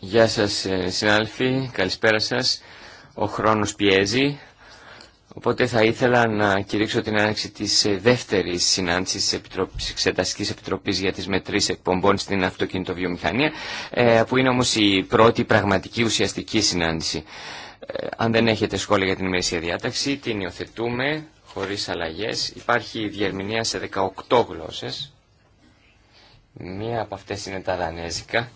Γεια σας ε, συνάδελφοι, καλησπέρα σας. Ο χρόνος πιέζει, οπότε θα ήθελα να κηρύξω την άνοιξη της ε, δεύτερης συνάντησης της Επιτροπής, Εξεταστικής Επιτροπής για τις μετρήσεις εκπομπών στην αυτοκινητοβιομηχανία, ε, που είναι όμως η πρώτη πραγματική ουσιαστική συνάντηση. Αν δεν έχετε σχόλια για την ημερήσια διάταξη, την υιοθετούμε χωρίς αλλαγές. Υπάρχει διερμηνία σε 18 γλώσσες. Μία από αυτές είναι τα δανέζικα.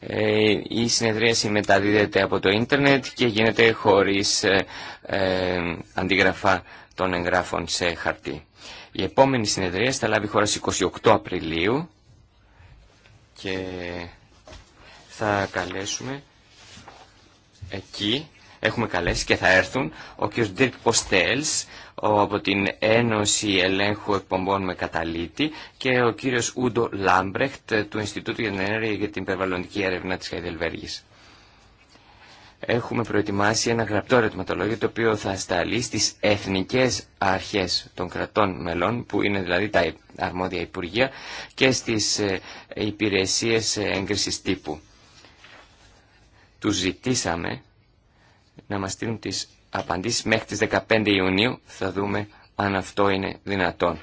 Ε, η συνεδρίαση μεταδίδεται από το ίντερνετ και γίνεται χωρίς ε, ε, αντίγραφα των εγγράφων σε χαρτί. Η επόμενη συνεδρίαση θα λάβει χώρα στις 28 Απριλίου και θα καλέσουμε εκεί έχουμε καλέσει και θα έρθουν ο κ. Dirk Ποστέλς από την Ένωση Ελέγχου Εκπομπών με Καταλήτη και ο κ. Ούντο Λάμπρεχτ του Ινστιτούτου για την Ενέργεια για την Περιβαλλοντική Έρευνα της Χαϊδελβέργη. Έχουμε προετοιμάσει ένα γραπτό ερωτηματολόγιο το οποίο θα σταλεί στις εθνικές αρχές των κρατών μελών που είναι δηλαδή τα αρμόδια υπουργεία και στις ε, υπηρεσίες έγκρισης τύπου. Του ζητήσαμε να μας στείλουν τις απαντήσεις μέχρι τις 15 Ιουνίου. Θα δούμε αν αυτό είναι δυνατόν.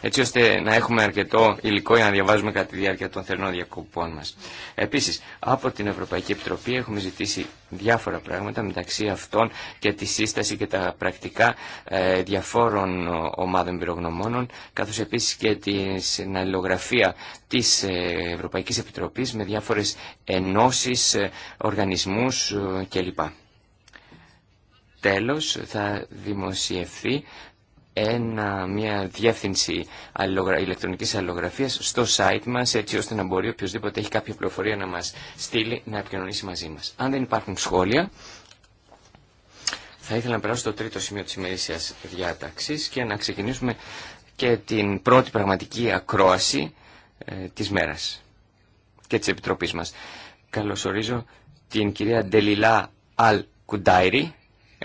Έτσι ώστε να έχουμε αρκετό υλικό για να διαβάζουμε κατά τη διάρκεια των θερινών διακοπών μας. Επίσης, από την Ευρωπαϊκή Επιτροπή έχουμε ζητήσει διάφορα πράγματα, μεταξύ αυτών και τη σύσταση και τα πρακτικά ε, διαφόρων ομάδων πυρογνωμόνων, καθώς επίσης και την αλληλογραφία της ε, Ευρωπαϊκής Επιτροπής με διάφορες ενώσεις, ε, οργανισμούς κλπ. Τέλος, θα δημοσιευθεί ένα, μια διεύθυνση αλλογρα... ηλεκτρονικής αλληλογραφίας στο site μας έτσι ώστε να μπορεί οποιοδήποτε έχει κάποια πληροφορία να μας στείλει να επικοινωνήσει μαζί μας. Αν δεν υπάρχουν σχόλια θα ήθελα να περάσω στο τρίτο σημείο της ημερήσιας διάταξης και να ξεκινήσουμε και την πρώτη πραγματική ακρόαση ε, της μέρας και της Επιτροπής μας. Καλωσορίζω την κυρία Ντελιλά Αλ Κουντάιρη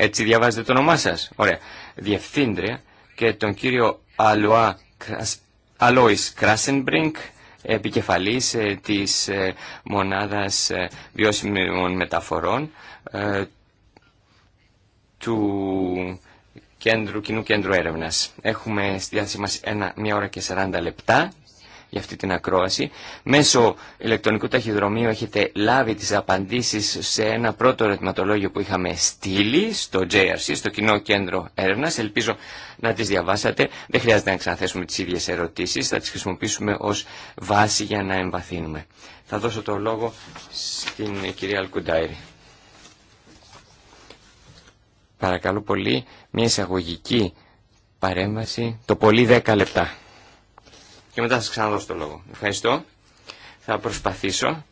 έτσι διαβάζετε το όνομά σα. Ωραία. Διευθύντρια και τον κύριο Αλουά Αλόης Κράσενμπρινκ, επικεφαλής ε, της ε, μονάδας ε, βιώσιμων μεταφορών του κέντρου, Κοινού Κέντρου Έρευνας. Έχουμε στη διάθεσή μας μια ώρα και 40 λεπτά για αυτή την ακρόαση. Μέσω ηλεκτρονικού ταχυδρομείου έχετε λάβει τις απαντήσεις σε ένα πρώτο ερωτηματολόγιο που είχαμε στείλει στο JRC, στο Κοινό Κέντρο Έρευνας. Ελπίζω να τις διαβάσατε. Δεν χρειάζεται να ξαναθέσουμε τις ίδιες ερωτήσεις. Θα τις χρησιμοποιήσουμε ως βάση για να εμβαθύνουμε. Θα δώσω το λόγο στην κυρία Αλκουντάιρη. Παρακαλώ πολύ, μια εισαγωγική παρέμβαση, το πολύ 10 λεπτά και μετά θα σας ξαναδώσω το λόγο. Ευχαριστώ. Θα προσπαθήσω.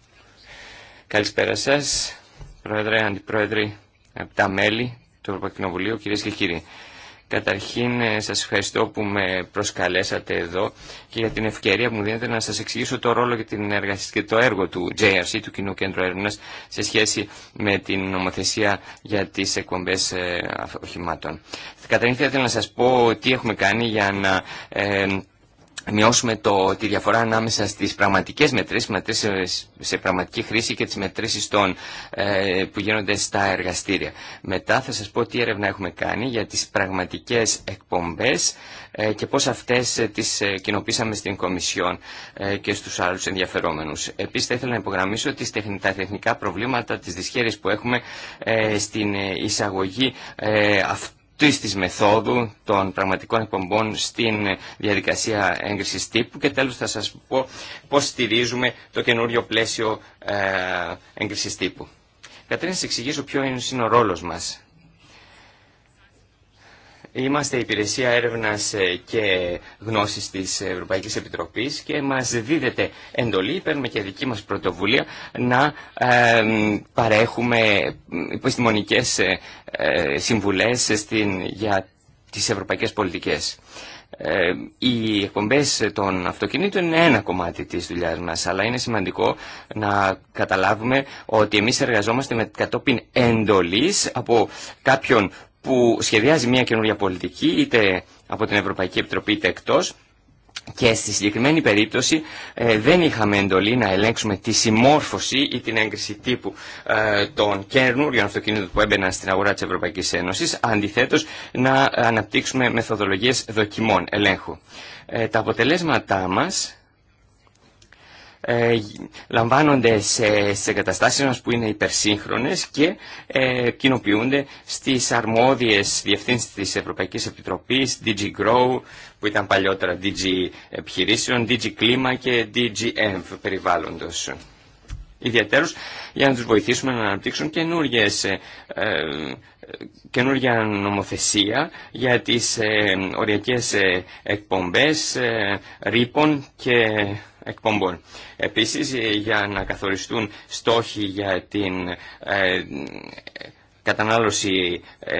Καλησπέρα σας, Πρόεδρε, Αντιπρόεδροι, τα μέλη του Ευρωπαϊκού Κοινοβουλίου, κυρίες και κύριοι. Καταρχήν ε, σας ευχαριστώ που με προσκαλέσατε εδώ και για την ευκαιρία που μου δίνετε να σας εξηγήσω το ρόλο και, την εργασία, και το έργο του JRC, του Κοινού Κέντρου Έρευνας, σε σχέση με την νομοθεσία για τις εκπομπές ε, οχημάτων. Καταρχήν θα ήθελα να σας πω τι έχουμε κάνει για να ε, μειώσουμε το, τη διαφορά ανάμεσα στις πραγματικές μετρήσεις, μετρήσεις σε πραγματική χρήση και τις μετρήσεις των, ε, που γίνονται στα εργαστήρια. Μετά θα σας πω τι έρευνα έχουμε κάνει για τις πραγματικές εκπομπές ε, και πώς αυτές ε, τις ε, κοινοποίησαμε στην Κομισιόν και στους άλλους ενδιαφερόμενους. Επίσης θα ήθελα να υπογραμμίσω τις τα τεχνικά προβλήματα, τις δυσχέρειες που έχουμε στην εισαγωγή αυτού αυτής της μεθόδου των πραγματικών εκπομπών στην διαδικασία έγκρισης τύπου και τέλος θα σας πω πώς στηρίζουμε το καινούριο πλαίσιο ε, έγκρισης τύπου. Κατρίνη, σας εξηγήσω ποιο είναι ο ρόλος μας Είμαστε η Υπηρεσία Έρευνας ε, και Γνώσης της Ευρωπαϊκής Επιτροπής και μας δίδεται εντολή, παίρνουμε και δική μας πρωτοβουλία, να παρέχουμε επιστημονικές ε, ε, συμβουλές στην, για τις ευρωπαϊκές πολιτικές. Ε, οι εκπομπές των αυτοκινήτων είναι ένα κομμάτι της δουλειάς μας αλλά είναι σημαντικό να καταλάβουμε ότι εμείς εργαζόμαστε με κατόπιν εντολής από κάποιον που σχεδιάζει μια καινούργια πολιτική είτε από την Ευρωπαϊκή Επιτροπή είτε εκτός και στη συγκεκριμένη περίπτωση ε, δεν είχαμε εντολή να ελέγξουμε τη συμμόρφωση ή την έγκριση τύπου ε, των κέρνουριων αυτοκινήτων που έμπαιναν στην αγορά της Ευρωπαϊκής Ένωσης, αντιθέτως να αναπτύξουμε μεθοδολογίες δοκιμών ελέγχου. Ε, τα αποτελέσματά μας ε, λαμβάνονται σε, σε εγκαταστάσεις μας που είναι υπερσύγχρονες και ε, κοινοποιούνται στις αρμόδιες διευθύνσεις της Ευρωπαϊκής Επιτροπής, DG Grow που ήταν παλιότερα DG Επιχειρήσεων, DG Κλίμα και DG Env περιβάλλοντος. Ιδιαίτερως για να τους βοηθήσουμε να αναπτύξουν καινούργια ε, ε, νομοθεσία για τις ε, οριακές εκπομπές, ρήπων και εκπομπών. Επίσης, ε, για να καθοριστούν στόχοι για την ε, κατανάλωση ε,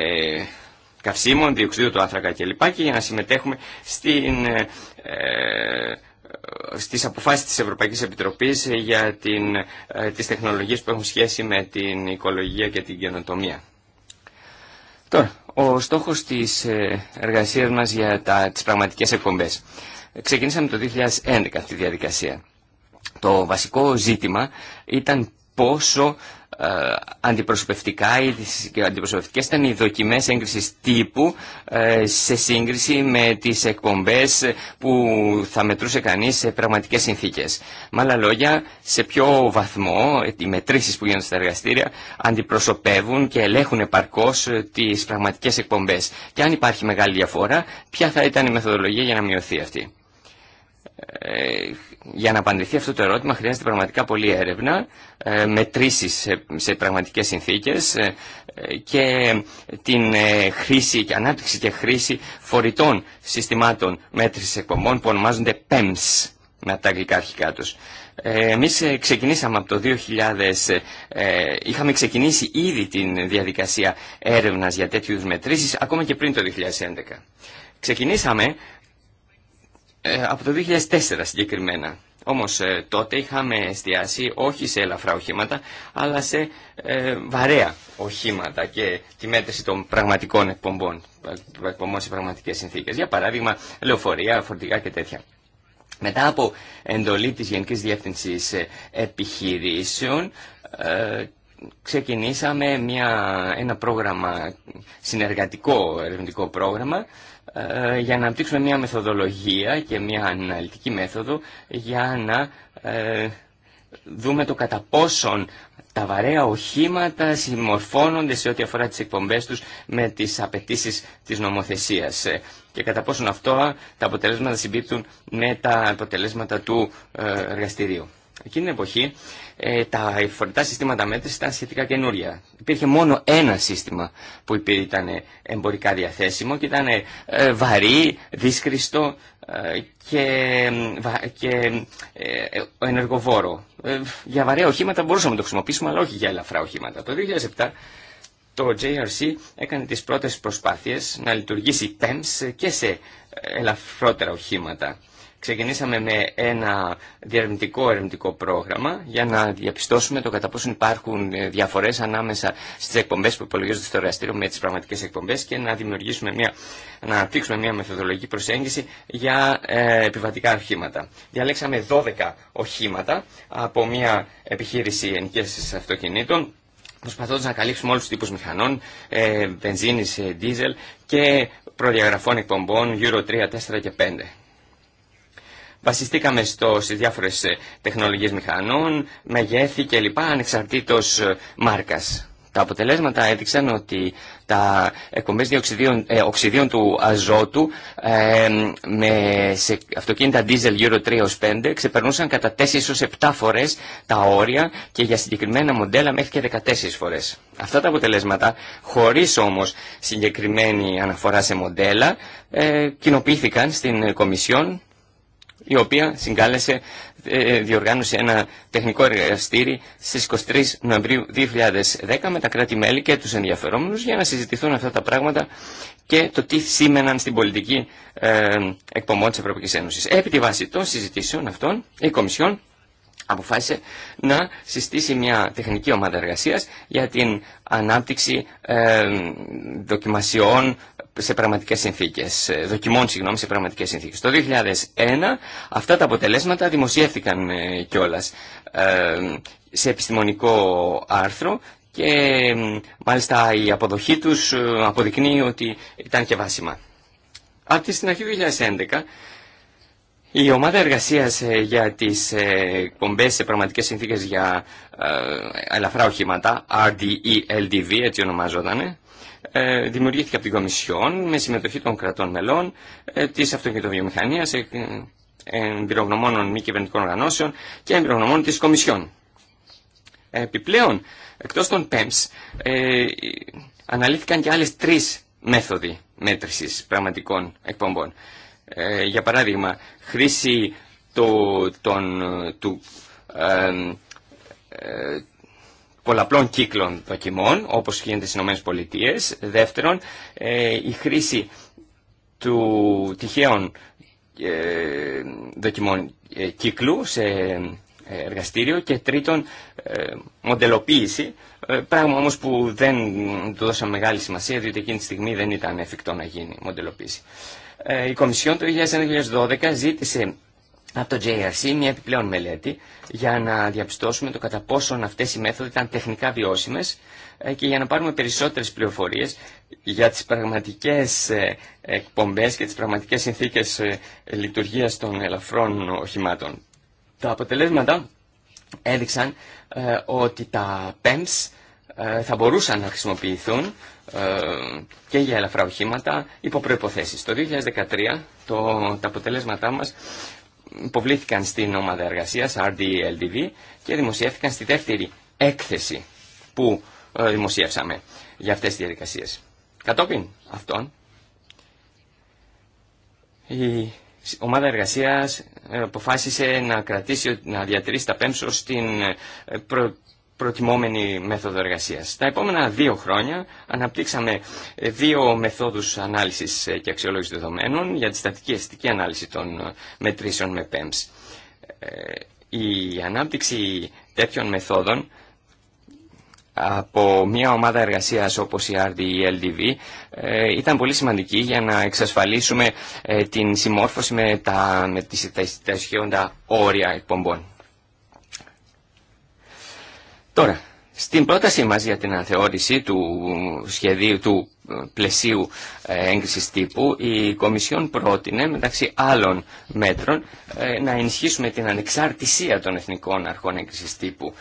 καυσίμων, διοξιδίου του άνθρακα κλπ. και για να συμμετέχουμε στην, ε, ε, στις αποφάσεις της Ευρωπαϊκής Επιτροπής για την, ε, τις τεχνολογίες που έχουν σχέση με την οικολογία και την καινοτομία. Τώρα, ο στόχος της εργασίας μας για τα, τις πραγματικές εκπομπές ξεκινήσαμε το 2011 αυτή τη διαδικασία. Το βασικό ζήτημα ήταν πόσο ε, αντιπροσωπευτικά ή αντιπροσωπευτικέ ήταν οι δοκιμές έγκρισης τύπου ε, σε σύγκριση με τις εκπομπές που θα μετρούσε κανείς σε πραγματικές συνθήκες. Με άλλα λόγια, σε ποιο βαθμό οι μετρήσεις που γίνονται στα εργαστήρια αντιπροσωπεύουν και ελέγχουν επαρκώς ε, τις πραγματικές εκπομπές. Και αν υπάρχει μεγάλη διαφορά, ποια θα ήταν η μεθοδολογία για να μειωθεί αυτή. Ε, για να απαντηθεί αυτό το ερώτημα χρειάζεται πραγματικά πολλή έρευνα, ε, μετρήσεις σε πραγματικές συνθήκες ε, και την χρήση, ανάπτυξη και χρήση φορητών συστημάτων μέτρησης εκπομπών που ονομάζονται PEMS με τα αγγλικά αρχικά τους. Εμείς ξεκινήσαμε από το 2000, είχαμε ξεκινήσει ήδη την διαδικασία έρευνας για τέτοιου μετρήσεις, ακόμα και πριν το 2011. Ξεκινήσαμε ε, από το 2004 συγκεκριμένα. Όμως ε, τότε είχαμε εστιάσει όχι σε ελαφρά οχήματα, αλλά σε ε, βαρέα οχήματα και τη μέτρηση των πραγματικών εκπομπών, εκπομπών σε πραγματικές συνθήκες. Για παράδειγμα, λεωφορεία, φορτηγά και τέτοια. Μετά από εντολή της Γενικής Διεύθυνσης Επιχειρήσεων, ξεκινήσαμε μια, ένα πρόγραμμα, συνεργατικό ερευνητικό πρόγραμμα, ε, για να αναπτύξουμε μια μεθοδολογία και μια αναλυτική μέθοδο για να ε, δούμε το κατά πόσον τα βαρέα οχήματα συμμορφώνονται σε ό,τι αφορά τις εκπομπές τους με τις απαιτήσει της νομοθεσίας ε, και κατά πόσον αυτό τα αποτελέσματα συμπίπτουν με τα αποτελέσματα του εργαστηρίου. Εκείνη την εποχή ε, τα φορητά συστήματα μέτρηση ήταν σχετικά καινούρια. Υπήρχε μόνο ένα σύστημα που ήταν εμπορικά διαθέσιμο και ήταν ε, βαρύ, δύσκριστο ε, και, και ενεργοβόρο. Για βαρέα οχήματα μπορούσαμε να το χρησιμοποιήσουμε, αλλά όχι για ελαφρά οχήματα. Το 2007 το JRC έκανε τις πρώτες προσπάθειες να λειτουργήσει PEMS και σε ελαφρότερα οχήματα ξεκινήσαμε με ένα διαρευνητικό ερευνητικό πρόγραμμα για να διαπιστώσουμε το κατά πόσον υπάρχουν ε, διαφορέ ανάμεσα στι εκπομπέ που υπολογίζονται στο εργαστήριο με τι πραγματικέ εκπομπέ και να δημιουργήσουμε μια, να αναπτύξουμε μια μεθοδολογική προσέγγιση για ε, επιβατικά οχήματα. Διαλέξαμε 12 οχήματα από μια επιχείρηση ενοικίαση αυτοκινήτων προσπαθώντα να καλύψουμε όλου του τύπου μηχανών, ε, βενζίνης, δίζελ ε, και προδιαγραφών εκπομπών Euro 3, 4 και 5. Βασιστήκαμε στο, στις διάφορες ε, τεχνολογίες μηχανών, μεγέθη κλπ. ανεξαρτήτως ε, μάρκας. Τα αποτελέσματα έδειξαν ότι τα εκπομπές διοξιδίων, ε, του αζότου ε, με, σε αυτοκίνητα diesel Euro 3 ως 5 ξεπερνούσαν κατά 4 έως 7 φορές τα όρια και για συγκεκριμένα μοντέλα μέχρι και 14 φορές. Αυτά τα αποτελέσματα, χωρίς όμως συγκεκριμένη αναφορά σε μοντέλα, ε, κοινοποιήθηκαν στην Κομισιόν η οποία συγκάλεσε, ε, ε, διοργάνωσε ένα τεχνικό εργαστήρι στις 23 Νοεμβρίου 2010 με τα κράτη-μέλη και τους ενδιαφερόμενους για να συζητηθούν αυτά τα πράγματα και το τι σήμαιναν στην πολιτική ε, της Ευρωπαϊκής Ένωσης. Επί τη βάση των συζητήσεων αυτών, η Κομισιόν αποφάσισε να συστήσει μια τεχνική ομάδα εργασίας για την ανάπτυξη ε, δοκιμασιών σε πραγματικές συνθήκες, ε, δοκιμών συγγνώμη, σε πραγματικές συνθήκες. Το 2001 αυτά τα αποτελέσματα δημοσιεύτηκαν ε, κιόλας ε, σε επιστημονικό άρθρο και μάλιστα η αποδοχή του αποδεικνύει ότι ήταν και βάσιμα. Από τη στην αρχή του 2011 η ομάδα εργασίας για τις κομπές σε πραγματικές συνθήκες για ελαφρά οχήματα, RDE-LDV έτσι ονομάζονταν, ε, δημιουργήθηκε από την Κομισιόν με συμμετοχή των κρατών μελών, ε, της αυτοκινητοβιομηχανία, ε, ε, εμπειρογνωμόνων μη κυβερνητικών οργανώσεων και εμπειρογνωμόνων τη Κομισιόν. Επιπλέον, εκτό των PEMS, ε, αναλύθηκαν και άλλε τρει μέθοδοι μέτρηση πραγματικών εκπομπών. για παράδειγμα, χρήση το, τον, του, πολλαπλών κύκλων δοκιμών, όπως γίνεται στις ΗΠΑ. Δεύτερον, ε, η χρήση του τυχαίων ε, δοκιμών ε, κύκλου σε εργαστήριο και τρίτον μοντελοποίηση, πράγμα όμως που δεν του δώσαμε μεγάλη σημασία διότι εκείνη τη στιγμή δεν ήταν εφικτό να γίνει μοντελοποίηση. Η Κομισιόν το 2012 ζήτησε από το JRC μια επιπλέον μελέτη για να διαπιστώσουμε το κατά πόσον αυτές οι μέθοδοι ήταν τεχνικά βιώσιμες ε, και για να πάρουμε περισσότερες πληροφορίες για τις πραγματικές ε, εκπομπές και τις πραγματικές συνθήκες ε, λειτουργίας των ελαφρών οχημάτων. Τα αποτελέσματα έδειξαν ότι τα PEMS θα μπορούσαν να χρησιμοποιηθούν και για ελαφρά οχήματα υπό προϋποθέσεις. Το 2013 το, τα αποτελέσματά μας υποβλήθηκαν στην ομάδα εργασίας RDLDV και δημοσιεύθηκαν στη δεύτερη έκθεση που ε, δημοσίευσαμε για αυτές τις διαδικασίες. Κατόπιν αυτών, η ομάδα εργασίας ε, αποφάσισε να, κρατήσει, να διατηρήσει τα πέμψο στην προτιμόμενη μέθοδο εργασίας. Τα επόμενα δύο χρόνια αναπτύξαμε δύο μεθόδους ανάλυσης και αξιολόγηση δεδομένων για τη στατική αισθητική ανάλυση των μετρήσεων με PEMS. Ε, η ανάπτυξη τέτοιων μεθόδων από μια ομάδα εργασίας όπως η RD ή η LDV ε, ήταν πολύ σημαντική για να εξασφαλίσουμε ε, την συμμόρφωση με τα, με τις, όρια εκπομπών. Τώρα, στην πρότασή μας για την αναθεώρηση του σχεδίου του ε, πλαισίου ε, έγκρισης τύπου, η Κομισιόν πρότεινε μεταξύ άλλων μέτρων ε, να ενισχύσουμε την ανεξάρτησία των εθνικών αρχών έγκρισης τύπου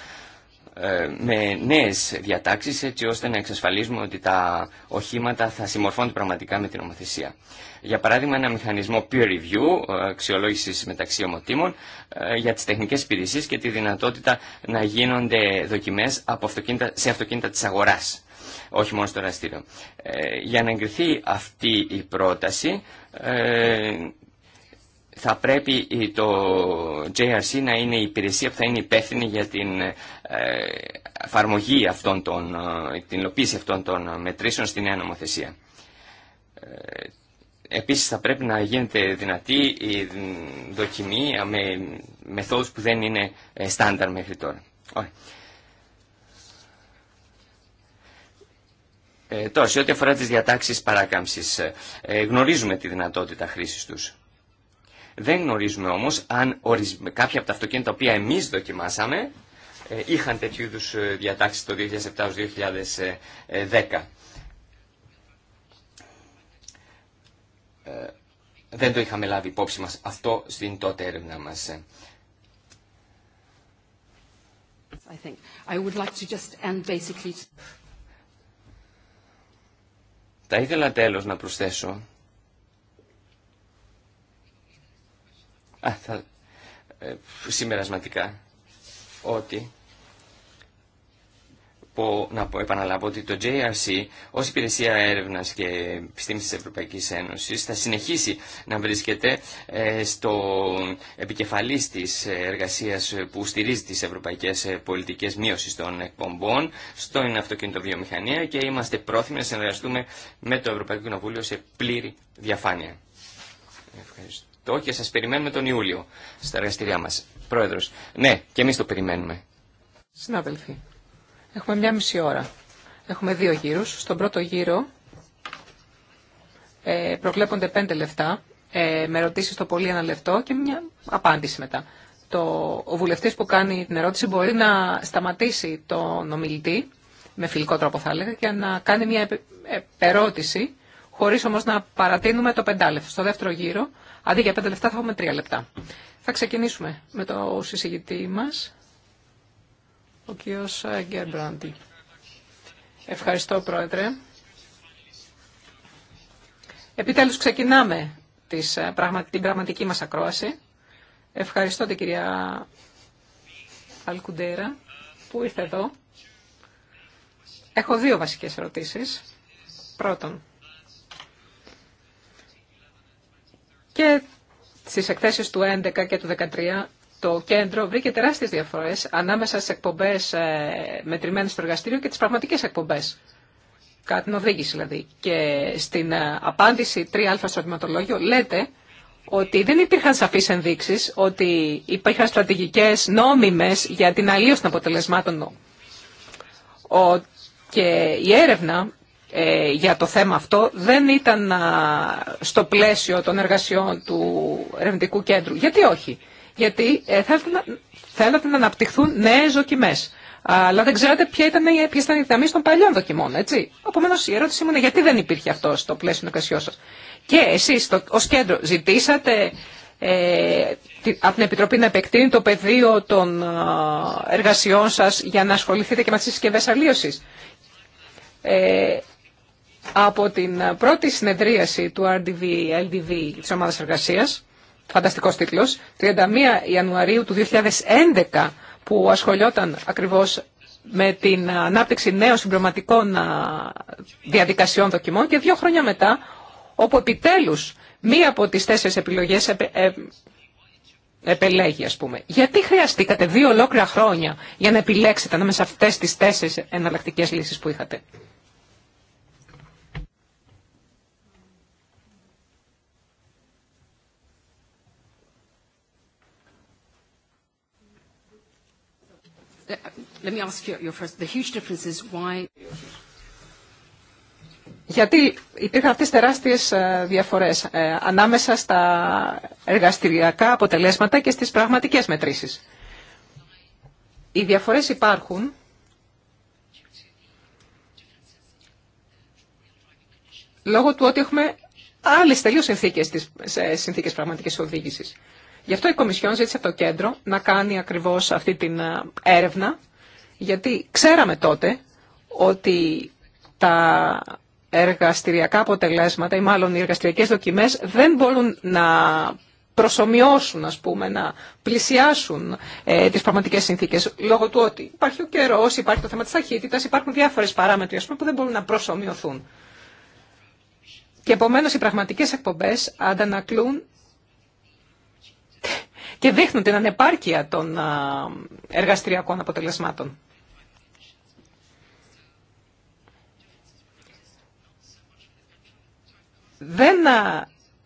ε, με νέες διατάξεις έτσι ώστε να εξασφαλίσουμε ότι τα οχήματα θα συμμορφώνται πραγματικά με την νομοθεσία. Για παράδειγμα ένα μηχανισμό peer review, ε, αξιολόγηση μεταξύ ομοτήμων ε, για τις τεχνικές υπηρεσίε και τη δυνατότητα να γίνονται δοκιμές από αυτοκίνητα, σε αυτοκίνητα της αγοράς όχι μόνο στο εργαστήριο. για να εγκριθεί αυτή η πρόταση, θα πρέπει το JRC να είναι η υπηρεσία που θα είναι υπεύθυνη για την ε, εφαρμογή αυτών των, ε, την υλοποίηση αυτών των ε, μετρήσεων στην νέα νομοθεσία. Επίσης θα πρέπει να γίνεται δυνατή η δοκιμή με μεθόδους που δεν είναι στάνταρ μέχρι τώρα. Ε, τώρα, σε ό,τι αφορά τις διατάξεις παράκαμψης, γνωρίζουμε τη δυνατότητα χρήσης τους. Δεν γνωρίζουμε όμως αν κάποια από τα αυτοκίνητα τα οποία εμείς δοκιμάσαμε ε, είχαν τέτοιου είδου ε, διατάξεις το 2007-2010. Ε, δεν το είχαμε λάβει υπόψη μας αυτό στην τότε έρευνα μας. I think. I would like to just end basically... Θα ήθελα τέλος να προσθέσω α, θα, ε, συμπερασματικά ότι πω, να πω, επαναλάβω ότι το JRC ως υπηρεσία έρευνας και επιστήμης της Ευρωπαϊκής Ένωσης θα συνεχίσει να βρίσκεται ε, στο επικεφαλής της εργασίας που στηρίζει τις ευρωπαϊκές ε, πολιτικές μείωσης των εκπομπών στο αυτοκίνητο βιομηχανία και είμαστε πρόθυμοι να συνεργαστούμε με το Ευρωπαϊκό Κοινοβούλιο σε πλήρη διαφάνεια. Ευχαριστώ. Το και σας περιμένουμε τον Ιούλιο στα εργαστηριά μας. Πρόεδρος, ναι, και εμείς το περιμένουμε. Συνάδελφοι, έχουμε μια μισή ώρα. Έχουμε δύο γύρους. Στον πρώτο γύρο ε, πέντε λεφτά, ε, με ερωτήσει το πολύ ένα λεπτό και μια απάντηση μετά. Το, ο βουλευτής που κάνει την ερώτηση μπορεί να σταματήσει τον ομιλητή, με φιλικό τρόπο θα έλεγα, και να κάνει μια ερώτηση, χωρίς όμως να παρατείνουμε το πεντάλεπτο. Στο δεύτερο γύρο Αντί για πέντε λεπτά θα έχουμε τρία λεπτά. Θα ξεκινήσουμε με το συζητητή μας, ο κ. Ε, Γκέρμπραντι. Ευχαριστώ, Πρόεδρε. Επιτέλους ξεκινάμε ε, την πραγματική μας ακρόαση. Ευχαριστώ την κυρία Αλκουντέρα που ήρθε εδώ. Έχω δύο βασικές ερωτήσεις. Πρώτον, Και στις εκθέσεις του 11 και του 13 το κέντρο βρήκε τεράστιες διαφορές ανάμεσα στις εκπομπές ε, μετρημένες στο εργαστήριο και τις πραγματικές εκπομπές. Κατά την οδήγηση δηλαδή. Και στην ε, απάντηση 3α στο ερωτηματολόγιο λέτε ότι δεν υπήρχαν σαφείς ενδείξεις ότι υπήρχαν στρατηγικές νόμιμες για την αλλίωση των αποτελεσμάτων Και η έρευνα ε, για το θέμα αυτό δεν ήταν στο πλαίσιο των εργασιών του ερευνητικού κέντρου. Γιατί όχι. Γιατί ε, θέλατε να αναπτυχθούν νέες δοκιμές. Αλλά δεν ξέρατε ποιε ήταν, ποιες ήταν οι δυναμίες των παλιών δοκιμών, έτσι. η ερώτησή μου είναι γιατί δεν υπήρχε αυτό στο πλαίσιο των εργασιών σας. Και εσείς το, ως κέντρο ζητήσατε ε, από την Επιτροπή να επεκτείνει το πεδίο των εργασιών σας για να ασχοληθείτε και με τις συσκευές αλλίωσης. Ε, από την πρώτη συνεδρίαση του RDV-LDV της Ομάδας Εργασίας, φανταστικός τίτλος, 31 Ιανουαρίου του 2011 που ασχολιόταν ακριβώς με την ανάπτυξη νέων συμπληρωματικών διαδικασιών δοκιμών και δύο χρόνια μετά, όπου επιτέλους μία από τις τέσσερις επιλογές επε, ε, επελέγει, ας πούμε. Γιατί χρειαστήκατε δύο ολόκληρα χρόνια για να επιλέξετε ανάμεσα αυτές τις τέσσερις εναλλακτικές λύσεις που είχατε. Let me Γιατί υπήρχαν αυτές τεράστιες ε, διαφορές ε, ανάμεσα στα εργαστηριακά αποτελέσματα και στις πραγματικές μετρήσεις. Οι διαφορές υπάρχουν λόγω του ότι έχουμε άλλες τελείως συνθήκες, συνθήκες πραγματικής οδήγησης. Γι' αυτό η Κομισιόν ζήτησε από το κέντρο να κάνει ακριβώ αυτή την ε, έρευνα, γιατί ξέραμε τότε ότι τα εργαστηριακά αποτελέσματα ή μάλλον οι εργαστηριακές δοκιμές δεν μπορούν να προσωμιώσουν, ας πούμε, να πλησιάσουν ε, τις πραγματικές συνθήκες λόγω του ότι υπάρχει ο καιρός, υπάρχει το θέμα της ταχύτητας, υπάρχουν διάφορες παράμετροι, πούμε, που δεν μπορούν να προσωμιωθούν. Και επομένως οι πραγματικές εκπομπές αντανακλούν και δείχνουν την ανεπάρκεια των εργαστηριακών αποτελεσμάτων. Δεν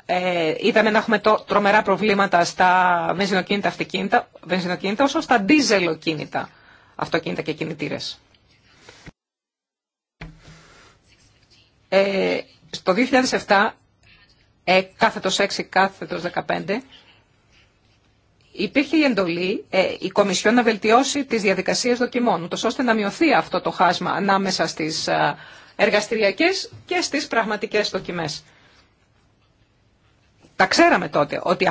ε, είδαμε να έχουμε τρομερά προβλήματα στα βενζινοκίνητα αυτοκίνητα, βενζινοκίνητα όσο στα ντίζελοκίνητα αυτοκίνητα και κινητήρες. Ε, στο 2007, ε, κάθετος 6, κάθετος 15, υπήρχε η εντολή ε, η Κομισιόν να βελτιώσει τις διαδικασίες δοκιμών, ούτως ώστε να μειωθεί αυτό το χάσμα ανάμεσα στις ε, εργαστηριακές και στις πραγματικές δοκιμές. Τα ξέραμε τότε ότι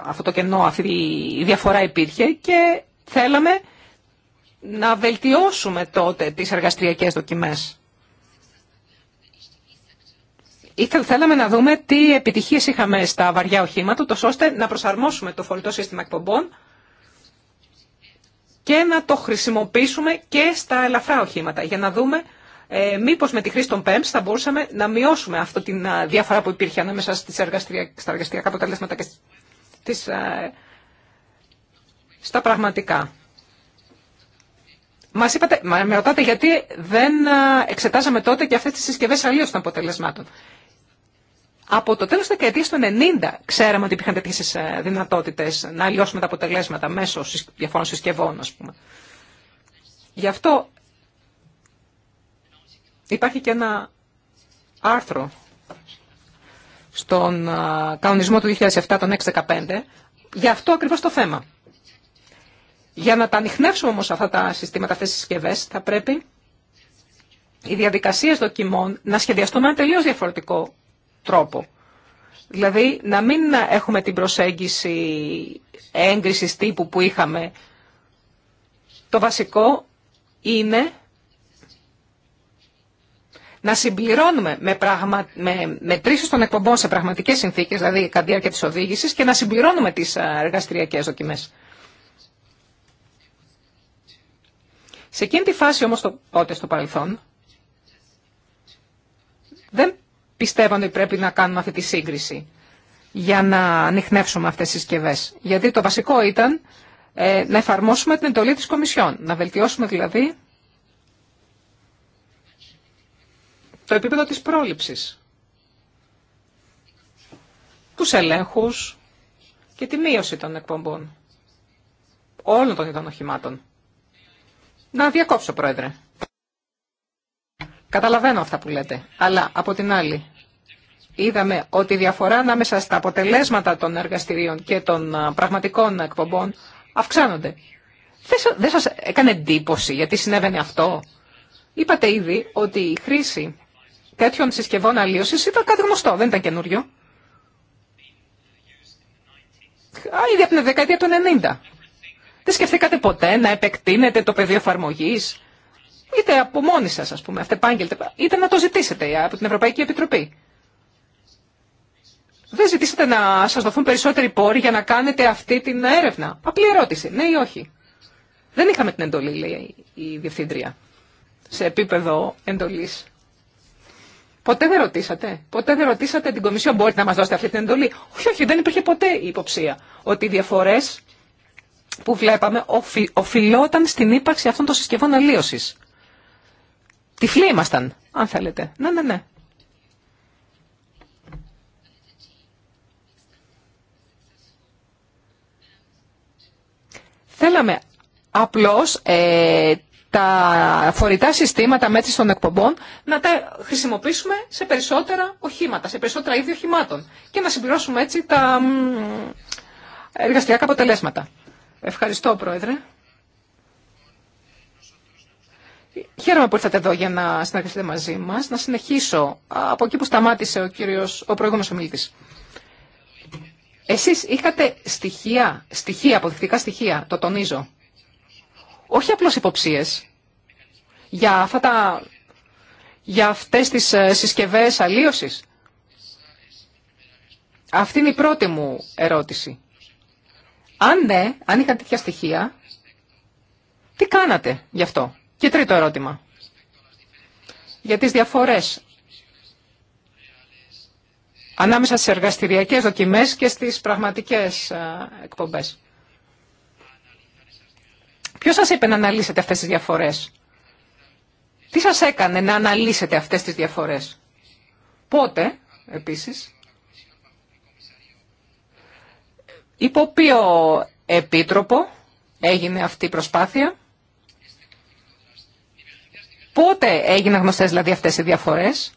αυτό το κενό, αυτή η διαφορά υπήρχε και θέλαμε να βελτιώσουμε τότε τις εργαστηριακές δοκιμές θέλαμε να δούμε τι επιτυχίες είχαμε στα βαριά οχήματα, τόσο ώστε να προσαρμόσουμε το φορητό σύστημα εκπομπών και να το χρησιμοποιήσουμε και στα ελαφρά οχήματα, για να δούμε ε, μήπως με τη χρήση των PEMS θα μπορούσαμε να μειώσουμε αυτή τη ε, διαφορά που υπήρχε ανάμεσα στις εργαστηρια, στα εργαστηριακά αποτελέσματα και στις, ε, στα πραγματικά. Μας είπατε, με ρωτάτε γιατί δεν ε, εξετάζαμε τότε και αυτές τις συσκευές αλλίως των αποτελεσμάτων. Από το τέλος της δεκαετίας του 90 ξέραμε ότι υπήρχαν τέτοιες ε, δυνατότητες να αλλοιώσουμε τα αποτελέσματα μέσω διαφόρων συσκευών, ας πούμε. Γι' αυτό υπάρχει και ένα άρθρο στον ε, κανονισμό του 2007, τον 615, γι' αυτό ακριβώς το θέμα. Για να τα ανοιχνεύσουμε όμως αυτά τα συστήματα, αυτές τις συσκευές, θα πρέπει οι διαδικασίες δοκιμών να σχεδιαστούν με ένα τελείως διαφορετικό τρόπο. Δηλαδή να μην έχουμε την προσέγγιση έγκριση τύπου που είχαμε. Το βασικό είναι να συμπληρώνουμε με, πραγμα... με μετρήσεις των εκπομπών σε πραγματικές συνθήκες, δηλαδή κατά διάρκεια της οδήγησης, και να συμπληρώνουμε τις εργαστηριακές δοκιμές. Σε εκείνη τη φάση όμως, το... στο παρελθόν, δεν Πιστεύω ότι πρέπει να κάνουμε αυτή τη σύγκριση για να ανοιχνεύσουμε αυτές τις συσκευέ. Γιατί το βασικό ήταν ε, να εφαρμόσουμε την εντολή της Κομισιόν, να βελτιώσουμε δηλαδή το επίπεδο της πρόληψης, τους ελέγχους και τη μείωση των εκπομπών όλων των ειδών οχημάτων. Να διακόψω, Πρόεδρε. Καταλαβαίνω αυτά που λέτε. Αλλά από την άλλη, είδαμε ότι η διαφορά ανάμεσα στα αποτελέσματα των εργαστηρίων και των πραγματικών εκπομπών αυξάνονται. Δεν σας έκανε εντύπωση γιατί συνέβαινε αυτό. Είπατε ήδη ότι η χρήση τέτοιων συσκευών αλλίωσης ήταν κάτι γνωστό, δεν ήταν καινούριο. Ήδη από την δεκαετία του 90. Δεν σκεφτήκατε ποτέ να επεκτείνετε το πεδίο εφαρμογή είτε από μόνοι σα, α πούμε, αυτεπάγγελτε, είτε να το ζητήσετε ε, από την Ευρωπαϊκή Επιτροπή. Δεν ζητήσατε να σα δοθούν περισσότεροι πόροι για να κάνετε αυτή την έρευνα. Απλή ερώτηση, ναι ή όχι. Δεν είχαμε την εντολή, λέει η Διευθύντρια, σε επίπεδο εντολής. Ποτέ δεν ρωτήσατε. Ποτέ δεν ρωτήσατε την Κομισιόν, μπορείτε να μα δώσετε αυτή την εντολή. Όχι, όχι, δεν υπήρχε ποτέ η υποψία ότι οι διαφορές που βλέπαμε οφειλόταν στην ύπαρξη αυτών των συσκευών αλλίωση. Τυφλοί ήμασταν, αν θέλετε. Ναι, ναι, ναι. Θέλαμε απλώς ε, τα φορητά συστήματα μέτρηση των εκπομπών να τα χρησιμοποιήσουμε σε περισσότερα οχήματα, σε περισσότερα ίδια οχημάτων και να συμπληρώσουμε έτσι τα εργαστηριακά αποτελέσματα. Ευχαριστώ, Πρόεδρε. Χαίρομαι που ήρθατε εδώ για να συνεργαστείτε μαζί μας. Να συνεχίσω από εκεί που σταμάτησε ο, κύριος, ο προηγούμενος ομιλητής. Εσείς είχατε στοιχεία, στοιχεία, αποδεικτικά στοιχεία, το τονίζω. Όχι απλώς υποψίες για, αυτά για αυτές τις ε, συσκευές αλλίωσης. Αυτή είναι η πρώτη μου ερώτηση. Αν ναι, αν είχατε τέτοια στοιχεία, τι κάνατε γι' αυτό. Και τρίτο ερώτημα. Για τις διαφορές ανάμεσα στις εργαστηριακές δοκιμές και στις πραγματικές ε, εκπομπές. Ποιος σας είπε να αναλύσετε αυτές τις διαφορές. Τι σας έκανε να αναλύσετε αυτές τις διαφορές. Πότε, επίσης, υπό ποιο επίτροπο έγινε αυτή η προσπάθεια. Πότε έγιναν γνωστές δηλαδή αυτές οι διαφορές.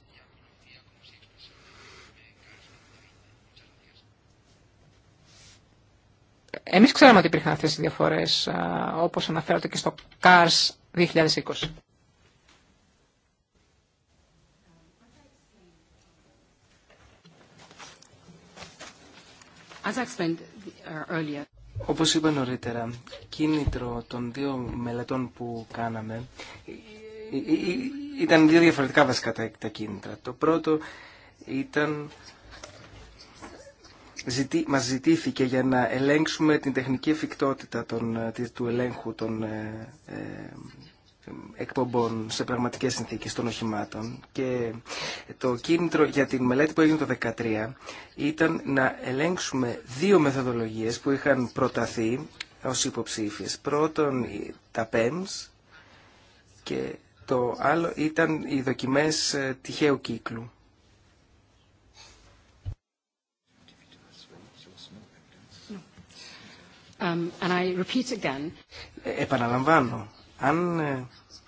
Εμείς ξέραμε ότι υπήρχαν αυτές οι διαφορές, όπως αναφέρατε και στο CARS 2020. Uh, όπως είπα νωρίτερα, κίνητρο των δύο μελετών που κάναμε ε, ε, ε, ήταν δύο διαφορετικά βασικά τα, κίνητρα. Το πρώτο ήταν ζητή, μας ζητήθηκε για να ελέγξουμε την τεχνική εφικτότητα των, του ελέγχου των ε, εκπομπών σε πραγματικές συνθήκες των οχημάτων και το κίνητρο για την μελέτη που έγινε το 2013 ήταν να ελέγξουμε δύο μεθοδολογίες που είχαν προταθεί ως υποψήφιες. Πρώτον τα PEMS το άλλο ήταν οι δοκιμές ε, τυχαίου κύκλου. Um, ε, επαναλαμβάνω, αν ε,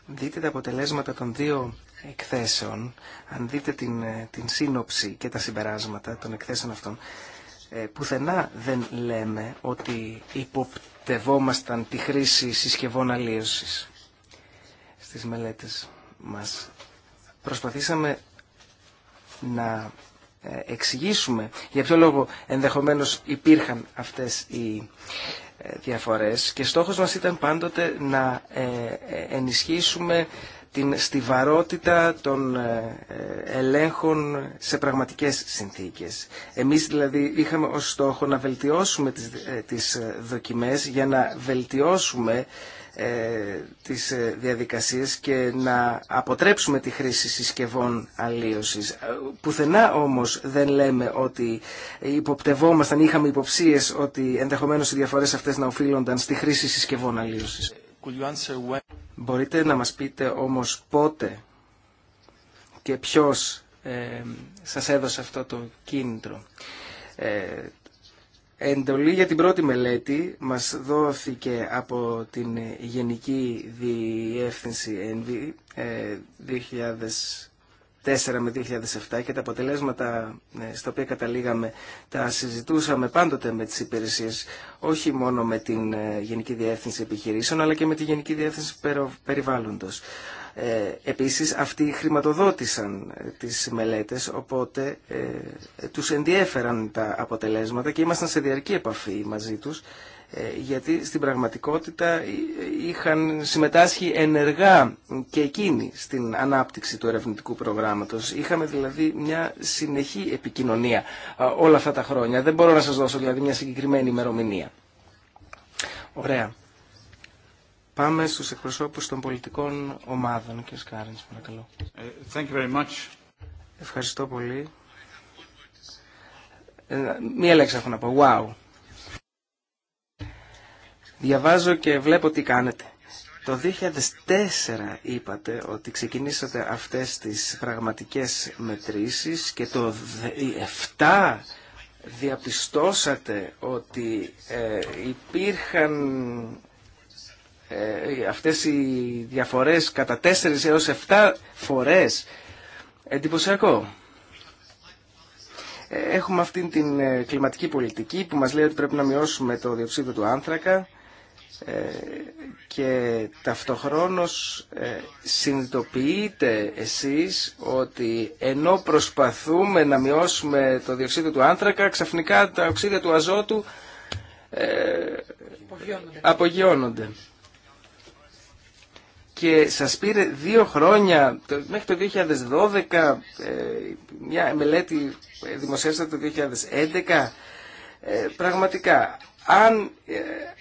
δείτε τα αποτελέσματα των δύο εκθέσεων, αν δείτε την, την σύνοψη και τα συμπεράσματα των εκθέσεων αυτών, πουθενά δεν λέμε ότι υποπτευόμασταν τη χρήση συσκευών αλλίωσης στις μελέτες μας. Προσπαθήσαμε να ε, εξηγήσουμε για ποιο λόγο ενδεχομένως υπήρχαν αυτές οι ε, διαφορές και στόχος μας ήταν πάντοτε να ε, ενισχύσουμε την στιβαρότητα των ελέγχων σε πραγματικές συνθήκες. Εμείς δηλαδή είχαμε ως στόχο να βελτιώσουμε τις δοκιμές για να βελτιώσουμε ε, τις ε, διαδικασίες και να αποτρέψουμε τη χρήση συσκευών αλλίωσης. Ε, πουθενά όμως δεν λέμε ότι υποπτευόμασταν, είχαμε υποψίες ότι ενδεχομένως οι διαφορές αυτές να οφείλονταν στη χρήση συσκευών αλλίωσης. Μπορείτε να μας πείτε όμως πότε και ποιος ε, σας έδωσε αυτό το κίνητρο. Ε, Εντολή για την πρώτη μελέτη μας δόθηκε από την Γενική Διεύθυνση ΕΝΒΗ 2004 με 2007 και τα αποτελέσματα ε, στα οποία καταλήγαμε τα συζητούσαμε πάντοτε με τις υπηρεσίες όχι μόνο με την ε, Γενική Διεύθυνση Επιχειρήσεων αλλά και με τη Γενική Διεύθυνση Περιβάλλοντος. Ε, επίσης αυτοί χρηματοδότησαν ε, τις μελέτες οπότε ε, τους ενδιέφεραν τα αποτελέσματα και ήμασταν σε διαρκή επαφή μαζί τους γιατί στην πραγματικότητα είχαν συμμετάσχει ενεργά και εκείνοι στην ανάπτυξη του ερευνητικού προγράμματος. Είχαμε δηλαδή μια συνεχή επικοινωνία όλα αυτά τα χρόνια. Δεν μπορώ να σας δώσω δηλαδή μια συγκεκριμένη ημερομηνία. Ωραία. Πάμε στους εκπροσώπους των πολιτικών ομάδων. Κύριε Σκάρενς, παρακαλώ. Ευχαριστώ πολύ. Ε, μία λέξη έχω να πω. Wow. Διαβάζω και βλέπω τι κάνετε. Το 2004 είπατε ότι ξεκινήσατε αυτές τις πραγματικές μετρήσεις και το 2007 διαπιστώσατε ότι ε, υπήρχαν ε, αυτές οι διαφορές κατά 4 έως 7 φορές. Εντυπωσιακό. Ε, έχουμε αυτήν την ε, κλιματική πολιτική που μας λέει ότι πρέπει να μειώσουμε το διοξείδιο του άνθρακα και ταυτοχρόνως συνειδητοποιείτε εσείς ότι ενώ προσπαθούμε να μειώσουμε το διοξείδιο του άνθρακα ξαφνικά τα οξύδια του αζότου απογειώνονται και σας πήρε δύο χρόνια, μέχρι το 2012, ε, μια μελέτη δημοσίευσα το 2011, ε, πραγματικά, αν ε,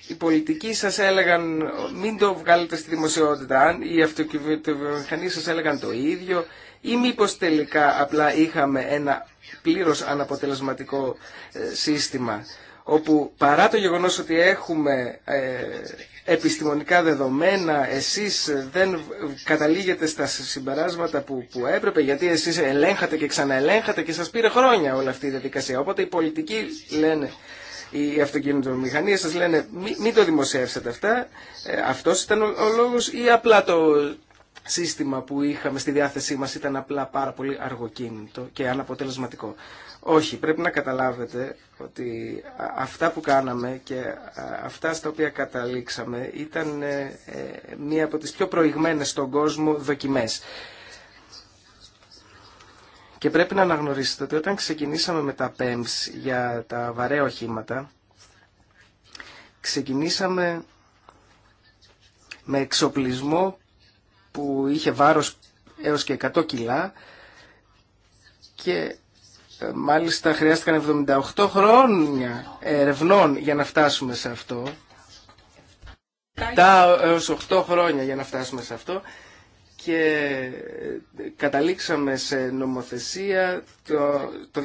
οι πολιτικοί σας έλεγαν μην το βγάλετε στη δημοσιότητα, αν οι αυτοκυβερνητικοί σας έλεγαν το ίδιο, ή μήπω τελικά απλά είχαμε ένα πλήρως αναποτελεσματικό σύστημα, όπου παρά το γεγονός ότι έχουμε επιστημονικά δεδομένα, εσείς ε, δεν ε, καταλήγετε στα συμπεράσματα που, που έπρεπε, γιατί εσείς ελέγχατε και ξαναελέγχατε και σας πήρε χρόνια όλη αυτή η διαδικασία. Οπότε οι πολιτικοί λένε, οι αυτοκινητομηχανίες σας λένε μην μη το δημοσιεύσετε αυτά, ε, αυτός ήταν ο, ο λόγος ή απλά το σύστημα που είχαμε στη διάθεσή μας ήταν απλά πάρα πολύ αργοκίνητο και αναποτελεσματικό. Όχι, πρέπει να καταλάβετε ότι αυτά που κάναμε και αυτά στα οποία καταλήξαμε ήταν ε, ε, μία από τις πιο προηγμένες στον κόσμο δοκιμές. Και πρέπει να αναγνωρίσετε ότι όταν ξεκινήσαμε με τα PEMS για τα βαρέα οχήματα, ξεκινήσαμε με εξοπλισμό που είχε βάρος έως και 100 κιλά και Μάλιστα χρειάστηκαν 78 χρόνια ερευνών για να φτάσουμε σε αυτό. 7 έως 8 χρόνια για να φτάσουμε σε αυτό και ε, καταλήξαμε σε νομοθεσία το, το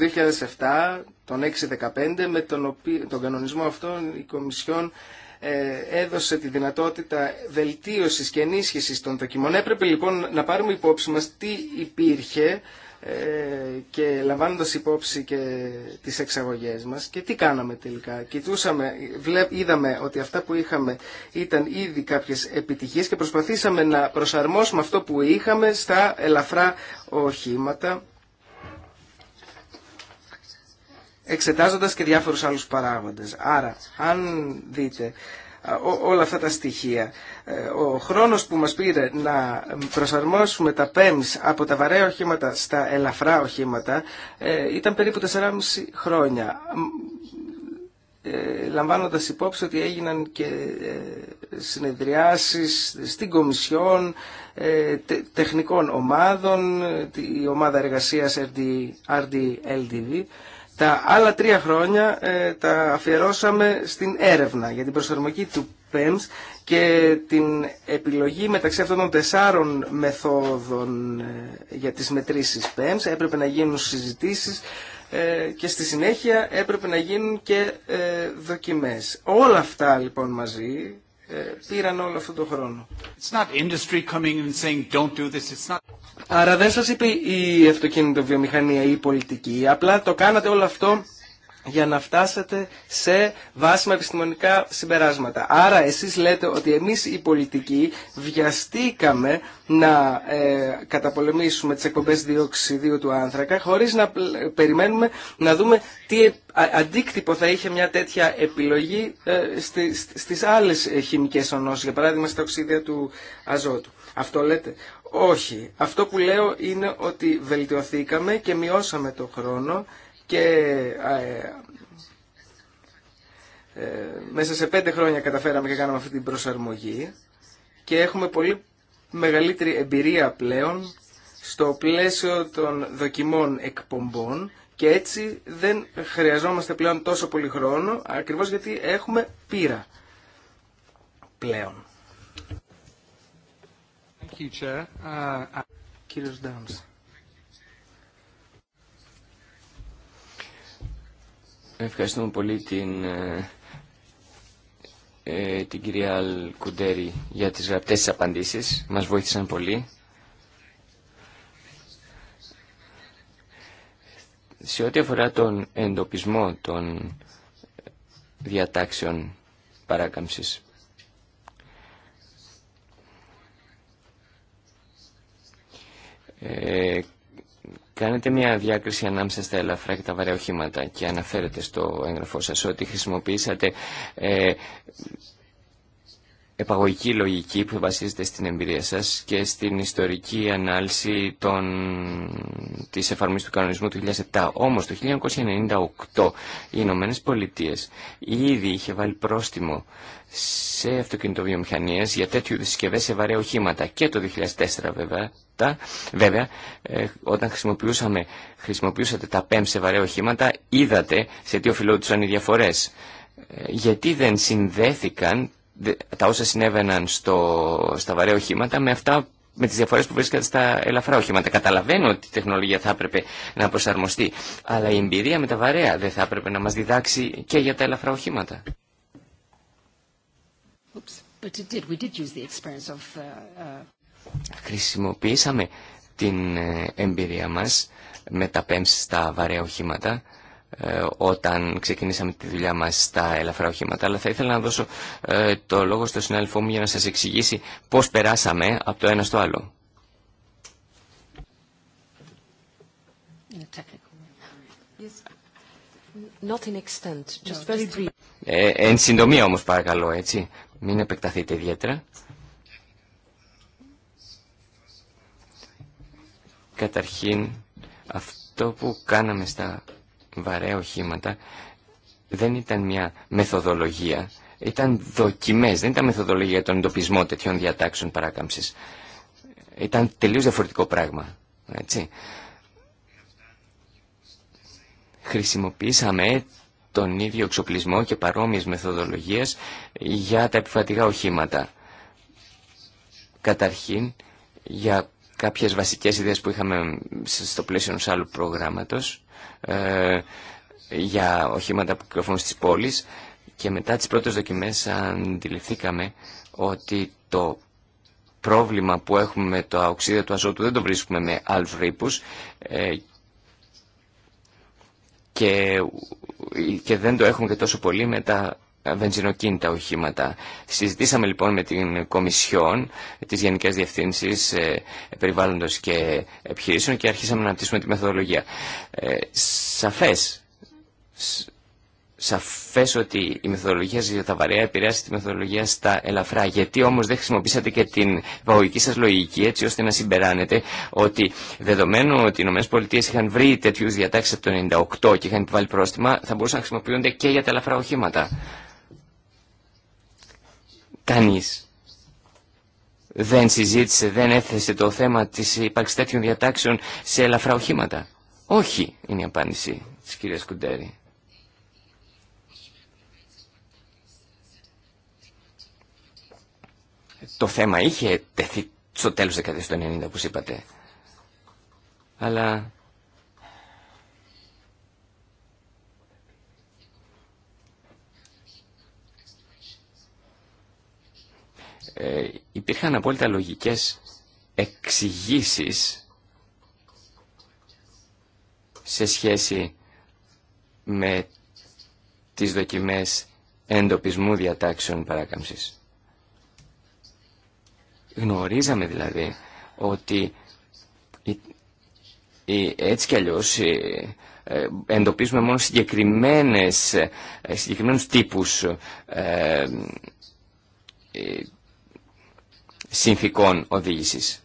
2007, τον 615, με τον, τον κανονισμό αυτόν η Κομισιόν ε, έδωσε τη δυνατότητα βελτίωσης και ενίσχυσης των δοκιμών. Έπρεπε λοιπόν να πάρουμε υπόψη μας τι υπήρχε ε, και λαμβάνοντας υπόψη και τις εξαγωγές μας και τι κάναμε τελικά. Κοιτούσαμε, είδαμε ότι αυτά που είχαμε ήταν ήδη κάποιες επιτυχίες και προσπαθήσαμε να προσαρμόσουμε αυτό που είχαμε στα ελαφρά οχήματα εξετάζοντας και διάφορους άλλους παράγοντες. Άρα, αν δείτε όλα αυτά τα στοιχεία. Ε, ο χρόνος που μας πήρε να προσαρμόσουμε τα PEMS από τα βαρέα οχήματα στα ελαφρά οχήματα ε, ήταν περίπου 4,5 χρόνια. Ε, λαμβάνοντας υπόψη ότι έγιναν και συνεδριάσεις στην Κομισιόν τεχνικών ομάδων, η ομάδα εργασίας RD, RDLDV, τα άλλα τρία χρόνια ε, τα αφιερώσαμε στην έρευνα για την προσαρμογή του ΠΕΜΣ και την επιλογή μεταξύ αυτών των τεσσάρων μεθόδων ε, για τις μετρήσεις ΠΕΜΣ. Έπρεπε να γίνουν συζητήσεις ε, και στη συνέχεια έπρεπε να γίνουν και δοκιμές. Όλα αυτά λοιπόν μαζί ε, πήραν όλο αυτόν τον χρόνο. Άρα δεν σας είπε η αυτοκίνητο βιομηχανία ή η πολιτική. Απλά το κάνατε όλο αυτό για να φτάσετε σε βάσιμα επιστημονικά συμπεράσματα. Άρα εσείς λέτε ότι εμείς οι πολιτικοί βιαστήκαμε να ε, καταπολεμήσουμε τις εκπομπές διοξιδίου του άνθρακα χωρίς να ε, περιμένουμε να δούμε τι αντίκτυπο θα είχε μια τέτοια επιλογή ε, στις, στις άλλες ε, χημικές ονόσεις, για παράδειγμα στα οξύδια του αζότου. Αυτό λέτε. Όχι. Αυτό που λέω είναι ότι βελτιωθήκαμε και μειώσαμε το χρόνο και ε, ε, μέσα σε πέντε χρόνια καταφέραμε και κάναμε αυτή την προσαρμογή και έχουμε πολύ μεγαλύτερη εμπειρία πλέον στο πλαίσιο των δοκιμών εκπομπών και έτσι δεν χρειαζόμαστε πλέον τόσο πολύ χρόνο ακριβώς γιατί έχουμε πείρα πλέον. Thank you, uh, Κύριος Ευχαριστούμε πολύ την, ε, ε, την κυρία Αλκουντέρη για τις γραπτές της απαντήσεις. Μας βοήθησαν πολύ. Σε ό,τι αφορά τον εντοπισμό των διατάξεων παράκαμψης, ε, Κάνετε μια διάκριση ανάμεσα στα ελαφρά και τα βαρέα οχήματα και αναφέρετε στο έγγραφό σας ότι χρησιμοποίησατε ε, επαγωγική λογική που βασίζεται στην εμπειρία σας και στην ιστορική ανάλυση των... της εφαρμογής του κανονισμού του 2007. Όμως το 1998 οι Ηνωμένε Πολιτείε ήδη είχε βάλει πρόστιμο σε αυτοκινητοβιομηχανίες για τέτοιου συσκευέ σε βαρέα οχήματα και το 2004 βέβαια. βέβαια, ε, όταν χρησιμοποιούσαμε, χρησιμοποιούσατε τα PEM σε βαρέα οχήματα, είδατε σε τι οφειλόντουσαν οι διαφορές. Ε, γιατί δεν συνδέθηκαν τα όσα συνέβαιναν στο, στα βαρέα οχήματα με αυτά με τις διαφορές που βρίσκεται στα ελαφρά οχήματα. Καταλαβαίνω ότι η τεχνολογία θα έπρεπε να προσαρμοστεί, αλλά η εμπειρία με τα βαρέα δεν θα έπρεπε να μας διδάξει και για τα ελαφρά οχήματα. Uh, uh, Χρησιμοποιήσαμε την ε, εμπειρία μας με τα πέμψη στα βαρέα οχήματα ε, όταν ξεκινήσαμε τη δουλειά μας στα ελαφρά οχήματα. Αλλά θα ήθελα να δώσω ε, το λόγο στο συνάδελφό μου για να σας εξηγήσει πώς περάσαμε από το ένα στο άλλο. Not in extent, just very ε, εν συντομία όμως παρακαλώ, έτσι. Μην επεκταθείτε ιδιαίτερα. Καταρχήν, αυτό που κάναμε στα βαρέα οχήματα δεν ήταν μια μεθοδολογία, ήταν δοκιμές, δεν ήταν μεθοδολογία για τον εντοπισμό τέτοιων διατάξεων παράκαμψης. Ήταν τελείως διαφορετικό πράγμα, έτσι. Χρησιμοποίησαμε τον ίδιο εξοπλισμό και παρόμοιες μεθοδολογίες για τα επιφατικά οχήματα. Καταρχήν, για κάποιες βασικές ιδέες που είχαμε στο πλαίσιο ενός άλλου προγράμματος, ε, για οχήματα που κυκλοφορούν στις πόλεις και μετά τις πρώτες δοκιμές αντιληφθήκαμε ότι το πρόβλημα που έχουμε με το αοξίδιο του αζότου δεν το βρίσκουμε με άλλους ρήπους ε, και, και δεν το έχουμε και τόσο πολύ με τα βενζινοκίνητα οχήματα. Συζητήσαμε λοιπόν με την Κομισιόν τις Γενικές ε, περιβάλλοντο και Επιχειρήσεων και αρχίσαμε να αναπτύσσουμε τη μεθοδολογία. Ε, σαφές, σαφές ότι η μεθοδολογία για τα βαρέα επηρεάσει τη μεθοδολογία στα ελαφρά. Γιατί όμως δεν χρησιμοποίησατε και την παγωγική σα λογική έτσι ώστε να συμπεράνετε ότι δεδομένου ότι οι ΗΠΑ είχαν βρει τέτοιου διατάξει από το 1998 και είχαν επιβάλει πρόστιμα θα μπορούσαν να χρησιμοποιούνται και για τα ελαφρά οχήματα. Κανείς δεν συζήτησε, δεν έθεσε το θέμα της ύπαρξης τέτοιων διατάξεων σε ελαφρά οχήματα. Όχι, είναι η απάντηση της κυρίας Κουντέρη. Το θέμα είχε τεθεί στο τέλος δεκαετίας του 90, όπως είπατε. Αλλά ε, υπήρχαν απόλυτα λογικές εξηγήσει σε σχέση με τις δοκιμές εντοπισμού διατάξεων παράκαμψης. Γνωρίζαμε δηλαδή ότι έτσι κι αλλιώς ε, ε, εντοπίζουμε μόνο συγκεκριμένες, ε, συγκεκριμένους τύπους συνθήκων οδήγησης.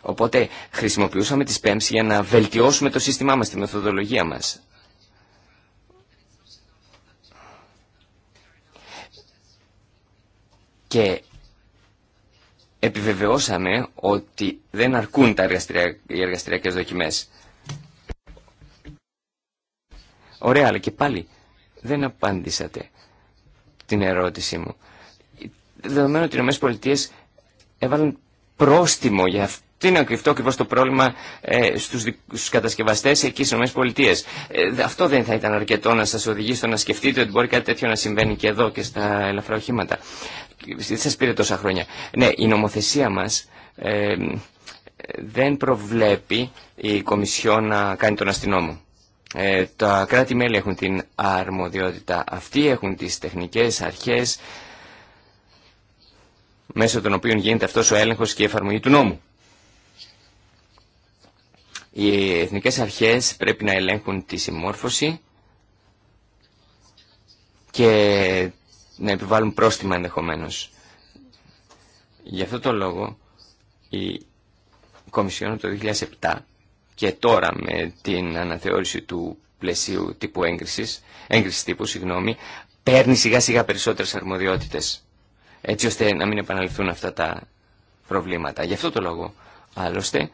Οπότε χρησιμοποιούσαμε τις ΠΕΜΣ για να βελτιώσουμε το σύστημά μας, τη μεθοδολογία μας. Και επιβεβαιώσαμε ότι δεν αρκούν τα εργαστηρια... οι δοκιμές. Ωραία, αλλά και πάλι δεν απάντησατε την ερώτησή μου. Δεδομένου ότι οι Πολιτείε έβαλαν πρόστιμο για αυτό είναι ακριβώ ακριβώ το πρόβλημα ε, στους, κατασκευαστές εκεί στις ΗΠΑ. Ε, αυτό δεν θα ήταν αρκετό να σας οδηγήσει στο να σκεφτείτε ότι μπορεί κάτι τέτοιο να συμβαίνει και εδώ και στα ελαφρά οχήματα. Δεν σας πήρε τόσα χρόνια. Ναι, η νομοθεσία μας ε, ε, δεν προβλέπει η Κομισιό να κάνει τον αστυνόμο. Ε, τα κράτη-μέλη έχουν την αρμοδιότητα αυτή, έχουν τις τεχνικές αρχές μέσω των οποίων γίνεται αυτός ο έλεγχος και η εφαρμογή του νόμου. Οι εθνικές αρχές πρέπει να ελέγχουν τη συμμόρφωση και να επιβάλλουν πρόστιμα ενδεχομένως. Γι' αυτό το λόγο η Κομισιόν το 2007 και τώρα με την αναθεώρηση του πλαισίου τύπου έγκρισης, έγκρισης τύπου, συγγνώμη, παίρνει σιγά σιγά περισσότερες αρμοδιότητες έτσι ώστε να μην επαναληφθούν αυτά τα προβλήματα. Γι' αυτό το λόγο άλλωστε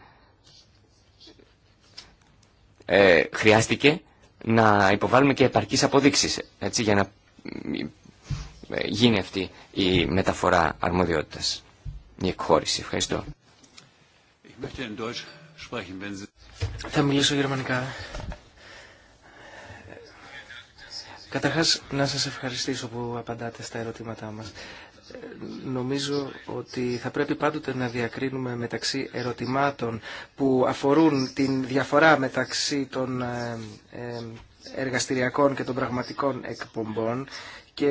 ε, χρειάστηκε να υποβάλουμε και επαρκείς αποδείξεις έτσι, για να ε, γίνει αυτή η μεταφορά αρμοδιότητας, η εκχώρηση. Ευχαριστώ. Θα μιλήσω γερμανικά. Καταρχάς, να σας ευχαριστήσω που απαντάτε στα ερωτήματά μας. Νομίζω ότι θα πρέπει πάντοτε να διακρίνουμε μεταξύ ερωτημάτων που αφορούν την διαφορά μεταξύ των ε, ε, εργαστηριακών και των πραγματικών εκπομπών και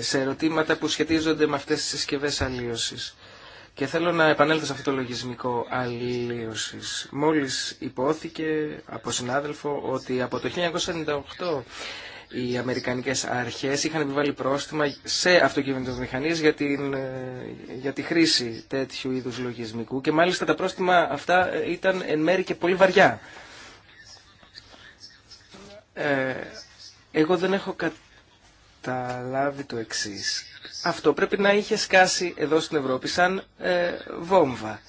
σε ερωτήματα που σχετίζονται με αυτές τις συσκευές αλλίωσης. Και θέλω να επανέλθω σε αυτό το λογισμικό αλλήλωση. Μόλι υπόθηκε από συνάδελφο ότι από το 1998 οι αμερικανικέ αρχέ είχαν επιβάλει πρόστιμα σε αυτοκινητοβιομηχανίες για, ε, για τη χρήση τέτοιου είδου λογισμικού και μάλιστα τα πρόστιμα αυτά ε, ήταν εν μέρη και πολύ βαριά. Ε, εγώ δεν έχω καταλάβει το εξή. Αυτό πρέπει να είχε σκάσει εδώ στην Ευρώπη σαν ε, βόμβα.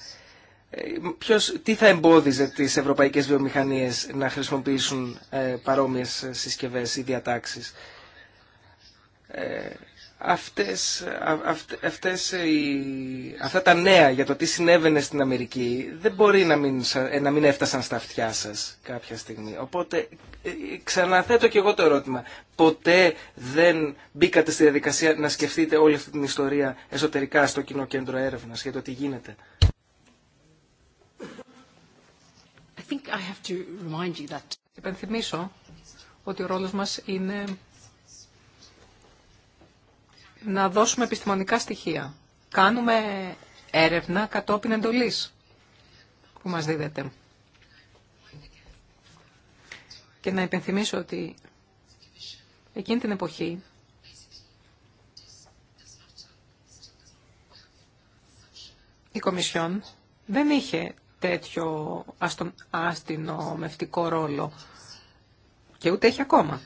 Ε, ποιος, τι θα εμπόδιζε τις ευρωπαϊκές βιομηχανίες να χρησιμοποιήσουν ε, παρόμοιες ε, συσκευές ή διατάξεις. Ε, αυτές, αυτές οι, αυτά τα νέα για το τι συνέβαινε στην Αμερική δεν μπορεί να μην, ε, να μην έφτασαν στα αυτιά σας κάποια στιγμή. Οπότε ε, ε, ξαναθέτω και εγώ το ερώτημα. Ποτέ δεν μπήκατε στη διαδικασία να σκεφτείτε όλη αυτή την ιστορία εσωτερικά στο κοινό κέντρο έρευνας για το τι γίνεται. Υπενθυμίσω ότι ο ρόλος μας είναι να δώσουμε επιστημονικά στοιχεία. Κάνουμε έρευνα κατόπιν εντολής που μας δίδεται. Και να υπενθυμίσω ότι εκείνη την εποχή η Κομισιόν δεν είχε τέτοιο αστυνομευτικό ρόλο και ούτε έχει ακόμα.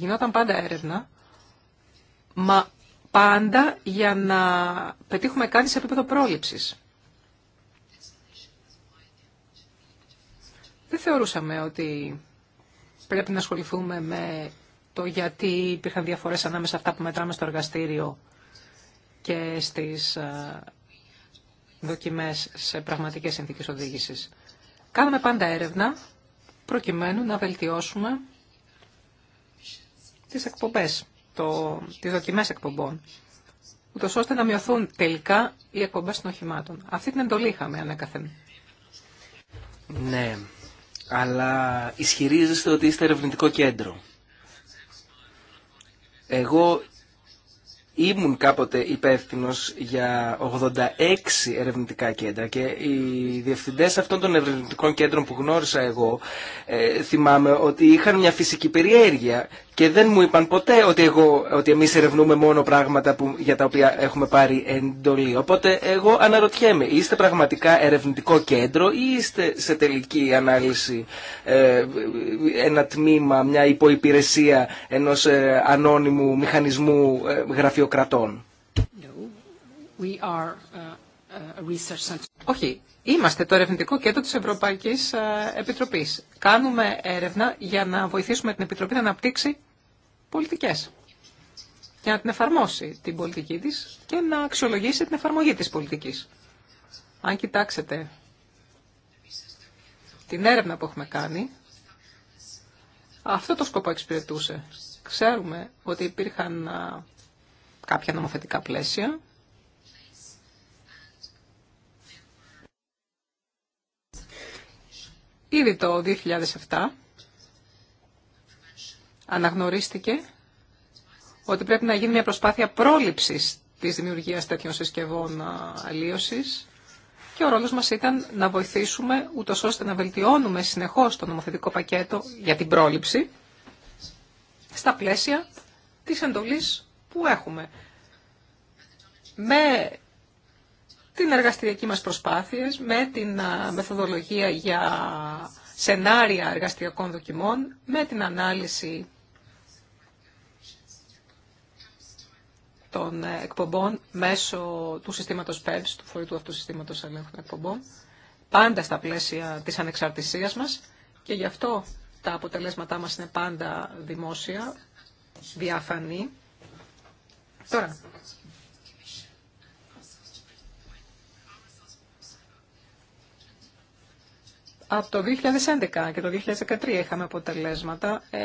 Γινόταν πάντα έρευνα, μα πάντα για να πετύχουμε κάτι σε επίπεδο πρόληψης. Δεν θεωρούσαμε ότι πρέπει να ασχοληθούμε με το γιατί υπήρχαν διαφορές ανάμεσα αυτά που μετράμε στο εργαστήριο και στις ε, δοκιμές σε πραγματικές συνθήκες οδήγησης. Κάναμε πάντα έρευνα προκειμένου να βελτιώσουμε τις εκπομπές, το, τις δοκιμές εκπομπών, ούτω ώστε να μειωθούν τελικά οι εκπομπές των οχημάτων. Αυτή την εντολή είχαμε ανέκαθεν. Ναι, αλλά ισχυρίζεστε ότι είστε ερευνητικό κέντρο. Εγώ ήμουν κάποτε υπεύθυνο για 86 ερευνητικά κέντρα και οι διευθυντές αυτών των ερευνητικών κέντρων που γνώρισα εγώ ε, θυμάμαι ότι είχαν μια φυσική περιέργεια και δεν μου είπαν ποτέ ότι, εγώ, ότι εμείς ερευνούμε μόνο πράγματα που, για τα οποία έχουμε πάρει εντολή. Οπότε εγώ αναρωτιέμαι, είστε πραγματικά ερευνητικό κέντρο ή είστε σε τελική ανάλυση ε, ένα τμήμα, μια υποϋπηρεσία ενός ε, ανώνυμου μηχανισμού ε, Uh, Όχι, είμαστε το ερευνητικό κέντρο της Ευρωπαϊκής ε, Επιτροπής. Κάνουμε έρευνα για να βοηθήσουμε την Επιτροπή να αναπτύξει πολιτικές και να την εφαρμόσει την πολιτική της και να αξιολογήσει την εφαρμογή της πολιτικής. Αν κοιτάξετε την έρευνα που έχουμε κάνει, αυτό το σκοπό εξυπηρετούσε. Ξέρουμε ότι υπήρχαν ε, κάποια νομοθετικά πλαίσια. Ήδη το 2007 αναγνωρίστηκε ότι πρέπει να γίνει μια προσπάθεια πρόληψης της δημιουργίας τέτοιων συσκευών αλλίωσης και ο ρόλος μας ήταν να βοηθήσουμε ούτω ώστε να βελτιώνουμε συνεχώς το νομοθετικό πακέτο για την πρόληψη στα πλαίσια της εντολής που έχουμε. Με την εργαστηριακή μας προσπάθειες, με την μεθοδολογία για σενάρια εργαστηριακών δοκιμών, με την ανάλυση των ε, εκπομπών μέσω του συστήματος PEPS, του φορητού αυτού συστήματος ελέγχου εκπομπών, πάντα στα πλαίσια της ανεξαρτησίας μας και γι' αυτό τα αποτελέσματά μας είναι πάντα δημόσια, διαφανή Τώρα, από το 2011 και το 2013 είχαμε αποτελέσματα, ε,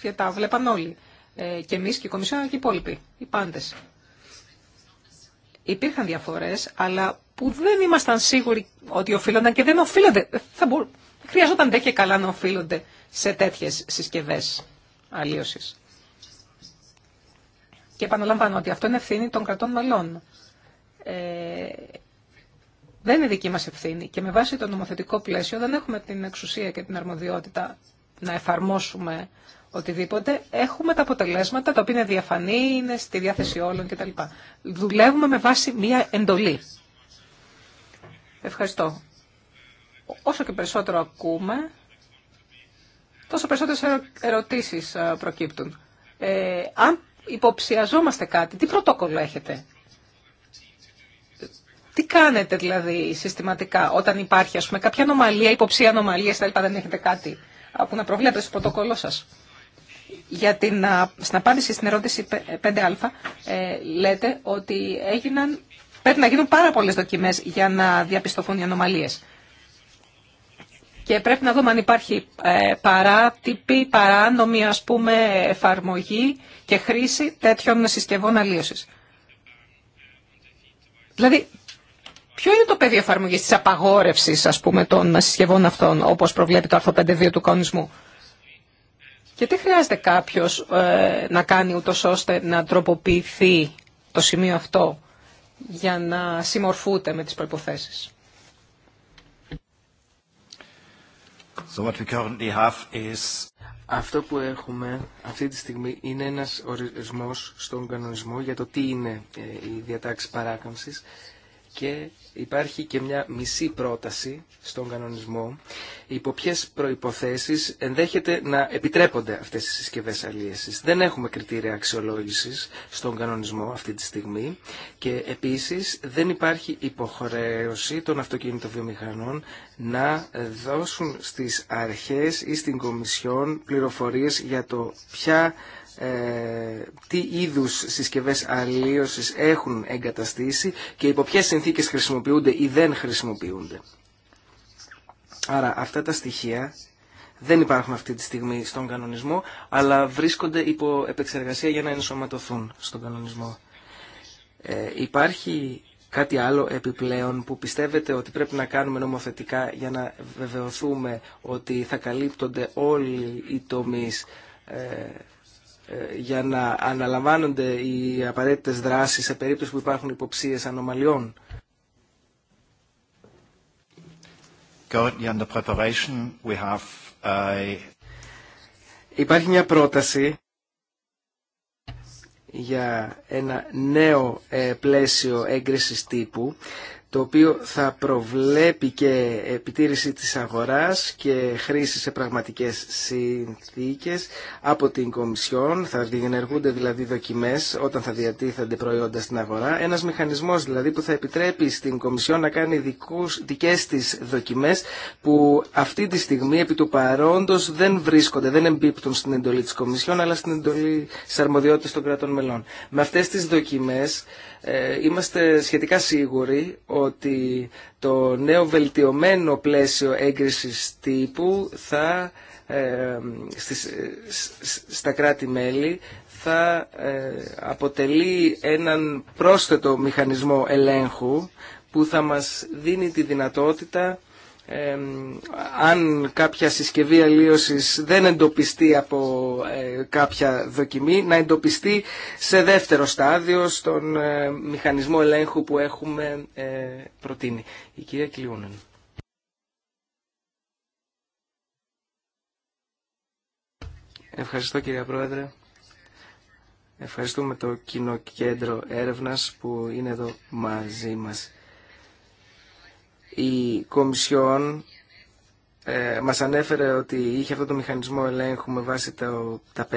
και τα βλέπαν όλοι. Ε, και εμείς και η Κομισιόν και οι υπόλοιποι, οι πάντες. Υπήρχαν διαφορές, αλλά που δεν ήμασταν σίγουροι ότι οφείλονταν και δεν οφείλονται. Θα Χρειαζόταν δεν και καλά να οφείλονται σε τέτοιες συσκευές αλλίωσης. Και επαναλαμβάνω ότι αυτό είναι ευθύνη των κρατών μελών. Ε, δεν είναι δική μας ευθύνη και με βάση το νομοθετικό πλαίσιο δεν έχουμε την εξουσία και την αρμοδιότητα να εφαρμόσουμε οτιδήποτε. Έχουμε τα αποτελέσματα τα οποία είναι διαφανή, είναι στη διάθεση όλων κτλ. Δουλεύουμε με βάση μία εντολή. Ευχαριστώ. Όσο και περισσότερο ακούμε, τόσο περισσότερες ερωτήσεις ε, προκύπτουν. Ε, αν υποψιαζόμαστε κάτι. Τι πρωτόκολλο έχετε. Τι κάνετε δηλαδή συστηματικά όταν υπάρχει ας πούμε, κάποια ανομαλία, υποψία ανομαλία, στα λοιπά, δεν έχετε κάτι που να προβλέπετε στο πρωτοκόλλο σας. Για την, στην απάντηση στην ερώτηση 5α ε, λέτε ότι έγιναν, πρέπει να γίνουν πάρα πολλές δοκιμές για να διαπιστωθούν οι ανομαλίες και πρέπει να δούμε αν υπάρχει ε, παράτυπη, παράνομη ας πούμε εφαρμογή και χρήση τέτοιων συσκευών αλλίωσης. Δηλαδή, ποιο είναι το πεδίο εφαρμογής της απαγόρευσης ας πούμε των συσκευών αυτών όπως προβλέπει το άρθρο 5.2 του Κονισμού. Και τι χρειάζεται κάποιος ε, να κάνει ούτως ώστε να τροποποιηθεί το σημείο αυτό για να συμμορφούνται με τις προϋποθέσεις. Αυτό που έχουμε αυτή τη στιγμή είναι ένας ορισμός στον κανονισμό για το τι είναι η ε, διατάξη παράκαμψης και υπάρχει και μια μισή πρόταση στον κανονισμό υπό ποιε προϋποθέσεις ενδέχεται να επιτρέπονται αυτές οι συσκευές αλίεσης. Δεν έχουμε κριτήρια αξιολόγησης στον κανονισμό αυτή τη στιγμή και επίσης δεν υπάρχει υποχρέωση των αυτοκινητοβιομηχανών να δώσουν στις αρχές ή στην Κομισιόν πληροφορίες για το ποια ε, τι είδους συσκευές αλλίωσης έχουν εγκαταστήσει και υπό ποιες συνθήκες χρησιμοποιούνται ή δεν χρησιμοποιούνται. Άρα αυτά τα στοιχεία δεν υπάρχουν αυτή τη στιγμή στον κανονισμό, αλλά βρίσκονται υπό επεξεργασία για να ενσωματωθούν στον κανονισμό. Ε, υπάρχει κάτι άλλο επιπλέον που πιστεύετε ότι πρέπει να κάνουμε νομοθετικά για να βεβαιωθούμε ότι θα καλύπτονται όλοι οι τομείς ε, ε, για να αναλαμβάνονται οι απαραίτητες δράσεις σε περίπτωση που υπάρχουν υποψίες ανομαλιών. Υπάρχει μια πρόταση για ένα νέο ε, πλαίσιο έγκρισης τύπου το οποίο θα προβλέπει και επιτήρηση της αγοράς και χρήση σε πραγματικές συνθήκες από την Κομισιόν. Θα διενεργούνται δηλαδή δοκιμές όταν θα διατίθενται προϊόντα στην αγορά. Ένας μηχανισμός δηλαδή που θα επιτρέπει στην Κομισιόν να κάνει δικούς, δικές της δοκιμές που αυτή τη στιγμή επί του παρόντος δεν βρίσκονται, δεν εμπίπτουν στην εντολή της Κομισιόν αλλά στην εντολή της αρμοδιότητας των κρατών μελών. Με αυτές τις δοκιμές ε, είμαστε σχετικά σίγουροι ότι το νέο βελτιωμένο πλαίσιο έγκρισης τύπου θα, ε, στις, ε, στα κράτη-μέλη θα ε, αποτελεί έναν πρόσθετο μηχανισμό ελέγχου που θα μας δίνει τη δυνατότητα αν κάποια συσκευή αλλίωσης δεν εντοπιστεί από ε, κάποια δοκιμή, να εντοπιστεί σε δεύτερο στάδιο στον ε, μηχανισμό ελέγχου που έχουμε ε, προτείνει. Η κυρία Κλειούνεν. Ευχαριστώ κυρία Πρόεδρε. Ευχαριστούμε το Κοινό Κέντρο Έρευνας που είναι εδώ μαζί μας. Η Κομισιόν ε, μας ανέφερε ότι είχε αυτό το μηχανισμό ελέγχου με βάση τα, τα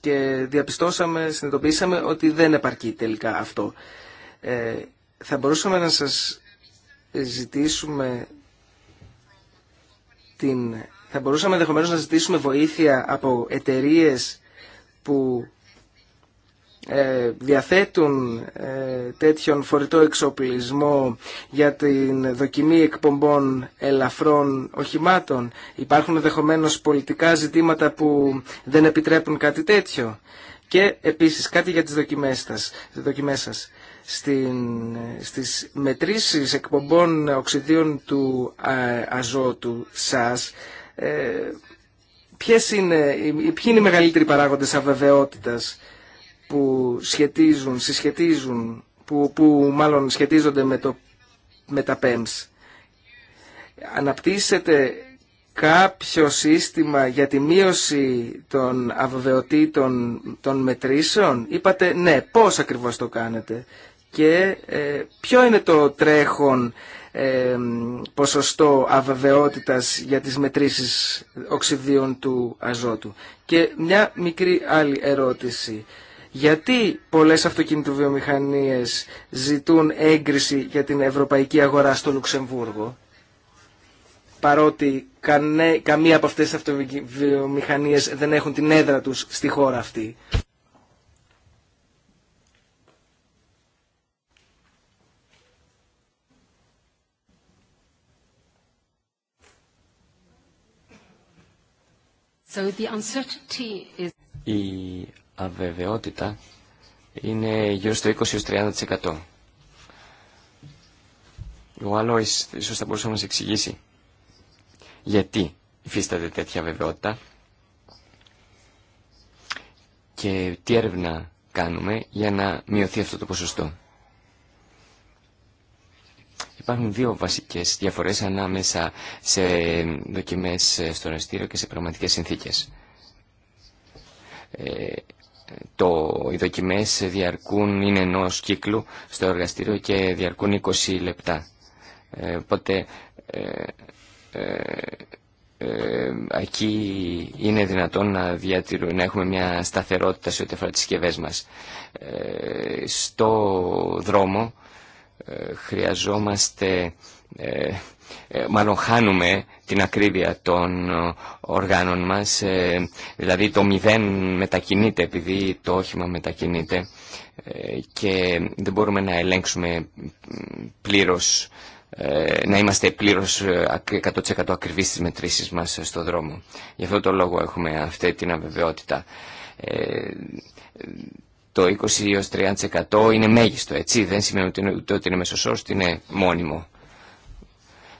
και διαπιστώσαμε, συνειδητοποίησαμε ότι δεν επαρκεί τελικά αυτό. Ε, θα μπορούσαμε να σας ζητήσουμε την... Θα μπορούσαμε ενδεχομένω να ζητήσουμε βοήθεια από εταιρείε που ε, διαθέτουν ε, τέτοιον φορητό εξοπλισμό για την δοκιμή εκπομπών ελαφρών οχημάτων. Υπάρχουν δεχομένως πολιτικά ζητήματα που δεν επιτρέπουν κάτι τέτοιο. Και επίσης κάτι για τις δοκιμές σας. Δοκιμές σας. Στην, στις μετρήσεις εκπομπών οξυδίων του ε, αζότου σας ε, ποιες είναι, ποιοι είναι οι μεγαλύτεροι παράγοντες αβεβαιότητας που σχετίζουν, συσχετίζουν, που, που μάλλον σχετίζονται με, το, τα PEMS. Αναπτύσσεται κάποιο σύστημα για τη μείωση των αβεβαιωτήτων των μετρήσεων. Είπατε ναι, πώς ακριβώς το κάνετε και ε, ποιο είναι το τρέχον ε, ποσοστό αβεβαιότητας για τις μετρήσεις οξυδίων του αζότου. Και μια μικρή άλλη ερώτηση γιατί πολλές αυτοκινητοβιομηχανίες ζητούν έγκριση για την ευρωπαϊκή αγορά στο Λουξεμβούργο, παρότι καμία από αυτές τις αυτοβιομηχανίες δεν έχουν την έδρα τους στη χώρα αυτή. Η αβεβαιότητα είναι γύρω στο 20-30%. Ο άλλο ίσως θα μπορούσε να μα εξηγήσει γιατί υφίσταται τέτοια αβεβαιότητα και τι έρευνα κάνουμε για να μειωθεί αυτό το ποσοστό. Υπάρχουν δύο βασικές διαφορές ανάμεσα σε δοκιμές στο εργαστήριο και σε πραγματικές συνθήκες. Ε, το, οι δοκιμές διαρκούν, είναι ενό κύκλου στο εργαστήριο και διαρκούν 20 λεπτά. Ε, οπότε ε, ε, ε, εκεί είναι δυνατόν να, διατηρούν; να έχουμε μια σταθερότητα σε ό,τι αφορά τις συσκευές μας. στο δρόμο χρειαζόμαστε ε, μάλλον χάνουμε την ακρίβεια των ε, οργάνων μας, ε, δηλαδή το μηδέν μετακινείται επειδή το όχημα μετακινείται και δεν μπορούμε να ελέγξουμε πλήρως, να είμαστε πλήρως 100% ακριβείς στις μετρήσεις μας στο δρόμο. Γι' αυτό το λόγο έχουμε αυτή την αβεβαιότητα. Το 20-30% είναι μέγιστο, έτσι, δεν σημαίνει ούτε ότι είναι μεσοσόρος, ότι είναι μόνιμο.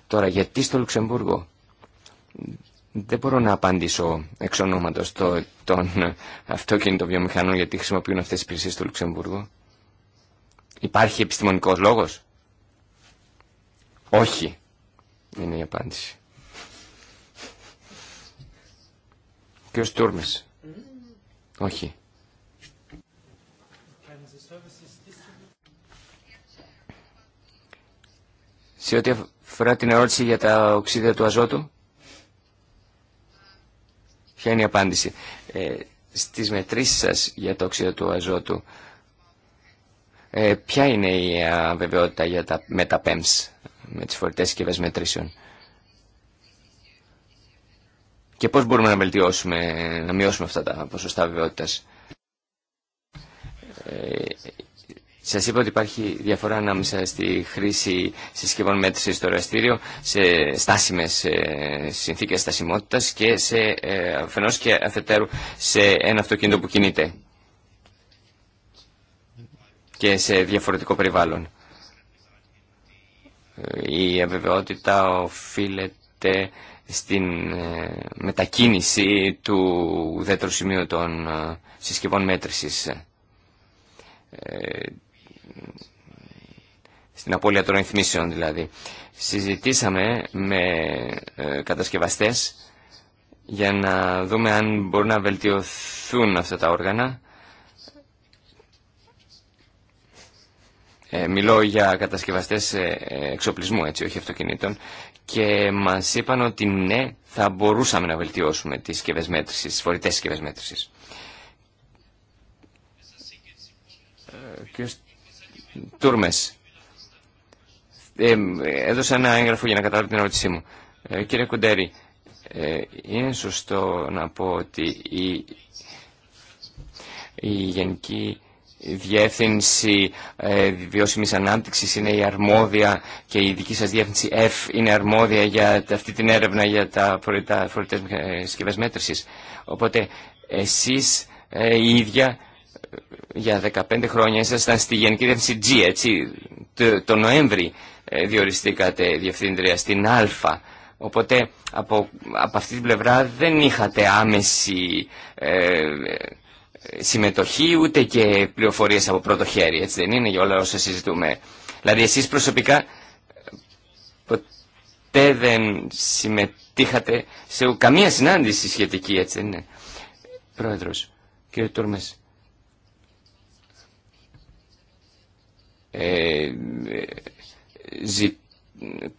Τώρα, γιατί στο Λουξεμβούργο. Δεν μπορώ να απαντήσω εξ ονόματος των βιομηχανών γιατί χρησιμοποιούν αυτές τις υπηρεσίες στο Λουξεμβούργο. Υπάρχει επιστημονικός λόγος. Όχι. Είναι η απάντηση. Και ο Όχι. Σε ό,τι αφορά την ερώτηση για τα οξύδια του αζότου. Ποια είναι η απάντηση. Ε, στις μετρήσεις σας για τα οξύδια του αζότου, ε, ποια είναι η αβεβαιότητα για τα, με με τις φορητές συσκευέ μετρήσεων. Και πώς μπορούμε να βελτιώσουμε, να μειώσουμε αυτά τα ποσοστά βεβαιότητας. Ε, Σα είπα ότι υπάρχει διαφορά ανάμεσα στη χρήση συσκευών μέτρηση στο εργαστήριο σε στάσιμες ε, συνθήκες στασιμότητα και σε, ε, αφενός και αφετέρου σε ένα αυτοκίνητο που κινείται και σε διαφορετικό περιβάλλον. Ε, η αβεβαιότητα οφείλεται στην μετακίνηση του ουδέτερου σημείου των συσκευών μέτρησης στην απώλεια των ρυθμίσεων δηλαδή. Συζητήσαμε με ε, κατασκευαστές για να δούμε αν μπορούν να βελτιωθούν αυτά τα όργανα. Ε, μιλώ για κατασκευαστές ε, εξοπλισμού, έτσι, όχι αυτοκινήτων, και μας είπαν ότι ναι, θα μπορούσαμε να βελτιώσουμε τις συσκευές μέτρησης, τις φορητές μέτρησης. Τούρμες. έδωσα ένα έγγραφο για να καταλάβω την ερώτησή μου. Ε, κύριε Κουντέρη, ε, είναι σωστό να πω ότι η, η Γενική Διεύθυνση ε, Βιώσιμης Ανάπτυξης είναι η αρμόδια και η δική σας διεύθυνση F είναι αρμόδια για αυτή την έρευνα για τα φορητές ε, συσκευές μέτρησης. Οπότε εσείς η ίδια για 15 χρόνια ήσασταν στη Γενική Διεύθυνση G, έτσι. Το, το Νοέμβρη ε, διοριστήκατε διευθύντρια στην Α. Οπότε από, από αυτή την πλευρά δεν είχατε άμεση ε, συμμετοχή ούτε και πληροφορίες από πρώτο χέρι, έτσι δεν είναι για όλα όσα συζητούμε. Δηλαδή εσείς προσωπικά ε, ποτέ δεν συμμετείχατε σε καμία συνάντηση σχετική, έτσι δεν είναι. Πρόεδρος, κύριε Τούρμες, Ε,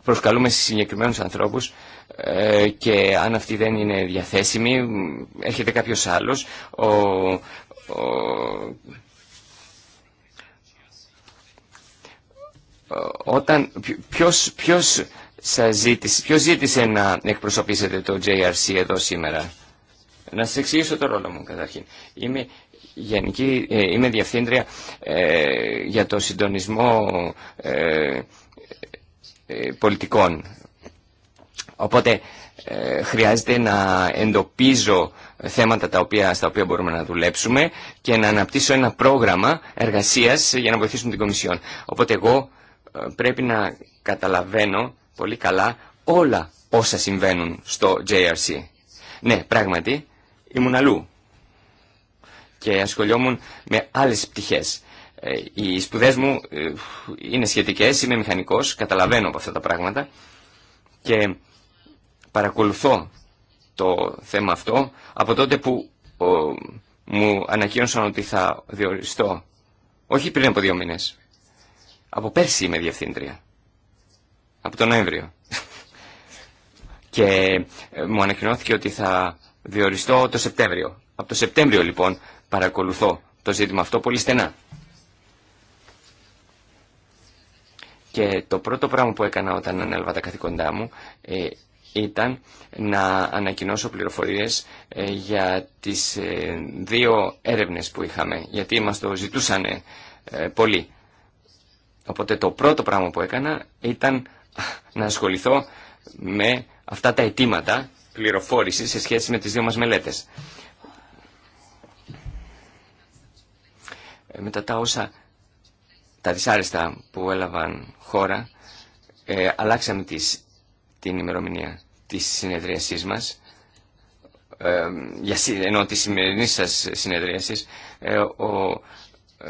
προσκαλούμε συγκεκριμένους ανθρώπους ε, και αν αυτοί δεν είναι διαθέσιμοι έρχεται κάποιος άλλος ο, όταν ποιος, ποιος σας ζήτησε, να εκπροσωπήσετε το JRC εδώ σήμερα. Να σας εξηγήσω το ρόλο μου καταρχήν. Είμαι γενική, ε, είμαι διευθύντρια ε, για το συντονισμό ε, πολιτικών. Οπότε χρειάζεται να εντοπίζω θέματα τα οποία, στα οποία μπορούμε να δουλέψουμε και να αναπτύσσω ένα πρόγραμμα εργασίας για να βοηθήσουμε την Κομισιόν. Οπότε εγώ πρέπει να καταλαβαίνω πολύ καλά όλα όσα συμβαίνουν στο JRC. Ναι, πράγματι, ήμουν αλλού και ασχολιόμουν με άλλες πτυχές. Ε, οι σπουδές μου ε, είναι σχετικές, είμαι μηχανικός, καταλαβαίνω από αυτά τα πράγματα και παρακολουθώ το θέμα αυτό από τότε που μου ανακοίνωσαν ότι θα διοριστώ. Όχι πριν από δύο μήνες. Από πέρσι είμαι διευθύντρια. Από τον Νοέμβριο. Και ε, μου ανακοινώθηκε ότι θα διοριστώ το Σεπτέμβριο. Από το Σεπτέμβριο λοιπόν παρακολουθώ το ζήτημα αυτό πολύ στενά. Και το πρώτο πράγμα που έκανα όταν ανέλαβα τα καθήκοντά μου ε, ήταν να ανακοινώσω πληροφορίες ε, για τις ε, δύο έρευνες που είχαμε, γιατί μας το ζητούσαν πολύ. Οπότε το πρώτο πράγμα που έκανα ήταν να ασχοληθώ με αυτά τα αιτήματα πληροφόρηση σε σχέση με τις δύο μας μελέτες. μετά τα όσα τα δυσάρεστα που έλαβαν χώρα, ε, αλλάξαμε την ημερομηνία της συνεδρίασής μας, ε, για, ενώ της σημερινής σας συνεδρίασης, ε, ο, ε,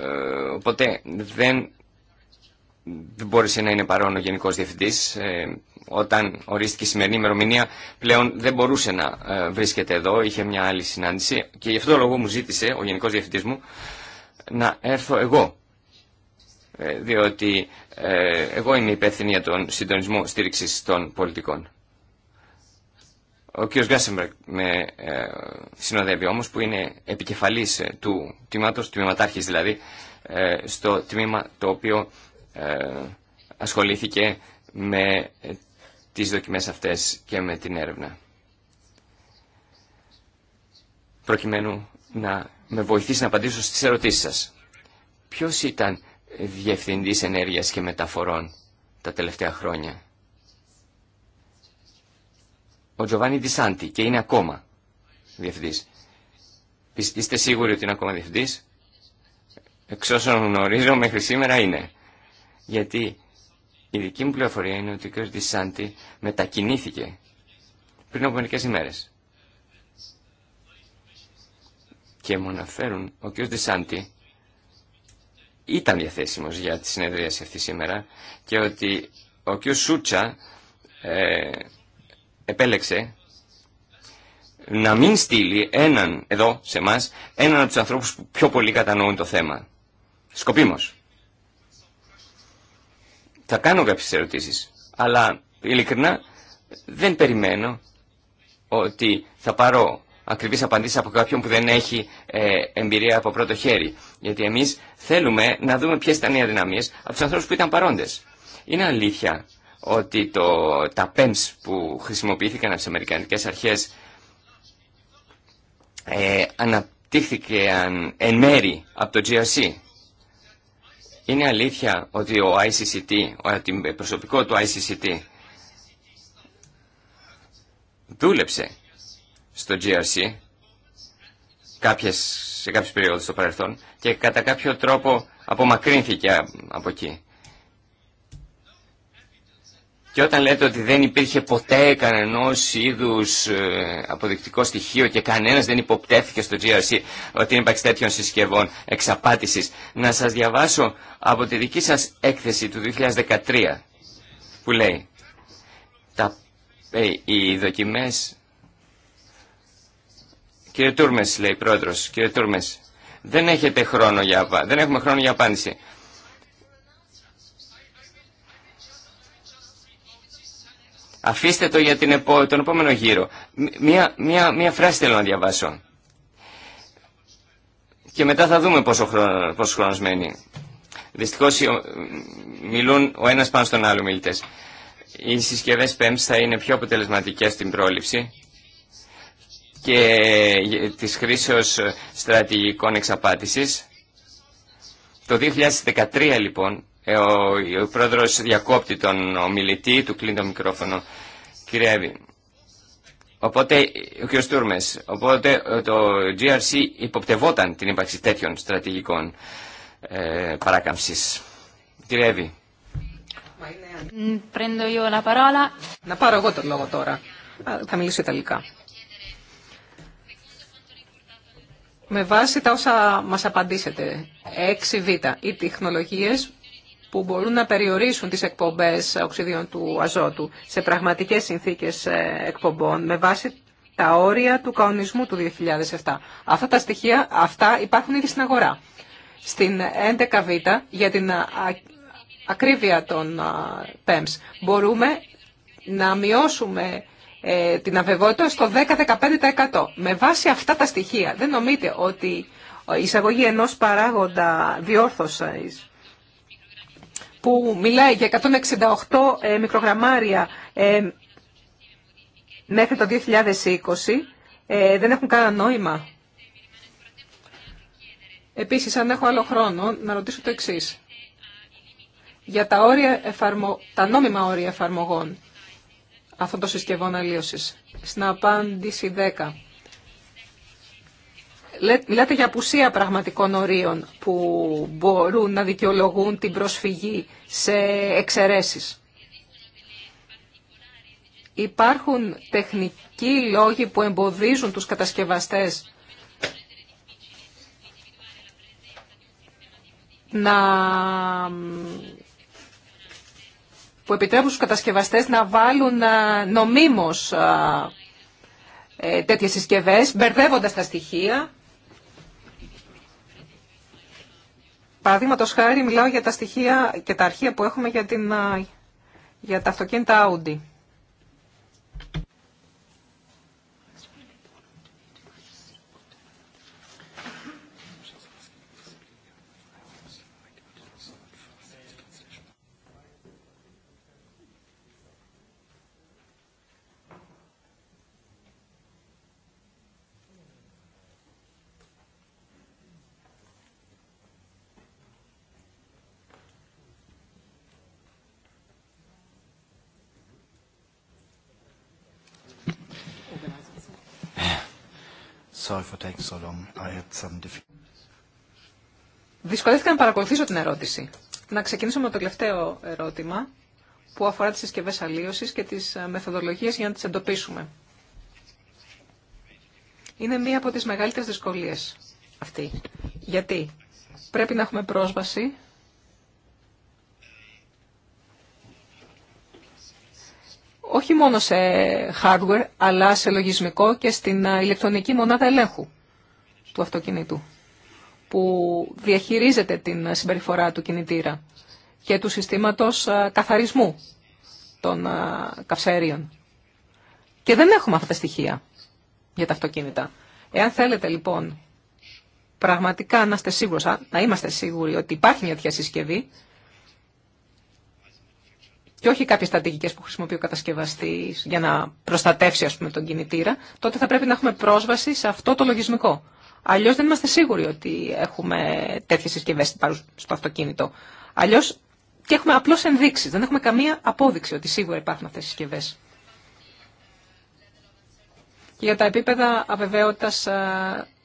οπότε δεν, δεν μπόρεσε να είναι παρόν ο Γενικός Διευθυντής. όταν ορίστηκε η σημερινή ημερομηνία πλέον δεν μπορούσε να βρίσκεται εδώ, είχε μια άλλη συνάντηση και γι' αυτό το λόγο μου ζήτησε ο Γενικός Διευθυντής μου να έρθω εγώ. Ε, διότι ε, εγώ είμαι υπεύθυνη για τον συντονισμό στήριξης των πολιτικών. Ο κ. Γκάσεμπερκ με ε, συνοδεύει όμως που είναι επικεφαλής του τμήματος, τμήματάρχης δηλαδή, στο τμήμα το οποίο ασχολήθηκε με τις δοκιμές αυτές και με την έρευνα. Προκειμένου να με βοηθήσει να απαντήσω στις ερωτήσεις σας. Ποιος ήταν διευθυντής ενέργειας και μεταφορών τα τελευταία χρόνια. Ο Τζοβάνι Ντισάντι και είναι ακόμα διευθυντής. Είστε σίγουροι ότι είναι ακόμα διευθυντής. Εξ όσων γνωρίζω μέχρι σήμερα είναι. Γιατί η δική μου πληροφορία είναι ότι ο κ. Ντισάντι μετακινήθηκε πριν από μερικές ημέρες. και μου αναφέρουν ο κ. Ντεσάντη ήταν διαθέσιμος για τη συνεδρίαση αυτή σήμερα και ότι ο κ. Σούτσα ε, επέλεξε να μην στείλει έναν εδώ σε εμά, έναν από τους ανθρώπους που πιο πολύ κατανοούν το θέμα. Σκοπίμως. Θα κάνω κάποιες ερωτήσεις, αλλά ειλικρινά δεν περιμένω ότι θα πάρω ακριβείς απαντήσεις από κάποιον που δεν έχει ε, εμπειρία από πρώτο χέρι. Γιατί εμείς θέλουμε να δούμε ποιες ήταν οι αδυναμίες από τους ανθρώπους που ήταν παρόντες. Είναι αλήθεια ότι το, τα PEMS που χρησιμοποιήθηκαν από τις Αμερικανικές αρχές ε, αναπτύχθηκαν εν μέρη από το GRC. Είναι αλήθεια ότι ο ICCT, ότι το προσωπικό του ICCT δούλεψε στο GRC κάποιες, σε κάποιες περιόδους στο παρελθόν και κατά κάποιο τρόπο απομακρύνθηκε από εκεί. Και όταν λέτε ότι δεν υπήρχε ποτέ κανένας είδους ε, αποδεικτικό στοιχείο και κανένας δεν υποπτέθηκε στο GRC ότι είναι υπάρξει τέτοιων συσκευών εξαπάτησης, να σας διαβάσω από τη δική σας έκθεση του 2013 που λέει ε, οι δοκιμές Κύριε Τούρμε, λέει πρόεδρος, κύριε Τουρμέ, δεν, έχετε χρόνο για, δεν έχουμε χρόνο για απάντηση. Αφήστε το για την, τον επόμενο γύρο. Μία, μία, μία φράση θέλω να διαβάσω. Και μετά θα δούμε πόσο, χρόνο, πόσο χρόνος μένει. Δυστυχώς μιλούν ο ένας πάνω στον άλλο μιλητές. Οι συσκευές PEMS θα είναι πιο αποτελεσματικές στην πρόληψη και ε, της χρήσεως ε, στρατηγικών εξαπάτησης. Το 2013 λοιπόν ε, ο, ο πρόεδρος διακόπτει τον ομιλητή, του κλείνει το μικρόφωνο. Κύριε Εύη, οπότε, ο κ. Στουρμες, οπότε το GRC υποπτευόταν την ύπαρξη τέτοιων στρατηγικών ε, παράκαμψης. Κύριε Εύη. Να πάρω εγώ τον λόγο τώρα. Θα μιλήσω Ιταλικά. με βάση τα όσα μας απαντήσετε, 6β, οι τεχνολογίες που μπορούν να περιορίσουν τις εκπομπές οξυδίων του αζότου σε πραγματικές συνθήκες ε, εκπομπών με βάση τα όρια του καονισμού του 2007. Αυτά τα στοιχεία αυτά υπάρχουν ήδη στην αγορά. Στην 11β για την ακρίβεια των PEMS μπορούμε να μειώσουμε ε, την αβεβότητα στο 10-15%. Με βάση αυτά τα στοιχεία δεν νομείτε ότι η εισαγωγή ενός παράγοντα διόρθωσης που μιλάει για 168 ε, μικρογραμμάρια ε, μέχρι το 2020 δεν έχουν κανένα νόημα. Επίσης, αν έχω άλλο χρόνο, να ρωτήσω το εξής. Για τα, όρια εφαρμο... τα νόμιμα όρια εφαρμογών αυτό των συσκευών αλλίωση. Στην απάντηση 10. Μιλάτε για απουσία πραγματικών ορίων που μπορούν να δικαιολογούν την προσφυγή σε εξαιρέσεις. Υπάρχουν τεχνικοί λόγοι που εμποδίζουν τους κατασκευαστές να που επιτρέπουν στους κατασκευαστές να βάλουν νομίμως ε, τέτοιες συσκευές, μπερδεύοντας τα στοιχεία. Παραδείγματος χάρη μιλάω για τα στοιχεία και τα αρχεία που έχουμε για, την, για τα αυτοκίνητα Audi. Sorry for taking so long. Δυσκολεύτηκα να παρακολουθήσω την ερώτηση. Να ξεκινήσω με το τελευταίο ερώτημα που αφορά τις συσκευέ αλλίωσης και τις ε, μεθοδολογίες για να τις εντοπίσουμε. Είναι μία από τις μεγαλύτερες δυσκολίες αυτή. Γιατί πρέπει να έχουμε πρόσβαση όχι μόνο σε hardware, αλλά σε λογισμικό και στην ε, ηλεκτρονική μονάδα ελέγχου του αυτοκινήτου, που διαχειρίζεται την ε, συμπεριφορά του κινητήρα και του συστήματος ε, καθαρισμού των καυσαερίων. Και δεν έχουμε αυτά τα στοιχεία για τα αυτοκίνητα. Εάν θέλετε λοιπόν πραγματικά να, να είμαστε σίγουροι ότι υπάρχει μια τέτοια συσκευή, και όχι κάποιε στρατηγικέ που χρησιμοποιεί ο κατασκευαστή για να προστατεύσει ας πούμε, τον κινητήρα, τότε θα πρέπει να έχουμε πρόσβαση σε αυτό το λογισμικό. Αλλιώ δεν είμαστε σίγουροι ότι έχουμε τέτοιε συσκευέ στο αυτοκίνητο. Αλλιώ και έχουμε απλώ ενδείξει. Δεν έχουμε καμία απόδειξη ότι σίγουρα υπάρχουν αυτέ οι συσκευέ. Και για τα επίπεδα αβεβαιότητα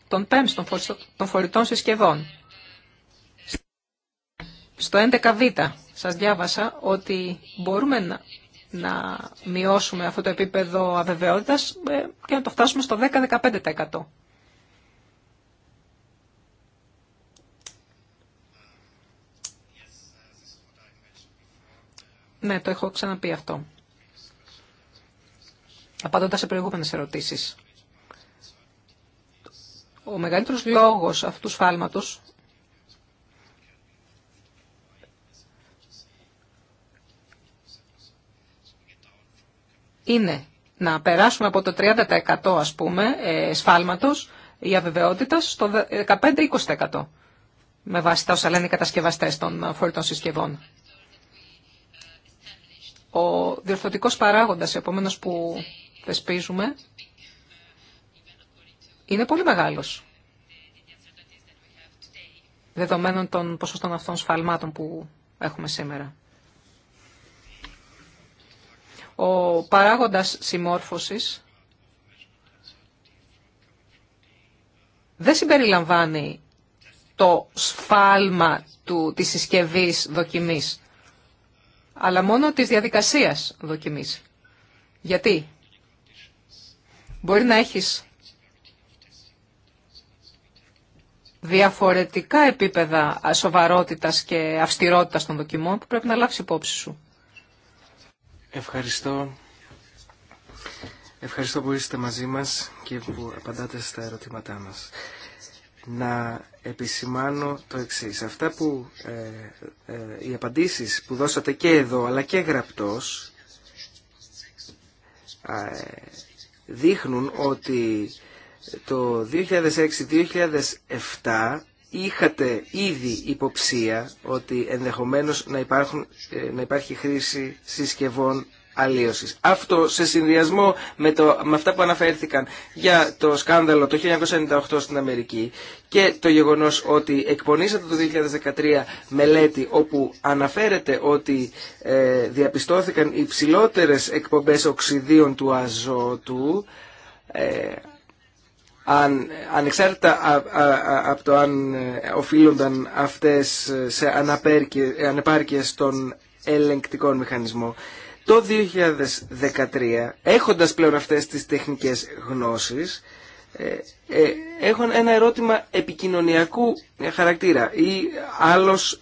των PEMS, των φορητών συσκευών. Στο 11β σας διάβασα ότι μπορούμε να, μειώσουμε αυτό το επίπεδο αβεβαιότητας ε, και να το φτάσουμε στο 10-15%. Ναι, το έχω ξαναπεί αυτό. Απαντώντα σε προηγούμενες ερωτήσεις. Ο μεγαλύτερο λόγο αυτού του σφάλματος, είναι να περάσουμε από το 30% ας πούμε ε, σφάλματος ή αβεβαιότητας στο 15-20% ε, με βάση τα όσα λένε οι κατασκευαστές των ε, φορητών συσκευών. Ο διορθωτικός παράγοντας, επομένως που θεσπίζουμε, είναι πολύ μεγάλος. Δεδομένων των ποσοστών αυτών σφαλμάτων που έχουμε σήμερα. Ο παράγοντας συμμόρφωσης δεν συμπεριλαμβάνει το σφάλμα του, της συσκευής δοκιμής, αλλά μόνο της διαδικασίας δοκιμής. Γιατί μπορεί να έχεις διαφορετικά επίπεδα σοβαρότητας και αυστηρότητας των δοκιμών που πρέπει να λάβεις υπόψη σου. Ευχαριστώ. Ευχαριστώ που είστε μαζί μας και που απαντάτε στα ερωτήματά μας. Να επισημάνω το εξής. Αυτά που ε, ε οι απαντήσεις που δώσατε και εδώ αλλά και γραπτός δείχνουν ότι το 2006-2007 είχατε ήδη υποψία ότι ενδεχομένως να, υπάρχουν, ε, να υπάρχει χρήση συσκευών αλλίωσης. Αυτό σε συνδυασμό με, το, με αυτά που αναφέρθηκαν για το σκάνδαλο το 1998 στην Αμερική και το γεγονός ότι εκπονήσατε το 2013 μελέτη όπου αναφέρεται ότι ε, διαπιστώθηκαν υψηλότερες εκπομπές οξυδίων του αζότου ε, αν, ανεξάρτητα από το αν ε, οφείλονταν αυτές ε, σε ανεπάρκειες των ελεγκτικών μηχανισμών. Το 2013, έχοντας πλέον αυτές τις τεχνικές γνώσεις, ε, έχουν ένα ερώτημα επικοινωνιακού χαρακτήρα ή άλλος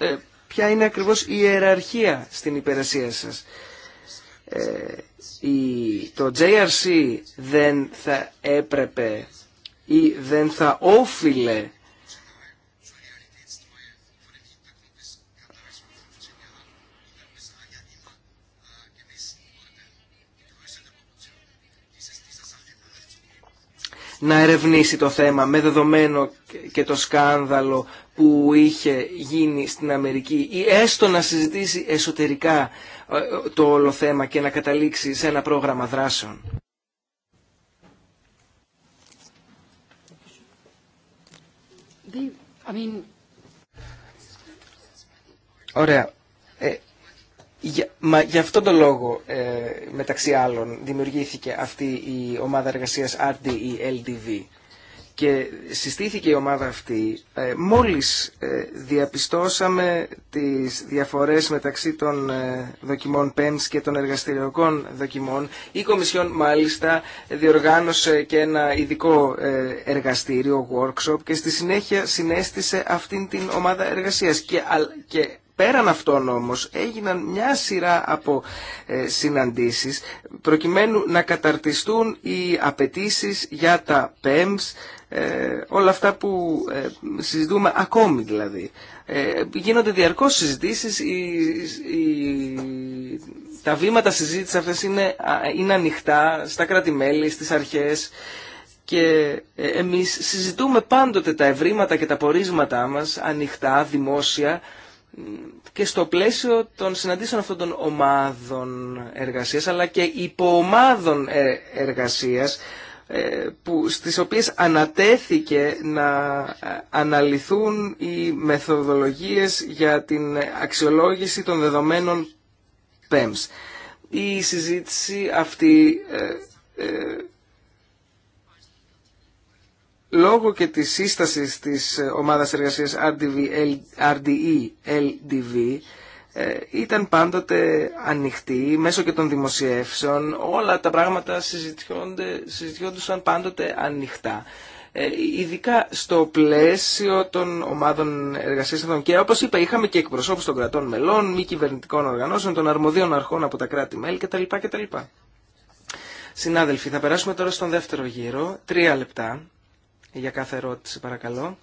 ποια είναι ακριβώς η ιεραρχία στην υπηρεσία σας. Το JRC δεν θα έπρεπε ή δεν θα όφιλε να ερευνήσει το θέμα με δεδομένο και το σκάνδαλο που είχε γίνει στην Αμερική ή έστω να συζητήσει εσωτερικά ε, το όλο θέμα και να καταλήξει σε ένα πρόγραμμα δράσεων. Ωραία. Ε, για, μα, αυτόν τον λόγο, ε, μεταξύ άλλων, δημιουργήθηκε αυτή η ομάδα εργασίας RDE-LDV. Και συστήθηκε η ομάδα αυτή ε, μόλις ε, διαπιστώσαμε τις διαφορές μεταξύ των ε, δοκιμών PEMS και των εργαστηριακών δοκιμών. Η Κομισιόν μάλιστα διοργάνωσε και ένα ειδικό εργαστήριο, workshop και στη συνέχεια συνέστησε αυτήν την ομάδα εργασίας. Και Πέραν αυτών όμως έγιναν μια σειρά από ε, συναντήσεις προκειμένου να καταρτιστούν οι απαιτήσει για τα PEMS, ε, όλα αυτά που ε, συζητούμε ακόμη δηλαδή. Γίνονται διαρκώς συζητήσεις, τα βήματα συζήτηση αυτές είναι, είναι ανοιχτά στα κράτη-μέλη, στις αρχές και εμείς συζητούμε πάντοτε τα ευρήματα και τα πορίσματά μας ανοιχτά, δημόσια και στο πλαίσιο των συναντήσεων αυτών των ομάδων εργασίας αλλά και υποομάδων ε, εργασίας ε, που, στις οποίες ανατέθηκε να ε, αναλυθούν οι μεθοδολογίες για την αξιολόγηση των δεδομένων PEMS. Η συζήτηση αυτή λόγω και της σύστασης της ε, ομάδας εργασίας RDE-LDV e, ε, ήταν πάντοτε ανοιχτή μέσω και των δημοσιεύσεων. Όλα τα πράγματα συζητιόντουσαν πάντοτε ανοιχτά. Ε, ειδικά στο πλαίσιο των ομάδων εργασίας των Και όπως είπα είχαμε και εκπροσώπους των κρατών μελών, μη κυβερνητικών οργανώσεων, των αρμοδίων αρχών από τα κράτη-μέλη κτλ. κτλ. Συνάδελφοι, θα περάσουμε τώρα στον δεύτερο γύρο. Τρία λεπτά για κάθε ερώτηση παρακαλώ.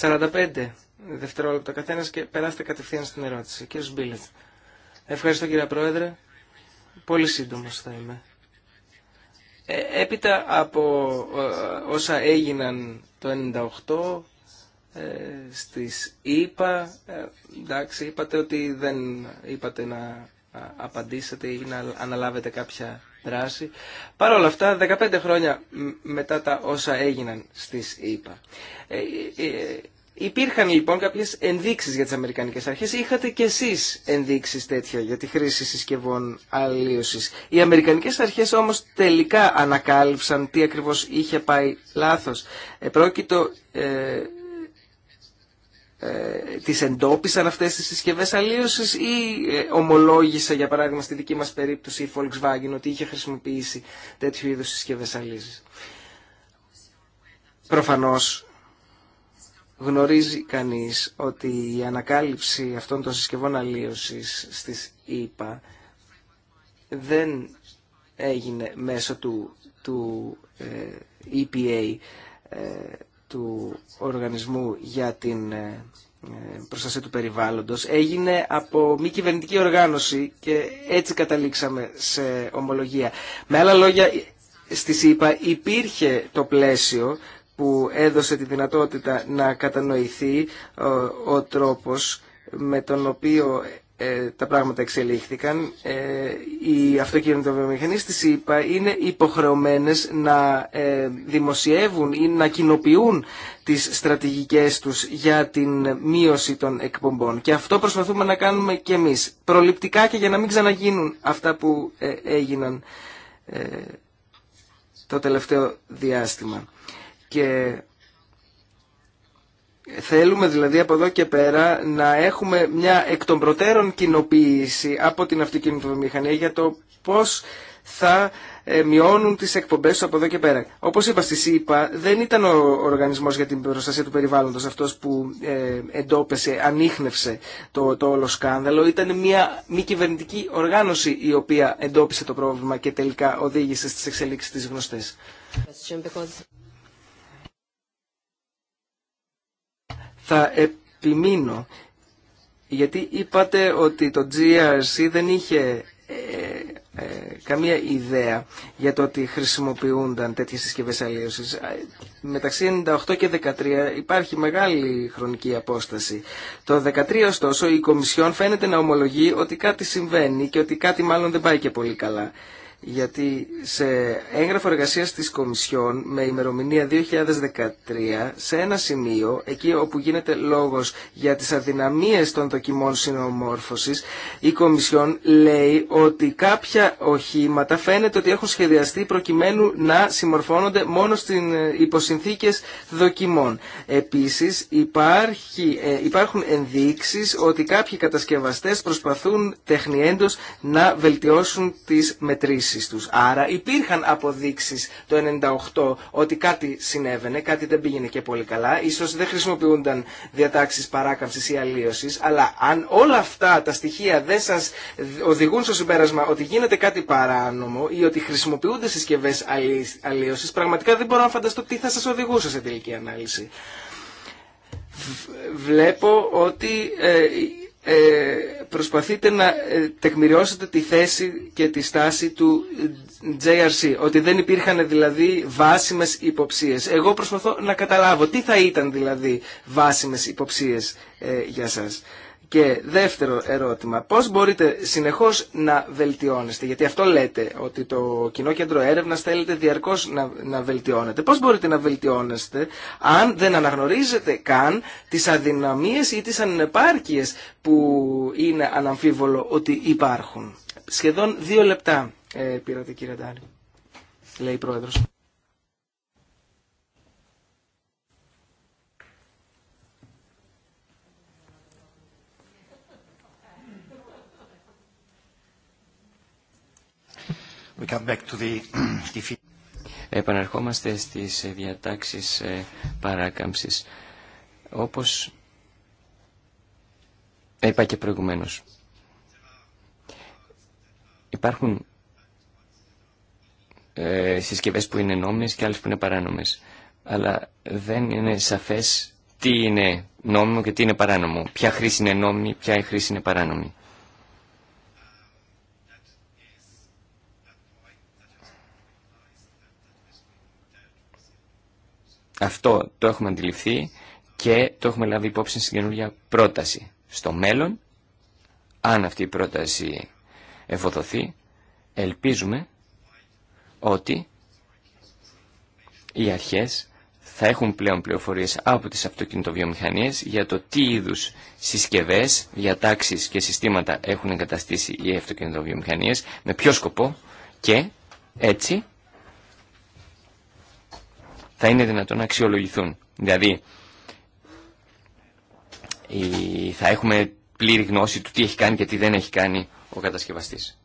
«45 δευτερόλεπτα καθένα και περάστε κατευθείαν στην ερώτηση. Κύριο Μπίλετ. Ευχαριστώ κύριε Πρόεδρε. Πολύ σύντομο θα είμαι. Ε, έπειτα από ε, όσα έγιναν το 98 ε, στις ΕΠΑ, ε, εντάξει είπατε ότι δεν είπατε να απαντήσετε ή να αναλάβετε κάποια δράση. Παρ' όλα αυτά, 15 χρόνια μετά τα όσα έγιναν στις ΗΠΑ. Ε, ε, ε, υπήρχαν λοιπόν κάποιε ενδείξει για τι Αμερικανικέ Αρχέ. Είχατε κι εσεί ενδείξει τέτοια για τη χρήση συσκευών αλλίωση. Οι Αμερικανικέ Αρχέ όμω τελικά ανακάλυψαν τι ακριβώ είχε πάει λάθο. Επρόκειτο ε, ε, τις εντόπισαν αυτές τις συσκευές αλλίωσης ή ε, ομολόγησε για παράδειγμα στη δική μας περίπτωση η Volkswagen ότι είχε χρησιμοποιήσει τέτοιου είδους συσκευές αλλίωσης. Προφανώς γνωρίζει κανείς ότι η ανακάλυψη αυτών των συσκευών αλλίωσης στις ΕΠΑ δεν έγινε μέσω του, του ε, EPA του Οργανισμού για την ε, ε, Προστασία του Περιβάλλοντος έγινε από μη κυβερνητική οργάνωση και έτσι καταλήξαμε σε ομολογία. Με άλλα λόγια, στη ΣΥΠΑ υπήρχε το πλαίσιο που έδωσε τη δυνατότητα να κατανοηθεί ε, ο τρόπος με τον οποίο ε, τα πράγματα εξελίχθηκαν. Ε, οι αυτοκινητοβιομηχανίες της είπα είναι υποχρεωμένες να ε, δημοσιεύουν ή να κοινοποιούν τις στρατηγικές τους για την μείωση των εκπομπών. Και αυτό προσπαθούμε να κάνουμε και εμείς. Προληπτικά και για να μην ξαναγίνουν αυτά που ε, έγιναν το τελευταίο διάστημα. Και Θέλουμε δηλαδή από εδώ και πέρα να έχουμε μια εκ των προτέρων κοινοποίηση από την αυτοκινητοβιομηχανία για το πώς θα ε, μειώνουν τις εκπομπές από εδώ και πέρα. Όπως είπα στη ΣΥΠΑ, δεν ήταν ο οργανισμός για την προστασία του περιβάλλοντος αυτός που ε, εντόπισε ανείχνευσε το, όλο σκάνδαλο. Ήταν μια μη κυβερνητική οργάνωση η οποία εντόπισε το πρόβλημα και τελικά οδήγησε στις εξελίξεις της γνωστές. θα επιμείνω. Γιατί είπατε ότι το GRC δεν είχε ε, ε, καμία ιδέα για το ότι χρησιμοποιούνταν τέτοιες συσκευές αλλίωσης. Μεταξύ 98 και 13 υπάρχει μεγάλη χρονική απόσταση. Το 13 ωστόσο η Κομισιόν φαίνεται να ομολογεί ότι κάτι συμβαίνει και ότι κάτι μάλλον δεν πάει και πολύ καλά γιατί σε έγγραφο εργασία τη Κομισιόν με ημερομηνία 2013 σε ένα σημείο εκεί όπου γίνεται λόγος για τις αδυναμίες των δοκιμών συνομόρφωση, η Κομισιόν λέει ότι κάποια οχήματα φαίνεται ότι έχουν σχεδιαστεί προκειμένου να συμμορφώνονται μόνο στην ε, υποσυνθήκες δοκιμών. Επίσης υπάρχει, ε, υπάρχουν ενδείξει ότι κάποιοι κατασκευαστέ προσπαθούν τεχνιέντο να βελτιώσουν τι μετρήσει τους. Άρα υπήρχαν αποδείξεις το 1998 ότι κάτι συνέβαινε, κάτι δεν πήγαινε και πολύ καλά. Ίσως δεν χρησιμοποιούνταν διατάξεις παράκαμψης ή αλλίωσης, αλλά αν όλα αυτά τα στοιχεία δεν σας οδηγούν στο συμπέρασμα ότι γίνεται κάτι παράνομο ή ότι χρησιμοποιούνται συσκευέ αλλίωσης, πραγματικά δεν μπορώ να φανταστώ τι θα σας οδηγούσε σε τελική ανάλυση. Βλέπω ότι ε, ε, προσπαθείτε να ε, τεκμηριώσετε τη θέση και τη στάση του JRC, ότι δεν υπήρχαν δηλαδή βάσιμες υποψίες. Εγώ προσπαθώ να καταλάβω τι θα ήταν δηλαδή βάσιμες υποψίες ε, για σας. Και δεύτερο ερώτημα, πώς μπορείτε συνεχώς να βελτιώνεστε, γιατί αυτό λέτε ότι το κοινό κέντρο έρευνα θέλετε διαρκώς να, να βελτιώνετε. Πώς μπορείτε να βελτιώνεστε αν δεν αναγνωρίζετε καν τις αδυναμίες ή τις ανεπάρκειες που είναι αναμφίβολο ότι υπάρχουν. Σχεδόν δύο λεπτά ε, πήρατε κύριε Ντάρη, λέει η τις ανεπαρκειες που ειναι αναμφιβολο οτι υπαρχουν σχεδον δυο λεπτα ε πηρατε κυριε νταρι λεει η προεδρος Επαναρχόμαστε στις διατάξεις ε, παράκαμψης. Όπως είπα και προηγουμένως, υπάρχουν ε, συσκευές που είναι νόμιμες και άλλες που είναι παράνομες. Αλλά δεν είναι σαφές τι είναι νόμιμο και τι είναι παράνομο. Ποια χρήση είναι νόμιμη, ποια χρήση είναι παράνομη. Αυτό το έχουμε αντιληφθεί και το έχουμε λάβει υπόψη στην καινούργια πρόταση. Στο μέλλον, αν αυτή η πρόταση ευοδοθεί, ελπίζουμε ότι οι αρχές θα έχουν πλέον πληροφορίες από τις αυτοκινητοβιομηχανίες για το τι είδους συσκευές, διατάξεις και συστήματα έχουν εγκαταστήσει οι αυτοκινητοβιομηχανίες, με ποιο σκοπό και έτσι θα είναι δυνατόν να αξιολογηθούν. Δηλαδή, θα έχουμε πλήρη γνώση του τι έχει κάνει και τι δεν έχει κάνει ο κατασκευαστής.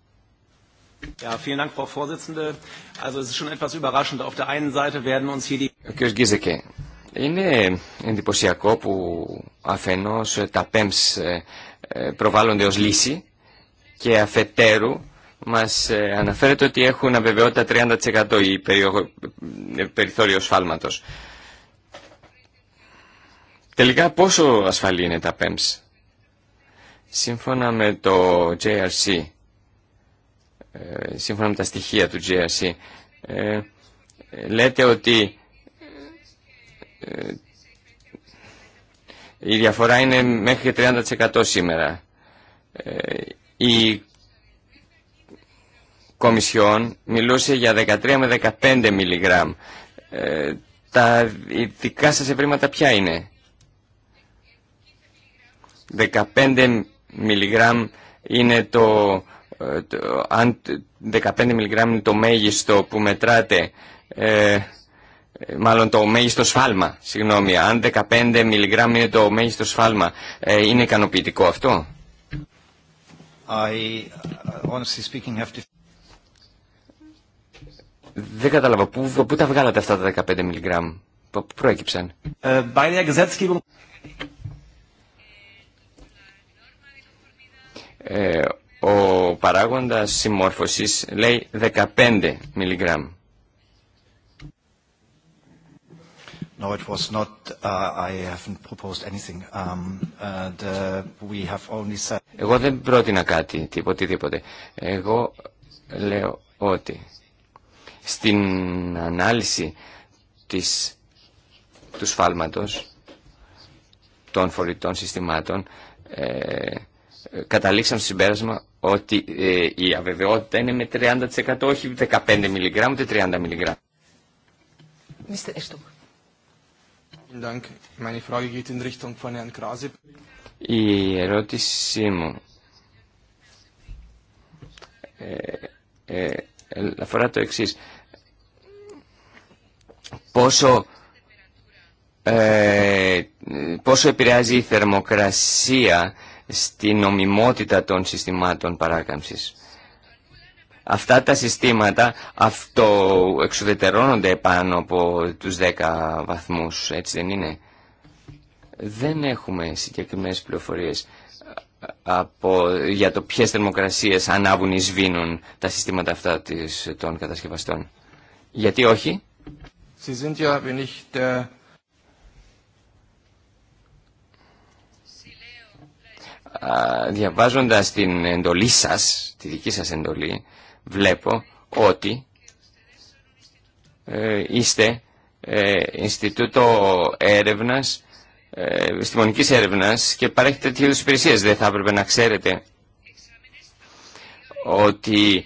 Ο κ. Γκίζεκε, είναι εντυπωσιακό που αφενός τα PEMS ε, ε, προβάλλονται ως λύση και αφετέρου μας ε, αναφέρεται ότι έχουν αβεβαιότητα 30% η ε, περιθώριο σφάλματος. Τελικά πόσο ασφαλή είναι τα PEMS. Σύμφωνα με το JRC, ε, σύμφωνα με τα στοιχεία του JRC, λέτε ότι η διαφορά είναι μέχρι 30% σήμερα. Κομισιόν μιλούσε για 13 με 15 μιλιγράμμ. Ε, τα δικά σας ευρήματα ποια είναι. 15 μιλιγράμμ είναι το, 15 ε, μιλιγράμμ είναι το μέγιστο που μετράτε ε, μάλλον το μέγιστο σφάλμα συγγνώμη, αν 15 μιλιγράμμ είναι το μέγιστο σφάλμα ε, είναι ικανοποιητικό αυτό δεν κατάλαβα. Πού, πού τα βγάλατε αυτά τα 15 μιλιγκράμμ. Πού προέκυψαν. Ε, ε, ο παράγοντας συμμόρφωσης λέει 15 μιλιγκράμμ. No, was not. Uh, I haven't proposed anything. Um, uh, we have only said. Εγώ δεν πρότεινα κάτι, τίποτε, τίποτε. Εγώ λέω ότι στην ανάλυση της, του σφάλματος των φορητών συστημάτων ε, καταλήξαμε στο συμπέρασμα ότι ε, η αβεβαιότητα είναι με 30% όχι 15 μιλιγκράμμ ούτε 30 μιλιγκράμμ. Η ερώτησή μου ε, ε αφορά το εξής. Ε, πόσο, επηρεάζει η θερμοκρασία στην ομιμότητα των συστημάτων παράκαμψης. Αυτά τα συστήματα αυτοεξουδετερώνονται πάνω από τους 10 βαθμούς, έτσι δεν είναι. Δεν έχουμε συγκεκριμένες πληροφορίες από, για το ποιες θερμοκρασίες ανάβουν ή σβήνουν τα συστήματα αυτά της, των κατασκευαστών. Γιατί όχι. Sie sind ich der... την εντολή σας, τη δική σας εντολή, βλέπω ότι ε, είστε ε, Ινστιτούτο Έρευνας ε, επιστημονικής έρευνας και παρέχει τέτοιου είδου υπηρεσίες. Δεν θα έπρεπε να ξέρετε ότι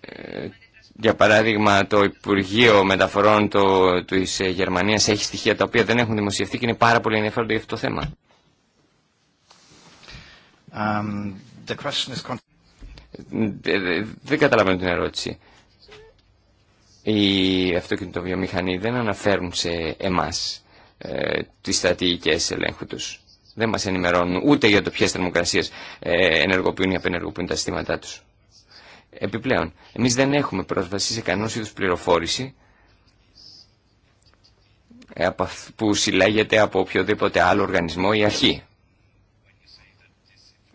ε, για παράδειγμα το Υπουργείο Μεταφορών τη της ε, έχει στοιχεία τα οποία δεν έχουν δημοσιευτεί και είναι πάρα πολύ ενδιαφέροντα για αυτό το θέμα. Um, the question is... Δεν καταλαβαίνω την ερώτηση. Οι αυτοκινητοβιομηχανοί δεν αναφέρουν σε εμάς ε, τις στρατηγικές ελέγχου τους. Δεν μας ενημερώνουν ούτε για το ποιες θερμοκρασίες ε, ενεργοποιούν ή απενεργοποιούν τα συστήματά τους. Επιπλέον, εμείς δεν έχουμε πρόσβαση σε κανόνες είδους πληροφόρηση ε, που συλλέγεται από οποιοδήποτε άλλο οργανισμό ή αρχή.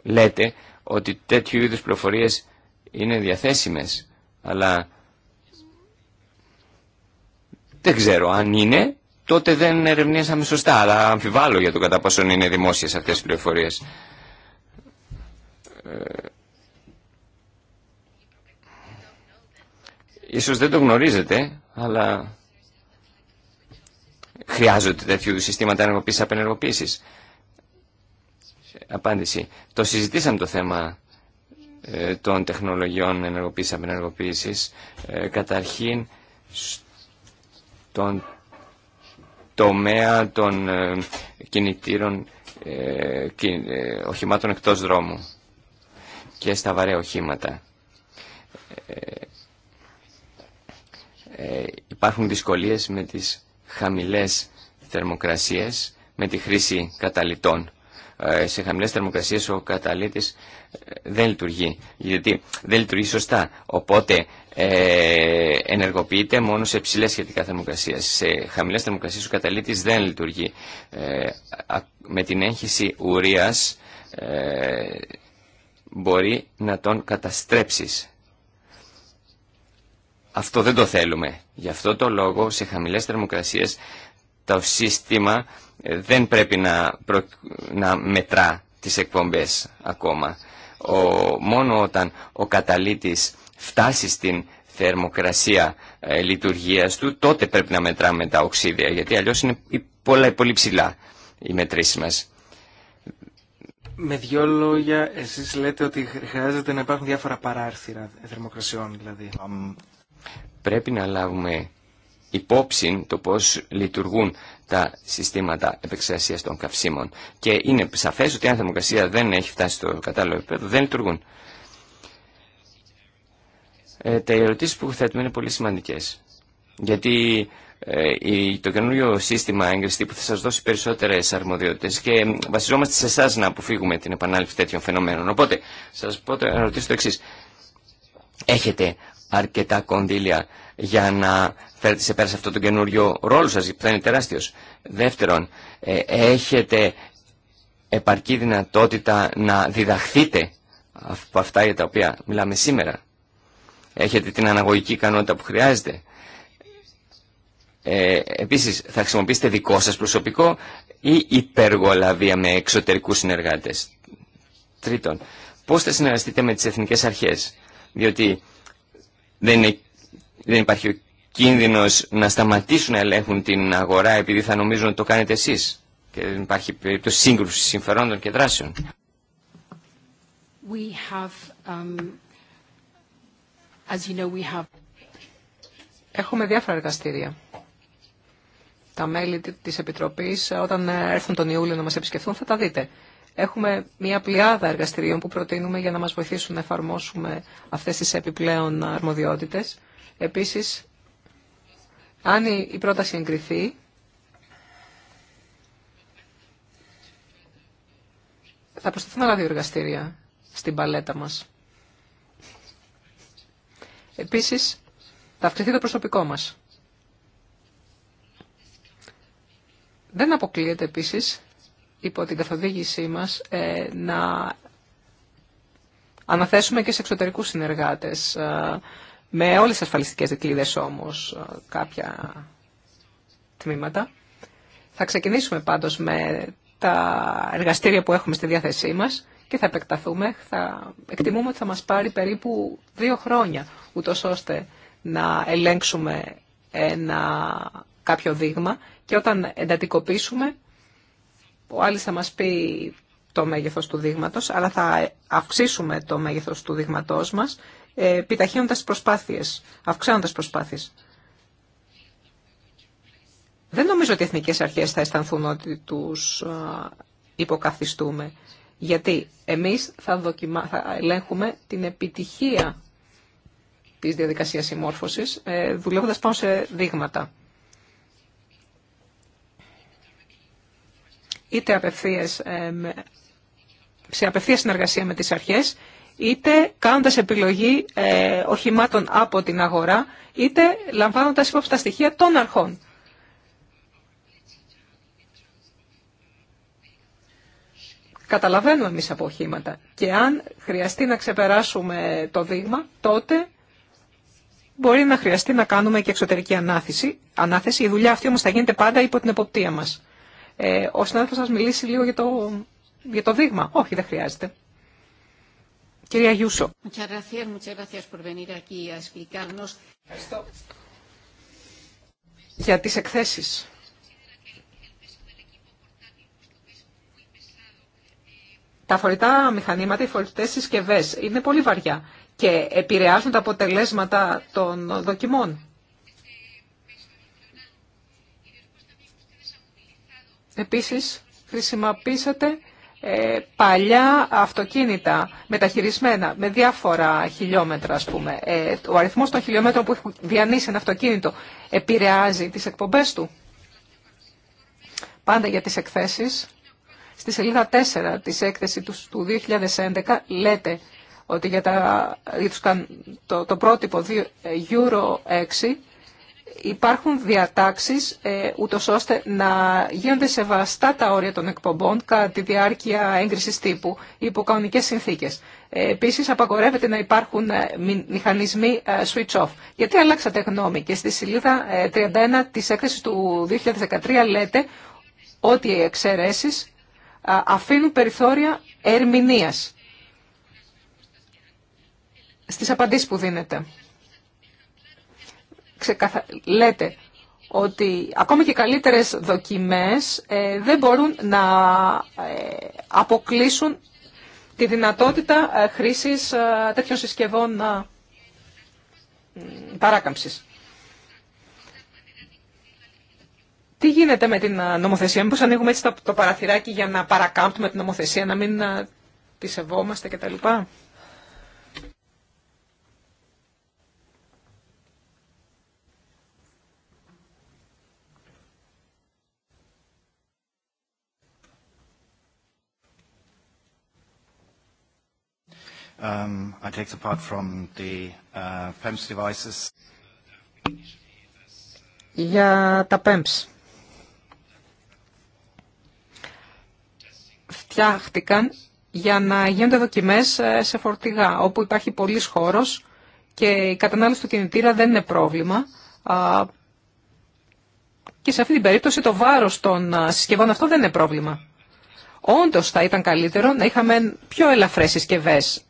Λέτε ότι τέτοιου είδους πληροφορίες είναι διαθέσιμες, αλλά δεν ξέρω αν είναι τότε δεν ερευνήσαμε σωστά, αλλά αμφιβάλλω για το κατά πόσον είναι δημόσιες αυτές τις πληροφορίες. Ε, ίσως δεν το γνωρίζετε, αλλά χρειάζονται τέτοιου είδου συστήματα ενεργοποίησης απενεργοποίησης. Απάντηση. Το συζητήσαμε το θέμα ε, των τεχνολογιών ενεργοποίησης απενεργοποίησης. Ε, καταρχήν, στον τομέα των ε, κινητήρων ε, ε, οχημάτων εκτός δρόμου και στα βαρέα οχήματα. Υπάρχουν δυσκολίες με τις χαμηλές θερμοκρασίες, με τη χρήση καταλυτών. Σε χαμηλές θερμοκρασίες ο καταλύτης δεν λειτουργεί, γιατί δεν λειτουργεί σωστά. Οπότε ε, ενεργοποιείται μόνο σε ψηλές σχετικά θερμοκρασίες. Σε χαμηλές θερμοκρασίες ο καταλήτης δεν λειτουργεί. Ε, με την έγχυση ουρίας ε, μπορεί να τον καταστρέψεις. Αυτό δεν το θέλουμε. Γι' αυτό το λόγο σε χαμηλές θερμοκρασίες το σύστημα ε, δεν πρέπει να, να μετρά τις εκπομπές ακόμα. Ο... Μόνο όταν ο καταλήτης φτάσει στην θερμοκρασία ε, λειτουργίας του, τότε πρέπει να μετράμε τα οξύδια, γιατί αλλιώς είναι πολλά, πολύ ψηλά οι μετρήσεις μας. Με δύο λόγια, εσείς λέτε ότι χρειάζεται να υπάρχουν διάφορα παράρθυρα θερμοκρασιών, δηλαδή. Πρέπει να λάβουμε υπόψη το πώς λειτουργούν τα συστήματα επεξεργασίας των καυσίμων. Και είναι σαφές ότι αν η θερμοκρασία δεν έχει φτάσει στο κατάλληλο επίπεδο, δεν λειτουργούν. Ε, τα ερωτήσει που θέτουμε είναι πολύ σημαντικέ. Γιατί ε, το καινούριο σύστημα εγκριστή που θα σα δώσει περισσότερε αρμοδιότητε και βασιζόμαστε σε εσά να αποφύγουμε την επανάληψη τέτοιων φαινομένων. Οπότε, σα ρωτήσω το εξή. Έχετε αρκετά κονδύλια για να φέρετε σε πέρα σε αυτό το καινούριο ρόλο σας, που θα είναι τεράστιος. Δεύτερον, ε, έχετε επαρκή δυνατότητα να διδαχθείτε από αυτά για τα οποία μιλάμε σήμερα έχετε την αναγωγική ικανότητα που χρειάζεται. Ε, επίσης, θα χρησιμοποιήσετε δικό σας προσωπικό ή υπεργολαβία με εξωτερικούς συνεργάτες. Τρίτον, πώς θα συνεργαστείτε με τις εθνικές αρχές, διότι δεν, δεν υπάρχει ο κίνδυνος να σταματήσουν να ελέγχουν την αγορά επειδή θα νομίζουν ότι το κάνετε εσείς και δεν υπάρχει περίπτωση σύγκρουση συμφερόντων και δράσεων. We have, um... Έχουμε διάφορα εργαστήρια. Τα μέλη της Επιτροπής, ε, όταν ε, έρθουν τον Ιούλιο να μας επισκεφθούν, θα τα δείτε. Έχουμε μια πλειάδα εργαστηρίων που προτείνουμε για να μας βοηθήσουν να εφαρμόσουμε αυτές τις επιπλέον αρμοδιότητες. Επίσης, αν η πρόταση εγκριθεί, θα προσθεθούν άλλα δύο εργαστήρια στην παλέτα μας. Επίσης, θα αυξηθεί το προσωπικό μας. Δεν αποκλείεται επίσης υπό την καθοδήγησή μας ε, να αναθέσουμε και σε εξωτερικούς συνεργάτες ε, με όλες τις ασφαλιστικές δικλείδες όμως ε, κάποια τμήματα. Θα ξεκινήσουμε πάντως με τα εργαστήρια που έχουμε στη διάθεσή μας και θα επεκταθούμε. Θα εκτιμούμε ότι θα μας πάρει περίπου δύο χρόνια ούτως ώστε να ελέγξουμε ένα κάποιο δείγμα και όταν εντατικοποιήσουμε, ο άλλος θα μας πει το μέγεθος του δείγματος, αλλά θα αυξήσουμε το μέγεθος του δείγματός μας, ε, επιταχύνοντας προσπάθειες, αυξάνοντας προσπάθειες. Δεν νομίζω ότι οι εθνικές αρχές θα αισθανθούν ότι τους υποκαθιστούμε. Γιατί εμείς θα, δοκιμα... θα ελέγχουμε την επιτυχία της διαδικασίας συμμόρφωσης, ε, δουλεύοντας πάνω σε δείγματα. Είτε απευθείας, ε, σε απευθεία συνεργασία με τις αρχές, είτε κάνοντας επιλογή ε, οχημάτων από την αγορά, είτε λαμβάνοντας υπόψη τα στοιχεία των αρχών. Καταλαβαίνουμε εμείς από οχήματα. Και αν χρειαστεί να ξεπεράσουμε το δείγμα, τότε Μπορεί να χρειαστεί να κάνουμε και εξωτερική ανάθεση. ανάθεση. Η δουλειά αυτή όμως θα γίνεται πάντα υπό την εποπτεία μας. Ε, ο συνάδελφος σας μιλήσει λίγο για το, δείγμα. Όχι, δεν χρειάζεται. Κυρία Γιούσο. Ευχαριστώ. Για τις εκθέσεις. Τα φορητά μηχανήματα, οι φορητέ συσκευέ είναι πολύ βαριά και επηρεάζουν τα αποτελέσματα των δοκιμών. Επίσης, χρησιμοποίησατε ε, παλιά αυτοκίνητα μεταχειρισμένα με διάφορα χιλιόμετρα, ας πούμε. Ε, ο αριθμός των χιλιόμετρων που έχει διανύσει ένα αυτοκίνητο επηρεάζει τις εκπομπές του. Πάντα για τις εκθέσεις. Στη σελίδα 4 της έκθεσης του 2011 λέτε ότι για, τα, για τους, το, το πρότυπο ε, Euro 6 υπάρχουν διατάξεις ε, ούτως ώστε να γίνονται σεβαστά τα όρια των εκπομπών κατά τη διάρκεια έγκρισης τύπου υπό κανονικές συνθήκες. Ε, επίσης απαγορεύεται να υπάρχουν ε, μηχανισμοί ε, switch off. Γιατί αλλάξατε γνώμη και στη σελίδα 31 της έκθεσης του 2013 λέτε ότι οι εξαιρέσεις αφήνουν περιθώρια ερμηνείας στις απαντήσεις που δίνετε. Λέτε ότι ακόμη και καλύτερες δοκιμές ε, δεν μπορούν να ε, αποκλείσουν τη δυνατότητα ε, χρήσης ε, τέτοιων συσκευών ε, παράκαμψης. Τι γίνεται με την νομοθεσία, μήπως ανοίγουμε έτσι το παραθυράκι για να παρακάμπτουμε την νομοθεσία, να μην τη σεβόμαστε κτλ. Um, I from the uh, devices. Για τα PEMS. Φτιάχτηκαν για να γίνονται δοκιμές ε, σε φορτηγά, όπου υπάρχει πολλής χώρος και η κατανάλωση του κινητήρα δεν είναι πρόβλημα. Και σε αυτή την περίπτωση το βάρος των συσκευών αυτό δεν είναι πρόβλημα. Όντως θα ήταν καλύτερο να είχαμε πιο ελαφρές συσκευές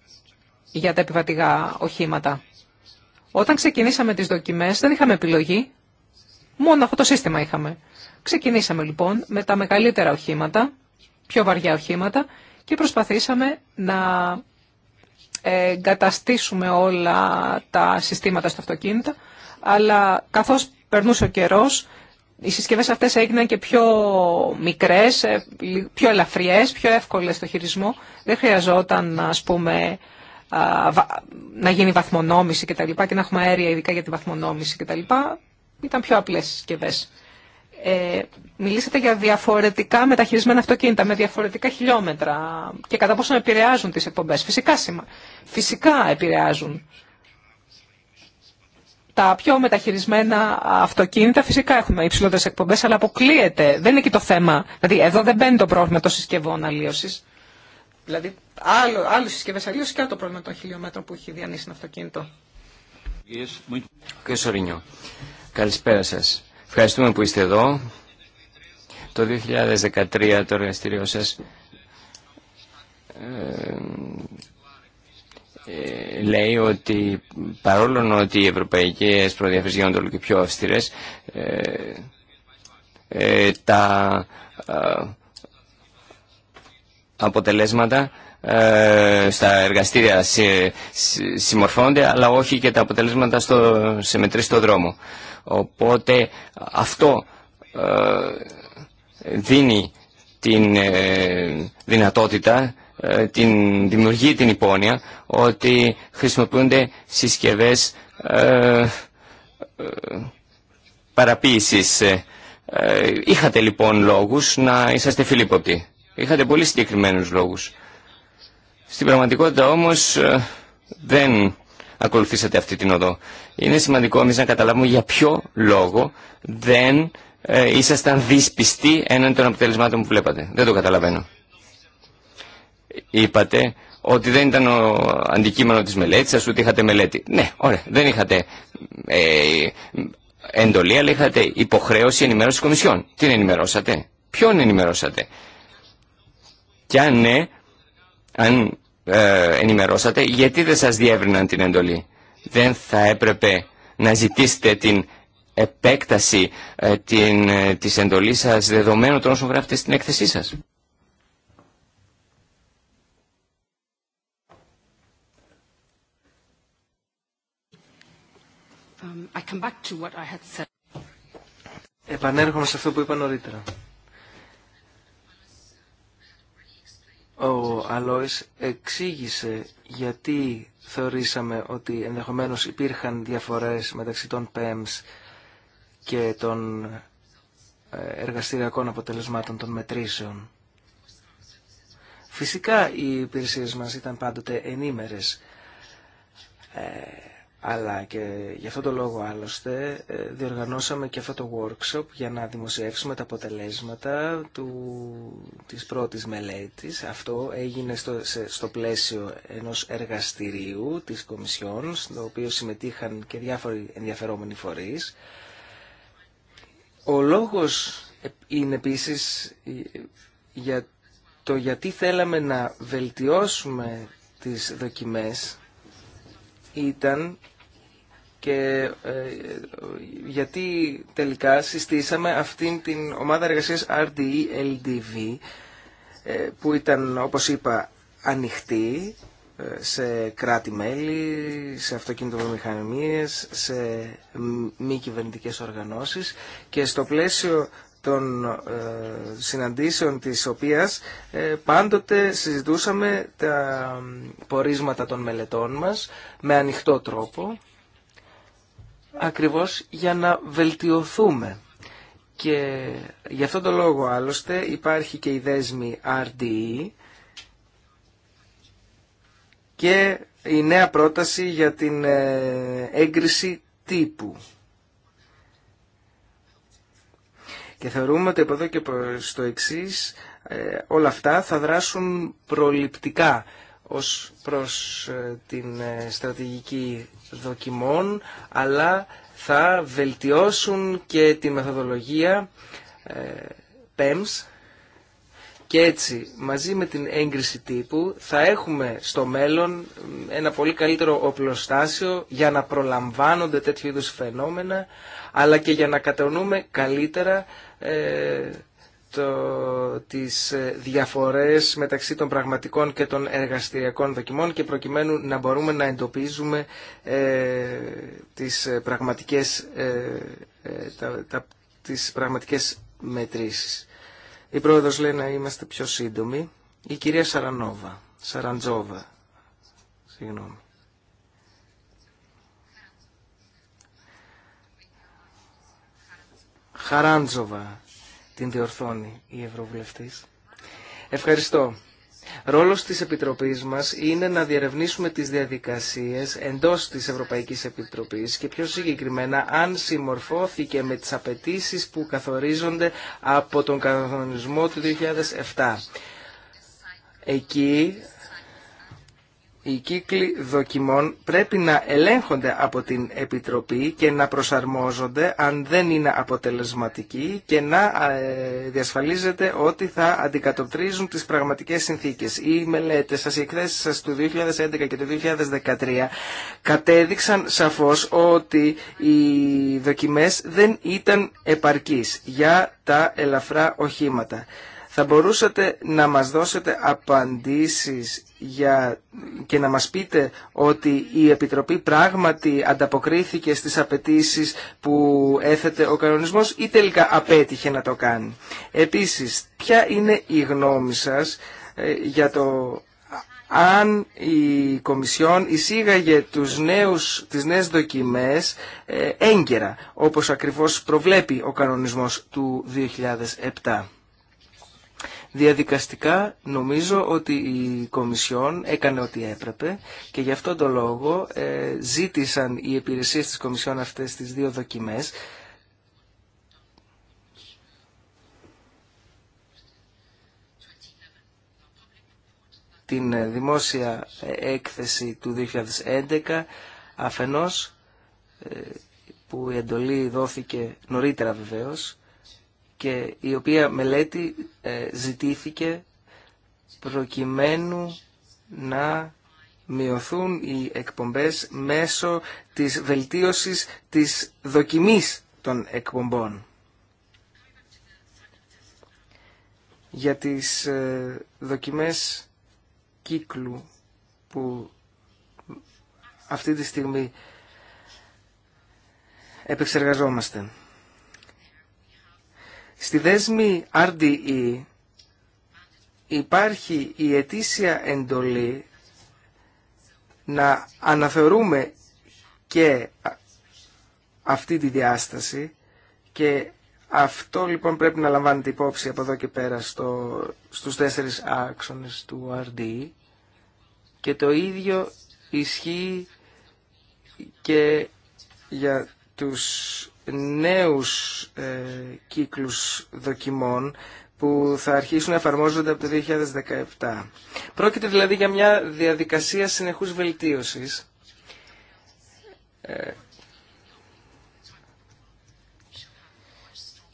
για τα επιβατικά οχήματα. Όταν ξεκινήσαμε τις δοκιμές δεν είχαμε επιλογή, μόνο αυτό το σύστημα είχαμε. Ξεκινήσαμε λοιπόν με τα μεγαλύτερα οχήματα, πιο βαριά οχήματα και προσπαθήσαμε να εγκαταστήσουμε όλα τα συστήματα στο αυτοκίνητο. αλλά καθώς περνούσε ο καιρός, οι συσκευές αυτές έγιναν και πιο μικρές, ε, πιο ελαφριές, πιο εύκολες στο χειρισμό. Δεν χρειαζόταν, ας πούμε, να γίνει βαθμονόμηση κτλ. Και, και, να έχουμε αέρια ειδικά για τη βαθμονόμηση τα λοιπά Ήταν πιο απλές συσκευέ. Ε, μιλήσατε για διαφορετικά μεταχειρισμένα αυτοκίνητα με διαφορετικά χιλιόμετρα και κατά πόσο επηρεάζουν τις εκπομπές. Φυσικά, σημα, φυσικά επηρεάζουν. Τα πιο μεταχειρισμένα αυτοκίνητα φυσικά έχουμε υψηλότερε εκπομπές αλλά αποκλείεται. Δεν είναι εκεί το θέμα. Δηλαδή, εδώ δεν μπαίνει το πρόβλημα των συσκευών αλλίωσης. Δηλαδή, άλλο, συσκευέ αλλιώ και άλλο το πρόβλημα των χιλιόμετρων που έχει διανύσει ένα αυτοκίνητο. Κύριε Σορίνιο, καλησπέρα σα. Ευχαριστούμε που είστε εδώ. Το 2013 το εργαστήριό σα. Ε, ε, λέει ότι παρόλο ότι οι Ευρωπαϊκέ προδιαφέρειες γίνονται όλο και πιο αυστηρές, ε, τα αποτελέσματα ε, στα εργαστήρια συμμορφώνονται αλλά όχι και τα αποτελέσματα στο, σε μετρή στο δρόμο. Οπότε αυτό ε, δίνει την ε, δυνατότητα, ε, την, δημιουργεί την υπόνοια ότι χρησιμοποιούνται συσκευές παραποίησης. Είχατε λοιπόν λόγους να είσαστε φιλίποπτοι είχατε πολύ συγκεκριμένους λόγους. Στην πραγματικότητα όμως ε, δεν ακολουθήσατε αυτή την οδό. Είναι σημαντικό εμείς να καταλάβουμε για ποιο λόγο δεν ε, ήσασταν δυσπιστοί έναν των αποτελεσμάτων που βλέπατε. Δεν το καταλαβαίνω. Είπατε ότι δεν ήταν ο αντικείμενο της μελέτης σας, ούτε είχατε μελέτη. Ναι, ωραία, δεν είχατε ε, εντολή, αλλά είχατε υποχρέωση ενημέρωση κομισιών. Την ενημερώσατε, ποιον ενημερώσατε. Και αν ναι, αν ε, ενημερώσατε, γιατί δεν σας διεύρυναν την εντολή. Δεν θα έπρεπε να ζητήσετε την επέκταση ε, την, ε, της εντολής σας δεδομένου των όσων γράφετε στην έκθεσή σας. Um, Επανέρχομαι σε αυτό που είπα νωρίτερα. Αλόης εξήγησε γιατί θεωρήσαμε ότι ενδεχομένως υπήρχαν διαφορές μεταξύ των ΠΕΜΣ και των ε, εργαστηριακών αποτελεσμάτων των μετρήσεων. Φυσικά οι υπηρεσίες μας ήταν πάντοτε ενήμερες. Ε, αλλά και γι' αυτό το λόγο άλλωστε ε, διοργανώσαμε και αυτό το workshop για να δημοσιεύσουμε τα αποτελέσματα του, της πρώτης μελέτης. Αυτό έγινε στο, στο πλαίσιο ενός εργαστηρίου της Κομισιόν, στο οποίο συμμετείχαν και διάφοροι ενδιαφερόμενοι φορείς. Ο λόγος ε, είναι επίσης ε, για το γιατί θέλαμε να βελτιώσουμε τις δοκιμές ήταν και ε, γιατί τελικά συστήσαμε αυτήν την ομάδα εργασίας RDE-LDV ε, που ήταν όπως είπα ανοιχτή ε, σε κράτη-μέλη, σε αυτοκινητοβιομηχανίες, σε μη κυβερνητικέ οργανώσεις και στο πλαίσιο των συναντήσεων της οποίας πάντοτε συζητούσαμε τα πορίσματα των μελετών μας με ανοιχτό τρόπο ακριβώς για να βελτιωθούμε. Και γι' αυτόν τον λόγο άλλωστε υπάρχει και η δέσμη RDE και η νέα πρόταση για την ε, έγκριση τύπου. Και θεωρούμε ότι από εδώ και στο εξής ε, όλα αυτά θα δράσουν προληπτικά ως προς ε, την ε, στρατηγική δοκιμών, αλλά θα βελτιώσουν και τη μεθοδολογία ε, PEMS και έτσι μαζί με την έγκριση τύπου θα έχουμε στο μέλλον ένα πολύ καλύτερο οπλοστάσιο για να προλαμβάνονται τέτοιου είδους φαινόμενα αλλά και για να κατανοούμε καλύτερα το, τις ε, διαφορές μεταξύ των πραγματικών και των εργαστηριακών δοκιμών και προκειμένου να μπορούμε να εντοπίζουμε ε, τις ε, πραγματικές, ε, τα, τις πραγματικές μετρήσεις. Η πρόεδρος λέει να είμαστε πιο σύντομοι. Η κυρία Σαρανόβα, Σαραντζόβα, συγγνώμη. Χαράντζοβα, την διορθώνει η Ευρωβουλευτή. Ευχαριστώ. Ρόλος της Επιτροπής μας είναι να διερευνήσουμε τις διαδικασίες εντός της Ευρωπαϊκής Επιτροπής και πιο συγκεκριμένα αν συμμορφώθηκε με τις απαιτήσει που καθορίζονται από τον κανονισμό του 2007. Εκεί οι κύκλοι δοκιμών πρέπει να ελέγχονται από την Επιτροπή και να προσαρμόζονται αν δεν είναι αποτελεσματικοί και να ε, διασφαλίζεται ότι θα αντικατοπτρίζουν τις πραγματικές συνθήκες. Οι μελέτες σας, οι εκθέσεις σας του 2011 και του 2013 κατέδειξαν σαφώς ότι οι δοκιμές δεν ήταν επαρκείς για τα ελαφρά οχήματα. Θα μπορούσατε να μας δώσετε απαντήσεις για... και να μας πείτε ότι η Επιτροπή πράγματι ανταποκρίθηκε στις απαιτήσει που έθετε ο κανονισμός ή τελικά απέτυχε να το κάνει. Επίσης, ποια είναι η γνώμη σας ε, για το αν η Κομισιόν εισήγαγε τους νέους, τις νέες δοκιμές ε, έγκαιρα, όπως ακριβώς προβλέπει ο κανονισμός του 2007. Διαδικαστικά νομίζω ότι η Κομισιόν έκανε ό,τι έπρεπε και γι' αυτόν τον λόγο ε, ζήτησαν οι υπηρεσίες της Κομισιόν αυτές τις δύο δοκιμές την ε, δημόσια ε, έκθεση του 2011 αφενός που η εντολή δόθηκε νωρίτερα βεβαίως και η οποία μελέτη ε, ζητήθηκε προκειμένου να μειωθούν οι εκπομπές μέσω της βελτίωσης της δοκιμής των εκπομπών. Για τις ε, δοκιμές κύκλου που αυτή τη στιγμή επεξεργαζόμαστε. Στη δέσμη RDE υπάρχει η ετήσια εντολή να αναθεωρούμε και αυτή τη διάσταση και αυτό λοιπόν πρέπει να λαμβάνεται υπόψη από εδώ και πέρα στο, στους τέσσερις άξονες του RDE και το ίδιο ισχύει και για τους νέους ε, κύκλους δοκιμών που θα αρχίσουν να εφαρμόζονται από το 2017. Πρόκειται δηλαδή για μια διαδικασία συνεχούς βελτίωσης. Ε,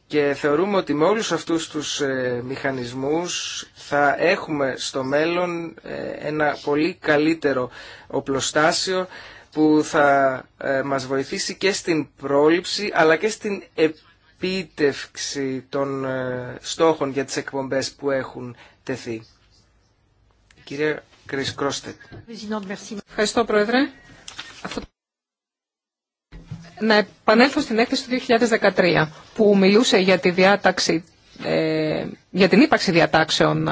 και θεωρούμε ότι με όλους αυτούς τους ε, μηχανισμούς θα έχουμε στο μέλλον ε, ένα πολύ καλύτερο οπλοστάσιο που θα ε, μας βοηθήσει και στην πρόληψη αλλά και στην επίτευξη των ε, στόχων για τις εκπομπές που έχουν τεθεί. Κυρία Κρίς Κρόστετ. Ευχαριστώ Πρόεδρε. Να επανέλθω στην έκθεση του 2013 που μιλούσε για τη διάταξη ε, για την ύπαρξη διατάξεων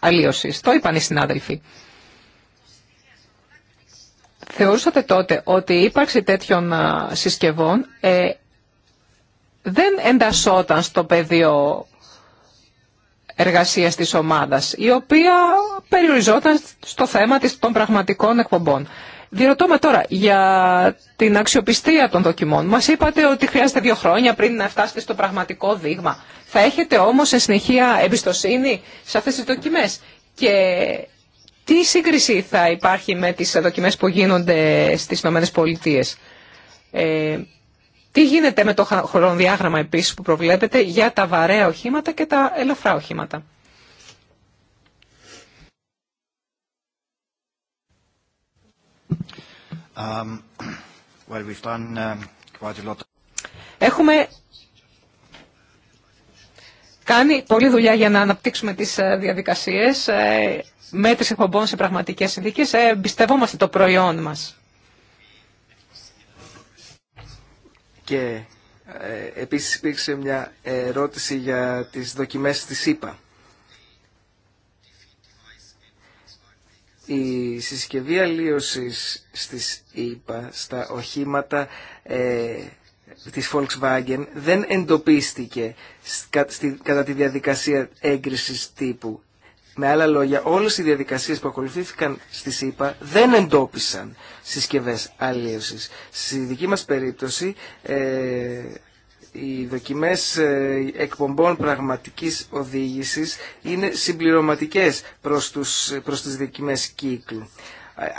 αλλίωσης. Το είπαν οι συνάδελφοι θεωρούσατε τότε ότι η ύπαρξη τέτοιων συσκευών ε, δεν εντασσόταν στο πεδίο εργασίας της ομάδας, η οποία περιοριζόταν στο θέμα της, των πραγματικών εκπομπών. Διερωτώμε τώρα για την αξιοπιστία των δοκιμών. Μας είπατε ότι χρειάζεται δύο χρόνια πριν να φτάσετε στο πραγματικό δείγμα. Θα έχετε όμως σε συνεχεία εμπιστοσύνη σε αυτές τις δοκιμές. Και τι σύγκριση θα υπάρχει με τις δοκιμές που γίνονται στις ΗΠΑ. Ε, τι γίνεται με το χρονοδιάγραμμα επίσης που προβλέπετε για τα βαρέα οχήματα και τα ελαφρά οχήματα. Um, we've done, uh, quite a lot. Έχουμε κάνει πολλή δουλειά για να αναπτύξουμε τις ε, διαδικασίες. Ε, μέτρηση εκπομπών σε πραγματικές συνθήκες, ε, εμπιστευόμαστε το προϊόν μας. Και ε, επίσης υπήρξε μια ερώτηση για τις δοκιμές της ΕΠΑ. Η συσκευή αλλίωσης στις ΕΠΑ στα οχήματα ε, της Volkswagen δεν εντοπίστηκε κατά τη διαδικασία έγκρισης τύπου. Με άλλα λόγια, όλες οι διαδικασίε που ακολουθήθηκαν στη ΣΥΠΑ δεν εντόπισαν συσκευέ αλλίωσης. Στη δική μας περίπτωση, ε, οι δοκιμές ε, εκπομπών πραγματικής οδήγηση είναι συμπληρωματικές προ τους, προς τις δοκιμές κύκλου.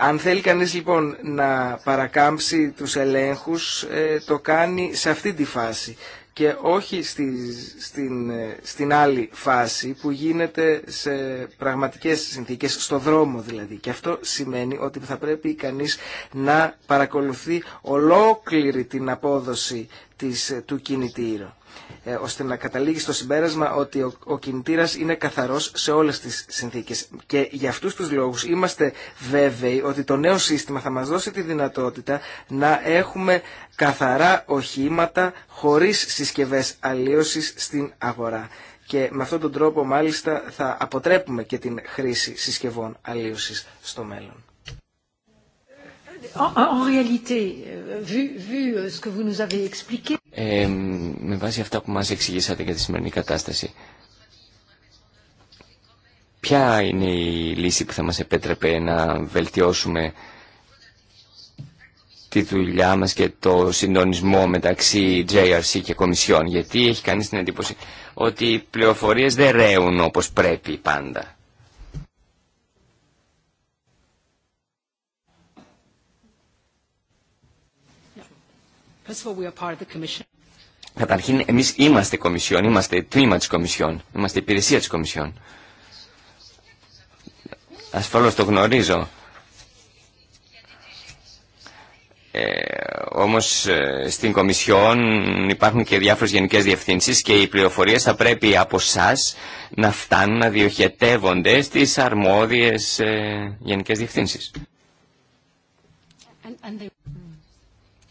Αν θέλει κανείς λοιπόν να παρακάμψει τους ελέγχους, ε, το κάνει σε αυτή τη φάση και όχι στη, στην, ε, στην άλλη φάση που γίνεται σε πραγματικές συνθήκες, στο δρόμο δηλαδή. Και αυτό σημαίνει ότι θα πρέπει κανείς να παρακολουθεί ολόκληρη την απόδοση της, ε, του κινητήρου. Ε, ώστε να καταλήγει στο συμπέρασμα ότι ο, ο κινητήρας είναι καθαρός σε όλες τις συνθήκες. Και για αυτούς τους λόγους είμαστε βέβαιοι ότι το νέο σύστημα θα μας δώσει τη δυνατότητα να έχουμε καθαρά οχήματα χωρίς συσκευές αλλίωσης στην αγορά. Και με αυτόν τον τρόπο μάλιστα θα αποτρέπουμε και την χρήση συσκευών αλλίωσης στο μέλλον. Με βάση αυτά που μας εξηγήσατε για τη σημερινή κατάσταση, ποια είναι η λύση που θα μας επέτρεπε να βελτιώσουμε τη δουλειά μας και το συντονισμό μεταξύ JRC και Κομισιόν, γιατί έχει κάνει την εντύπωση ότι οι πληροφορίες δεν ρέουν όπως πρέπει πάντα. Καταρχήν, εμεί είμαστε Κομισιόν, είμαστε τμήμα τη Κομισιόν, είμαστε υπηρεσία της Κομισιόν. Ασφαλώ το γνωρίζω. Ε, όμως ε, στην Κομισιόν υπάρχουν και διάφορε γενικέ διευθύνσει και οι πληροφορίε θα πρέπει από εσά να φτάνουν να διοχετεύονται στι αρμόδιε ε, γενικές διευθύνσεις.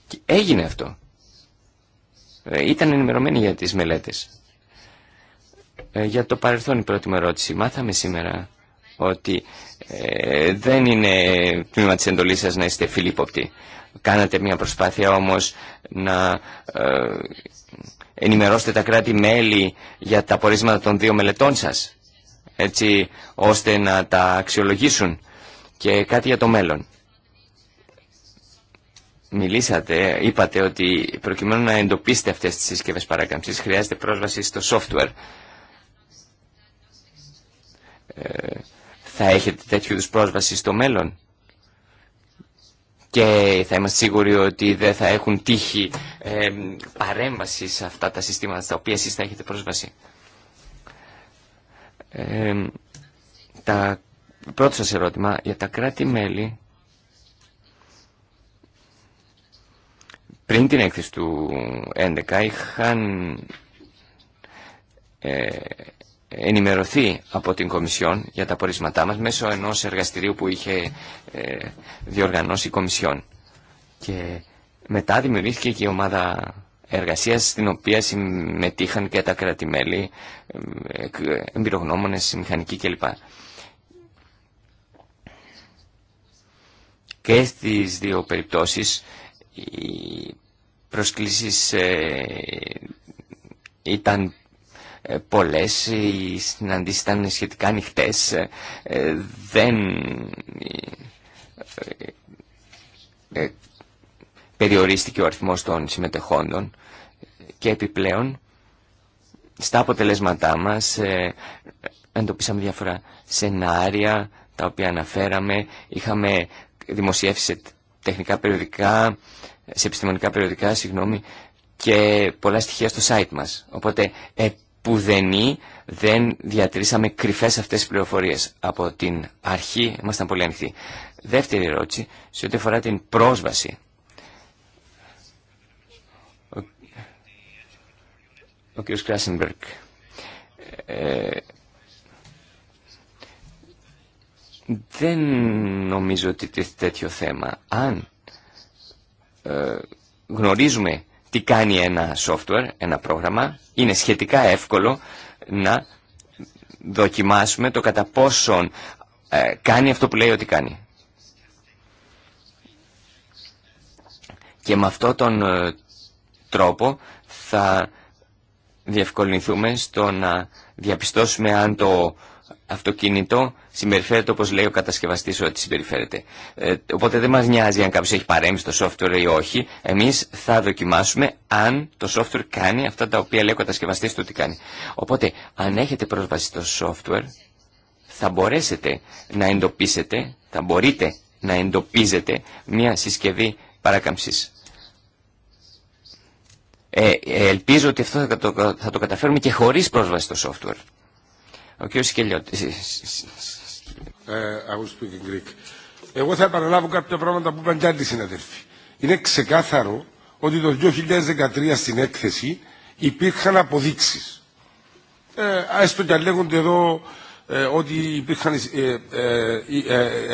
Και έγινε αυτό. Ε, ήταν ενημερωμένοι για τις μελέτες. Ε, για το παρελθόν η πρώτη μου ερώτηση. Μάθαμε σήμερα ότι ε, δεν είναι τμήμα της εντολής σας να είστε φιλίποπτοι. Κάνατε μια προσπάθεια όμως να ενημερώσετε τα κράτη-μέλη για τα πορίσματα των δύο μελετών σας, έτσι ώστε να τα αξιολογήσουν και κάτι για το μέλλον μιλήσατε, είπατε ότι προκειμένου να εντοπίσετε αυτές τις συσκευές παράκαμψης χρειάζεται πρόσβαση στο software. Ε, θα έχετε τέτοιου είδους πρόσβαση στο μέλλον και θα είμαστε σίγουροι ότι δεν θα έχουν τύχη ε, παρέμβαση σε αυτά τα συστήματα στα οποία εσείς θα έχετε πρόσβαση. Ε, τα πρώτο σας ερώτημα για τα κράτη-μέλη πριν την έκθεση του 11 είχαν ε, ενημερωθεί από την Κομισιόν για τα πορίσματά μας μέσω ενός εργαστηρίου που είχε ε, διοργανώσει η Κομισιόν. Και μετά δημιουργήθηκε και η ομάδα εργασίας στην οποία συμμετείχαν και τα κρατημέλη, ε, εμπειρογνώμονες, μηχανικοί κλπ. Και στις δύο περιπτώσεις οι προσκλήσεις ε, ήταν ε, πολλές, οι συναντήσεις ήταν σχετικά ανοιχτές, ε, δεν περιορίστηκε ο αριθμός των συμμετεχόντων και επιπλέον στα αποτελέσματά μας εντοπίσαμε διάφορα σενάρια τα οποία αναφέραμε, είχαμε δημοσιεύσει τεχνικά περιοδικά, σε επιστημονικά περιοδικά, συγγνώμη, και πολλά στοιχεία στο site μας. Οπότε επουδενή δεν διατηρήσαμε κρυφές αυτές τις πληροφορίες. Από την αρχή ήμασταν πολύ ανοιχτοί. Δεύτερη ερώτηση, σε ό,τι αφορά την πρόσβαση. Ο, κ. Δεν νομίζω ότι τίθεται τέτοιο θέμα. Αν ε, γνωρίζουμε τι κάνει ένα software, ένα πρόγραμμα, είναι σχετικά εύκολο να δοκιμάσουμε το κατά πόσον ε, κάνει αυτό που λέει ότι κάνει. Και με αυτόν τον ε, τρόπο θα διευκολυνθούμε στο να διαπιστώσουμε αν το αυτοκίνητο συμπεριφέρεται όπως λέει ο κατασκευαστής ότι συμπεριφέρεται. Ε, οπότε δεν μας νοιάζει αν κάποιος έχει παρέμβει στο software ή όχι. Εμείς θα δοκιμάσουμε αν το software κάνει αυτά τα οποία λέει ο κατασκευαστής του ότι κάνει. Οπότε αν έχετε πρόσβαση στο software θα μπορέσετε να εντοπίσετε, θα μπορείτε να εντοπίζετε μια συσκευή παράκαμψης. Ε, ε ελπίζω ότι αυτό θα το, θα το καταφέρουμε και χωρίς πρόσβαση στο software. Ο κ. Ε, Εγώ θα επαναλάβω κάποια πράγματα που είπαν κι άλλοι συναδέλφοι. Είναι ξεκάθαρο ότι το 2013 στην έκθεση υπήρχαν αποδείξει. Ε, έστω και αν λέγονται εδώ ε, ότι υπήρχαν ε,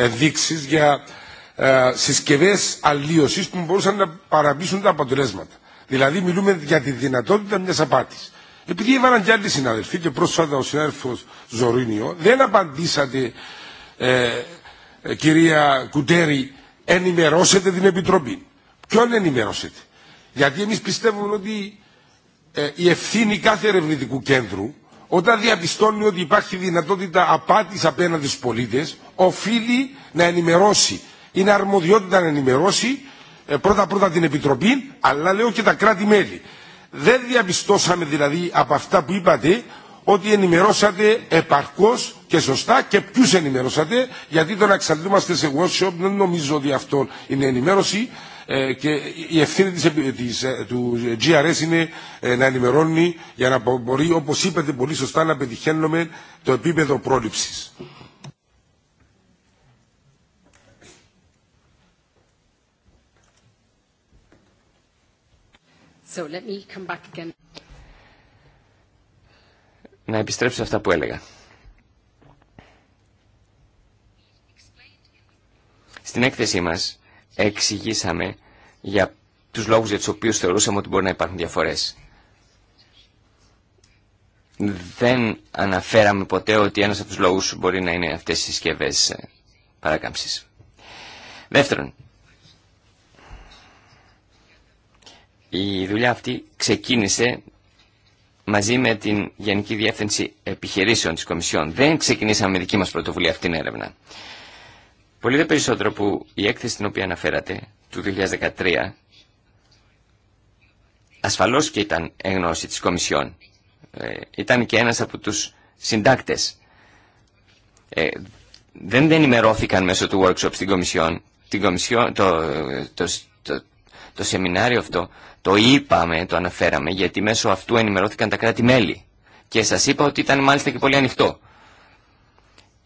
ενδείξει για συσκευέ αλλίωση που μπορούσαν να παραπείσουν τα αποτελέσματα. Δηλαδή μιλούμε για τη δυνατότητα μια απάτη. Επειδή έβαλαν και άλλοι συναδελφοί και πρόσφατα ο συνάδελφος Ζωρίνιο, δεν απαντήσατε ε, ε, κυρία Κουτέρη, ενημερώσετε την Επιτροπή. Ποιον ενημερώσετε. Γιατί εμείς πιστεύουμε ότι ε, η ευθύνη κάθε ερευνητικού κέντρου όταν διαπιστώνει ότι υπάρχει δυνατότητα απάτης απέναντι στους πολίτες οφείλει να ενημερώσει. Είναι αρμοδιότητα να ενημερώσει ε, πρώτα-πρώτα την Επιτροπή αλλά λέω και τα κράτη-μέλη. Δεν διαπιστώσαμε δηλαδή από αυτά που είπατε ότι ενημερώσατε επαρκώς και σωστά και ποιου ενημερώσατε γιατί το να εξαρτούμαστε σε workshop δεν νομίζω ότι αυτό είναι ενημέρωση ε, και η ευθύνη της, ε, του GRS είναι ε, να ενημερώνει για να μπορεί όπως είπατε πολύ σωστά να πετυχαίνουμε το επίπεδο πρόληψης. Να επιστρέψω σε αυτά που έλεγα. Στην έκθεσή μας εξηγήσαμε για τους λόγους για τους οποίους θεωρούσαμε ότι μπορεί να υπάρχουν διαφορές. Δεν αναφέραμε ποτέ ότι ένας από τους λόγους μπορεί να είναι αυτές οι συσκευές παράκαμψης. Δεύτερον, Η δουλειά αυτή ξεκίνησε μαζί με την Γενική Διεύθυνση Επιχειρήσεων της Κομισιόν. Δεν ξεκινήσαμε με δική μας πρωτοβουλία αυτήν την έρευνα. Πολύ δε περισσότερο που η έκθεση την οποία αναφέρατε, του 2013, ασφαλώς και ήταν εγνώση της Κομισιόν. Ε, ήταν και ένας από τους συντάκτες. Ε, δεν ενημερώθηκαν μέσω του workshop στην Κομισιόν. το, το, το, το σεμινάριο αυτό το είπαμε, το αναφέραμε, γιατί μέσω αυτού ενημερώθηκαν τα κράτη-μέλη. Και σας είπα ότι ήταν μάλιστα και πολύ ανοιχτό.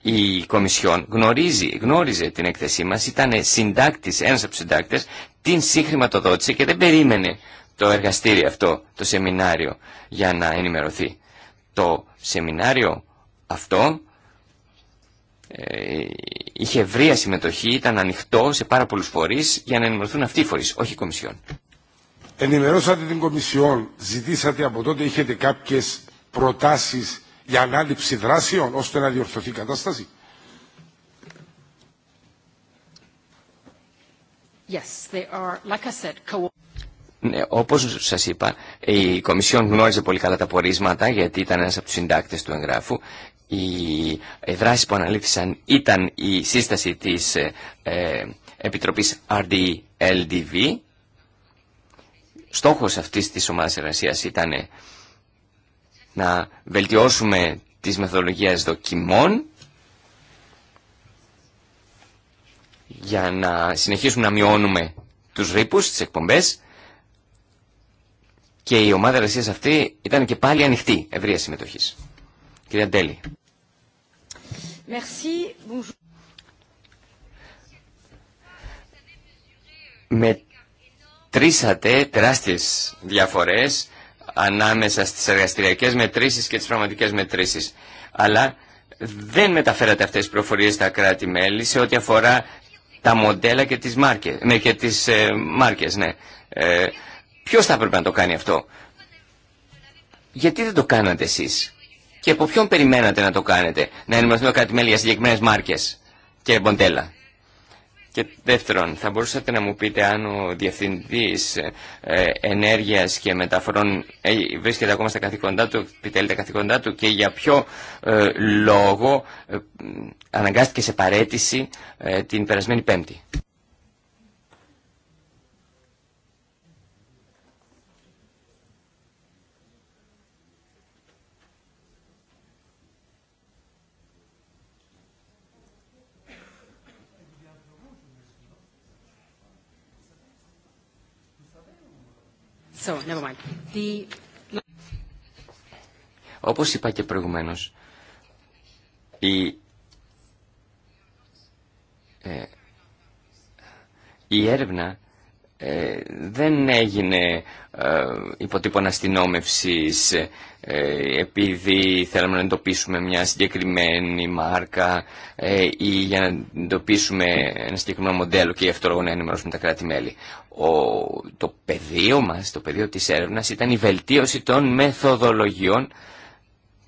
Η Κομισιόν γνωρίζει, γνώριζε την έκθεσή μας, ήταν συντάκτης, ένας από τους συντάκτες, την συγχρηματοδότησε και δεν περίμενε το εργαστήριο αυτό, το σεμινάριο, για να ενημερωθεί. Το σεμινάριο αυτό ε, είχε ευρεία συμμετοχή, ήταν ανοιχτό σε πάρα πολλούς φορείς για να ενημερωθούν αυτοί οι φορείς, όχι οι Κομισιόν. Ενημερώσατε την Κομισιόν, ζητήσατε από τότε, είχετε κάποιες προτάσεις για ανάληψη δράσεων ώστε να διορθωθεί η κατάσταση. Yes, they ναι, όπως σας είπα, η Κομισιόν γνώριζε πολύ καλά τα πορίσματα γιατί ήταν ένας από τους συντάκτες του εγγράφου. Οι δράσεις που αναλήφθησαν ήταν η σύσταση της ε, ε επιτροπης RDLDV στόχος αυτής της ομάδας εργασίας ήταν να βελτιώσουμε τις μεθοδολογίες δοκιμών για να συνεχίσουμε να μειώνουμε τους ρήπους, τις εκπομπές και η ομάδα εργασία αυτή ήταν και πάλι ανοιχτή ευρεία συμμετοχή. Κυρία Ντέλη. Merci. Με μετρήσατε τεράστιες διαφορές ανάμεσα στις εργαστηριακές μετρήσεις και τις πραγματικές μετρήσεις. Αλλά δεν μεταφέρατε αυτές τις προφορίες στα κράτη-μέλη σε ό,τι αφορά τα μοντέλα και τις μάρκες. Ναι, και τις, ε, μάρκες ναι. Ε, ποιος θα έπρεπε να το κάνει αυτό. Γιατί δεν το κάνατε εσείς. Και από ποιον περιμένατε να το κάνετε. Να ενημερωθούν τα κράτη-μέλη για συγκεκριμένες μάρκες και μοντέλα. Και δεύτερον, θα μπορούσατε να μου πείτε αν ο Διευθυντής ε, Ενέργειας και Μεταφορών ε, βρίσκεται ακόμα στα καθήκοντά του, επιτελεί τα καθήκοντά του και για ποιο ε, λόγο αναγκάστηκε σε παρέτηση την περασμένη Πέμπτη. Όπως είπα και προηγουμένως, η, ε, η έρευνα ε, δεν έγινε ε, υποτύπων αστυνόμευσης ε, επειδή θέλαμε να εντοπίσουμε μια συγκεκριμένη μάρκα ε, ή για να εντοπίσουμε ένα συγκεκριμένο μοντέλο και γι' αυτό λόγω να ενημερώσουμε τα κράτη-μέλη. Το πεδίο μας, το πεδίο της έρευνας ήταν η βελτίωση των μεθοδολογιών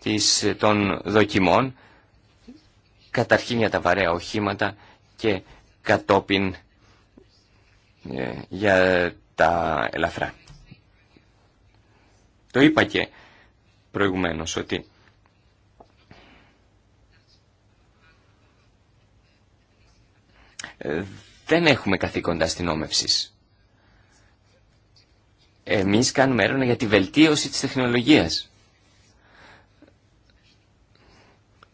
της, των δοκιμών καταρχήν για τα βαρέα οχήματα και κατόπιν ε, για τα ελαφρά. Το είπα και προηγουμένως ότι ε, δεν έχουμε καθήκοντα στην αστυνόμευσης. Εμείς κάνουμε έρευνα για τη βελτίωση της τεχνολογίας.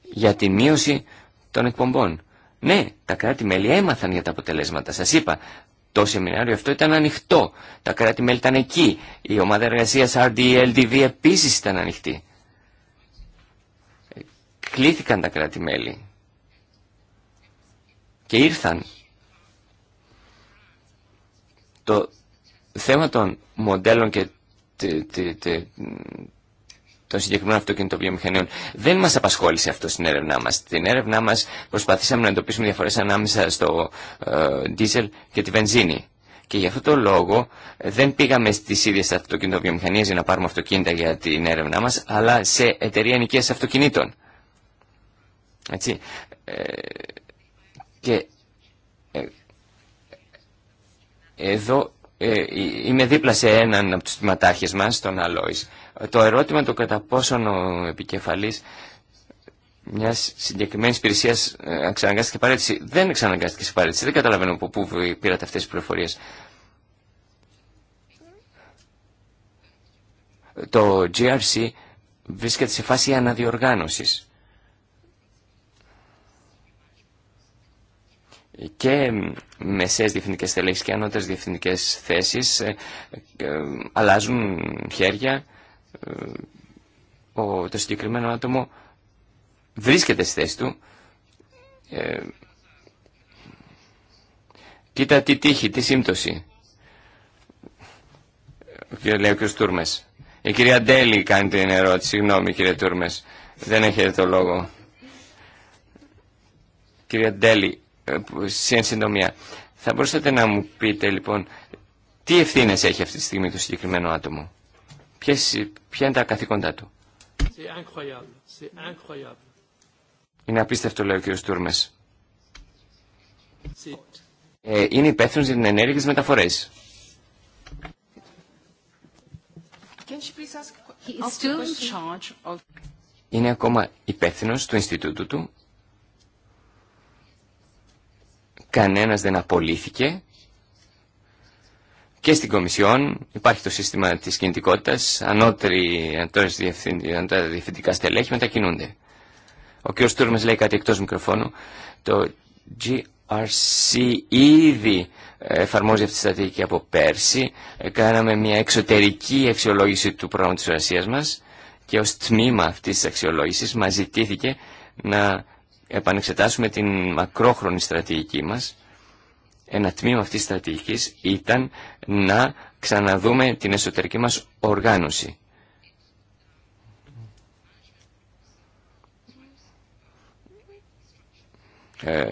Για τη μείωση των εκπομπών. Ναι, τα κράτη-μέλη έμαθαν για τα αποτελέσματα. Σας είπα, το σεμινάριο αυτό ήταν ανοιχτό. Τα κράτη-μέλη ήταν εκεί. Η ομάδα εργασίας RDLDV επίσης ήταν ανοιχτή. Κλήθηκαν τα κράτη-μέλη. Και ήρθαν. Το θέμα των μοντέλων και των συγκεκριμένων αυτοκινητοβιομηχανιών. Δεν μα απασχόλησε αυτό στην έρευνά μα. Στην έρευνά μα προσπαθήσαμε να εντοπίσουμε διαφορέ ανάμεσα στο ε, ντίζελ και τη βενζίνη. Και γι' αυτό το λόγο ε, δεν πήγαμε στις ίδιες αυτοκινητοβιομηχανίες για να πάρουμε αυτοκίνητα για την έρευνά μας, αλλά σε εταιρεία νοικίας αυτοκινήτων. Έτσι. Ε, και εδώ είμαι δίπλα σε έναν από τους θυματάρχε μας, τον Αλόης, το ερώτημα το κατά πόσον ο επικεφαλής μια συγκεκριμένη υπηρεσία ε, εξαναγκάστηκε παρέτηση. Δεν εξαναγκάστηκε σε παρέτηση. Δεν καταλαβαίνω από πού πήρατε αυτέ τι πληροφορίε. Το GRC βρίσκεται σε φάση αναδιοργάνωσης. και μεσές διευθυντικές τελέχεις και ανώτερες διευθυντικές θέσεις ε, ε, αλλάζουν χέρια ε, το συγκεκριμένο άτομο βρίσκεται στη θέση του. Ε, κοίτα τι τύχη, τι σύμπτωση. Ε, λέει ο κ. Τούρμες. Η κυρία Ντέλη κάνει την ερώτηση. Συγγνώμη κύριε Τούρμες. Δεν έχετε το λόγο. Κυρία Ντέλη, σε συντομία. Θα μπορούσατε να μου πείτε λοιπόν τι ευθύνες έχει αυτή τη στιγμή το συγκεκριμένο άτομο ποια είναι τα καθήκοντά του. Είναι απίστευτο, λέει ο κ. Τούρμε. Ε, είναι υπεύθυνο για την ενέργεια τη μεταφορέ. Είναι ακόμα υπεύθυνο του Ινστιτούτου του. Κανένας δεν απολύθηκε και στην Κομισιόν υπάρχει το σύστημα της κινητικότητας, ανώτεροι διευθυντικά στελέχη μετακινούνται. Ο κ. Τούρμες λέει κάτι εκτός μικροφώνου. Το GRC ήδη εφαρμόζει αυτή τη στρατηγική από πέρσι. Ε, κάναμε μια εξωτερική αξιολόγηση του πρόγραμματος της Ρωσία μας και ως τμήμα αυτής της αξιολόγησης μας ζητήθηκε να επανεξετάσουμε την μακρόχρονη στρατηγική μας ένα τμήμα αυτής της στρατηγικής ήταν να ξαναδούμε την εσωτερική μας οργάνωση. Ε,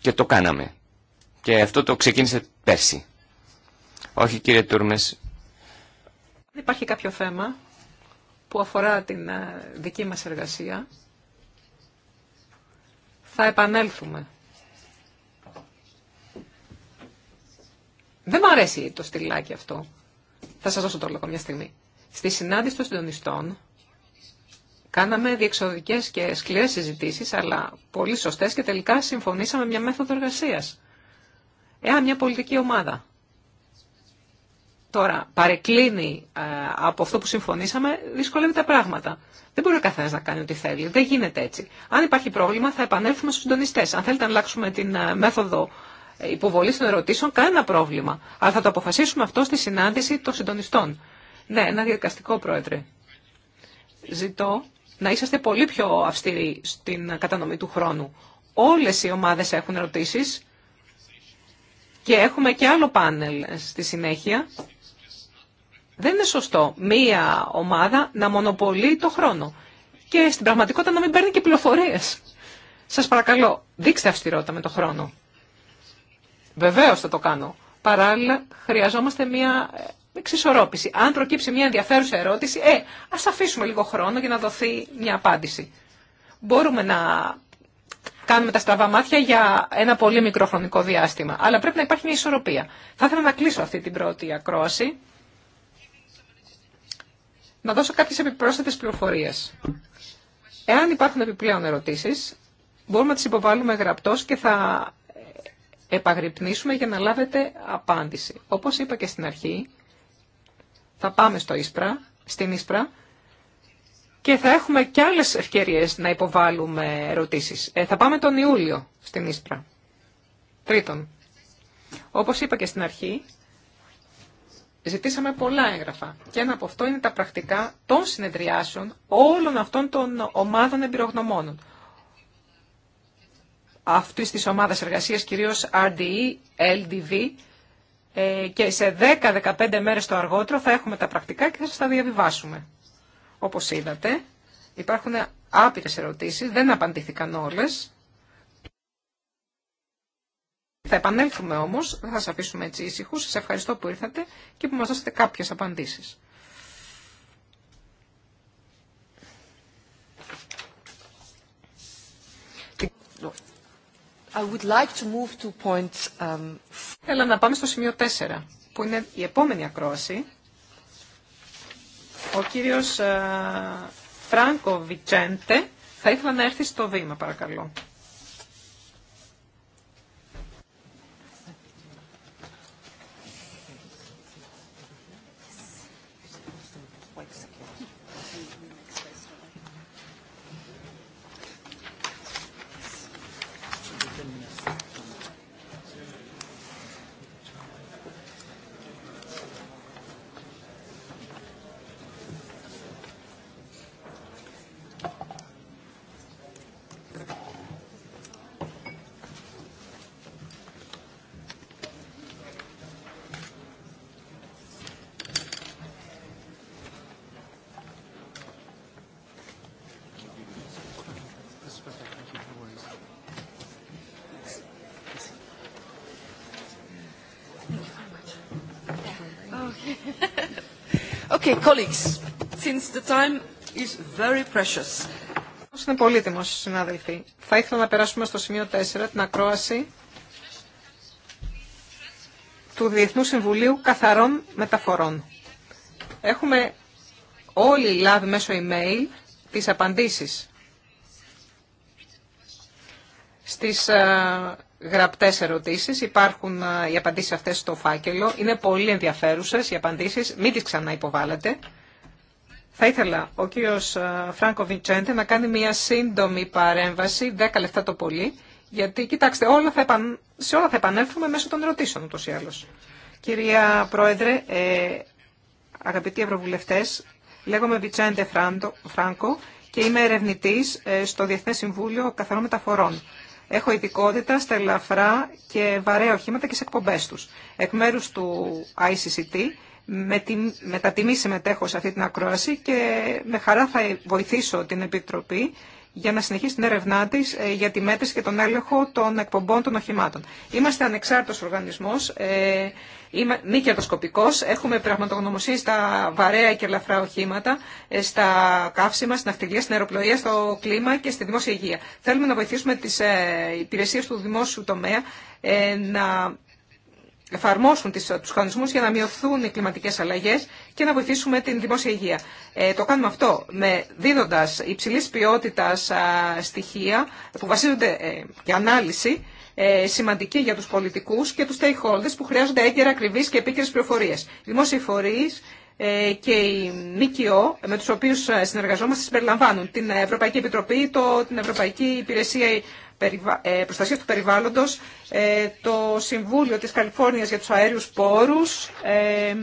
και το κάναμε. Και αυτό το ξεκίνησε πέρσι. Όχι κύριε Τούρμες. Υπάρχει κάποιο θέμα που αφορά την ε, δική μας εργασία. Θα επανέλθουμε. Δεν μου αρέσει το στυλάκι αυτό. Θα σας δώσω το λόγο μια στιγμή. Στη συνάντηση των συντονιστών κάναμε διεξοδικές και σκληρές συζητήσεις, αλλά πολύ σωστές και τελικά συμφωνήσαμε μια μέθοδο εργασίας. Εάν μια πολιτική ομάδα τώρα παρεκκλίνει ε, από αυτό που συμφωνήσαμε, δυσκολεύει τα πράγματα. Δεν μπορεί ο καθένα να κάνει ό,τι θέλει. Δεν γίνεται έτσι. Αν υπάρχει πρόβλημα, θα επανέλθουμε στου συντονιστέ. Αν θέλετε να αλλάξουμε την ε, μέθοδο υποβολή των ερωτήσεων κανένα πρόβλημα. Αλλά θα το αποφασίσουμε αυτό στη συνάντηση των συντονιστών. Ναι, ένα διαδικαστικό πρόεδρε. Ζητώ να είσαστε πολύ πιο αυστηροί στην κατανομή του χρόνου. Όλες οι ομάδες έχουν ερωτήσεις και έχουμε και άλλο πάνελ στη συνέχεια. Δεν είναι σωστό μία ομάδα να μονοπολεί το χρόνο και στην πραγματικότητα να μην παίρνει και πληροφορίες. Σας παρακαλώ, δείξτε αυστηρότητα με το χρόνο. Βεβαίω θα το κάνω. Παράλληλα, χρειαζόμαστε μια ε, εξισορρόπηση. Αν προκύψει μια ενδιαφέρουσα ερώτηση, ε, α αφήσουμε λίγο χρόνο για να δοθεί μια απάντηση. Μπορούμε να κάνουμε τα στραβά μάτια για ένα πολύ μικρό χρονικό διάστημα. Αλλά πρέπει να υπάρχει μια ισορροπία. Θα ήθελα να κλείσω αυτή την πρώτη ακρόαση. Να δώσω κάποιες επιπρόσθετες πληροφορίες. Εάν υπάρχουν επιπλέον ερωτήσεις, μπορούμε να τις υποβάλουμε γραπτός και θα επαγρυπνήσουμε για να λάβετε απάντηση. Όπως είπα και στην αρχή, θα πάμε στο Ίσπρα, στην Ίσπρα και θα έχουμε και άλλες ευκαιρίες να υποβάλουμε ερωτήσεις. Ε, θα πάμε τον Ιούλιο στην Ίσπρα. Τρίτον, όπως είπα και στην αρχή, ζητήσαμε πολλά έγγραφα και ένα από αυτό είναι τα πρακτικά των συνεδριάσεων όλων αυτών των ομάδων εμπειρογνωμόνων αυτής της ομάδα εργασίας, κυρίως RDE, LDV, ε, και σε 10-15 μέρες το αργότερο θα έχουμε τα πρακτικά και θα σας τα διαβιβάσουμε. Όπως είδατε, υπάρχουν άπειρες ερωτήσεις, δεν απαντήθηκαν όλες. Θα επανέλθουμε όμως, δεν θα σας αφήσουμε έτσι ήσυχους. Σας ευχαριστώ που ήρθατε και που μας δώσατε κάποιες απαντήσεις. I would like to move to point, um... να πάμε στο σημείο 4, που είναι η επόμενη ακρόαση. Ο κύριος ε, Φράνκο Βιτσέντε θα ήθελα να έρθει στο βήμα, παρακαλώ. colleagues, since Είναι πολύτιμο, συνάδελφοι. Θα ήθελα να περάσουμε στο σημείο 4, την ακρόαση του Διεθνού Συμβουλίου Καθαρών Μεταφορών. Έχουμε όλοι λάβει μέσω email τις απαντήσεις στις ε, γραπτές ερωτήσεις. Υπάρχουν οι απαντήσεις αυτές στο φάκελο. Είναι πολύ ενδιαφέρουσες οι απαντήσεις. Μην τις ξανά Θα ήθελα ο κύριος Φράνκο Βιντσέντε να κάνει μια σύντομη παρέμβαση, 10 λεπτά το πολύ, γιατί, κοιτάξτε, όλα θα επαν... σε όλα θα επανέλθουμε μέσω των ερωτήσεων ούτως ή άλλως. Κυρία Πρόεδρε, ε, αγαπητοί Ευρωβουλευτές, λέγομαι Βιτσέντε Φράνκο και είμαι ερευνητής ε, στο Διεθνές Συμβούλιο Καθαρών Μεταφορών. Έχω ειδικότητα στα ελαφρά και βαρέα οχήματα και σε εκπομπέ του. Εκ μέρου του ICCT, με, με τα τιμή συμμετέχω σε αυτή την ακρόαση και με χαρά θα βοηθήσω την Επιτροπή για να συνεχίσει την έρευνά τη ε, για τη μέτρηση και τον έλεγχο των εκπομπών των οχημάτων. Είμαστε ανεξάρτητος οργανισμός, ε, μη κερδοσκοπικός, έχουμε πραγματογνωμοσύνη στα βαρέα και ελαφρά οχήματα, ε, στα καύσιμα, στην αυτιλία, στην αεροπλοεία, στο κλίμα και στη δημόσια υγεία. Θέλουμε να βοηθήσουμε τι ε, υπηρεσίε του δημόσιου τομέα να εφαρμόσουν του κανονισμούς για να μειωθούν οι κλιματικέ αλλαγέ και να βοηθήσουμε την δημόσια υγεία. Ε, το κάνουμε αυτό με, δίδοντας υψηλής ποιότητας στοιχεία που βασίζονται ε, και ανάλυση ε, σημαντική για του πολιτικού και του stakeholders που χρειάζονται έγκαιρα ακριβεί και επίκαιρε πληροφορίε. Οι δημόσιοι φορείς ε, και οι ΜΚΟ με τους οποίους ε, συνεργαζόμαστε συμπεριλαμβάνουν την Ευρωπαϊκή Επιτροπή, το, την Ευρωπαϊκή Υπηρεσία ε, προστασίας του περιβάλλοντος, ε, το Συμβούλιο της Καλιφόρνιας για τους αέριους πόρους, ε,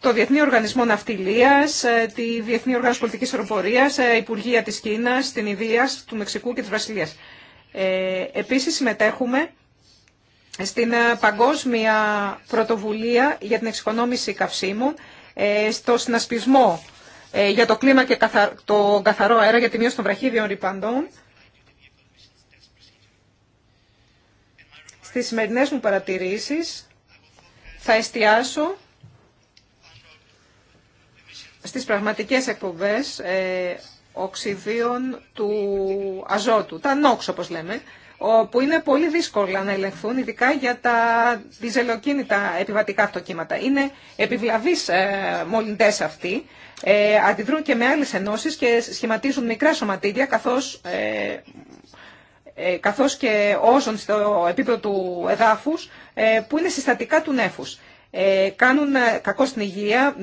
το Διεθνή Οργανισμό Ναυτιλίας, τη Διεθνή Οργάνωση Πολιτικής Αεροπορίας, Υπουργεία της Κίνας, την Ιδίας, του Μεξικού και της Βρασιλίας. Επίσης συμμετέχουμε στην παγκόσμια πρωτοβουλία για την εξοικονόμηση καυσίμων, στο συνασπισμό για το κλίμα και το καθαρό αέρα για τη μείωση των βραχίδιων ρηπαντών στις σημερινές μου παρατηρήσεις θα εστιάσω στις πραγματικές εκπομπές ε, οξυδίων του αζότου, τα νόξ όπως λέμε, που είναι πολύ δύσκολα να ελεγχθούν, ειδικά για τα διζελοκίνητα επιβατικά αυτοκίνητα. Είναι επιβλαβείς ε, μολυντές αυτοί, ε, αντιδρούν και με άλλες ενώσεις και σχηματίζουν μικρά σωματίδια, καθώς ε, ε, καθώς και όσων στο επίπεδο του εδάφους, ε, που είναι συστατικά του νέφους. Ε, κάνουν κακό στην υγεία,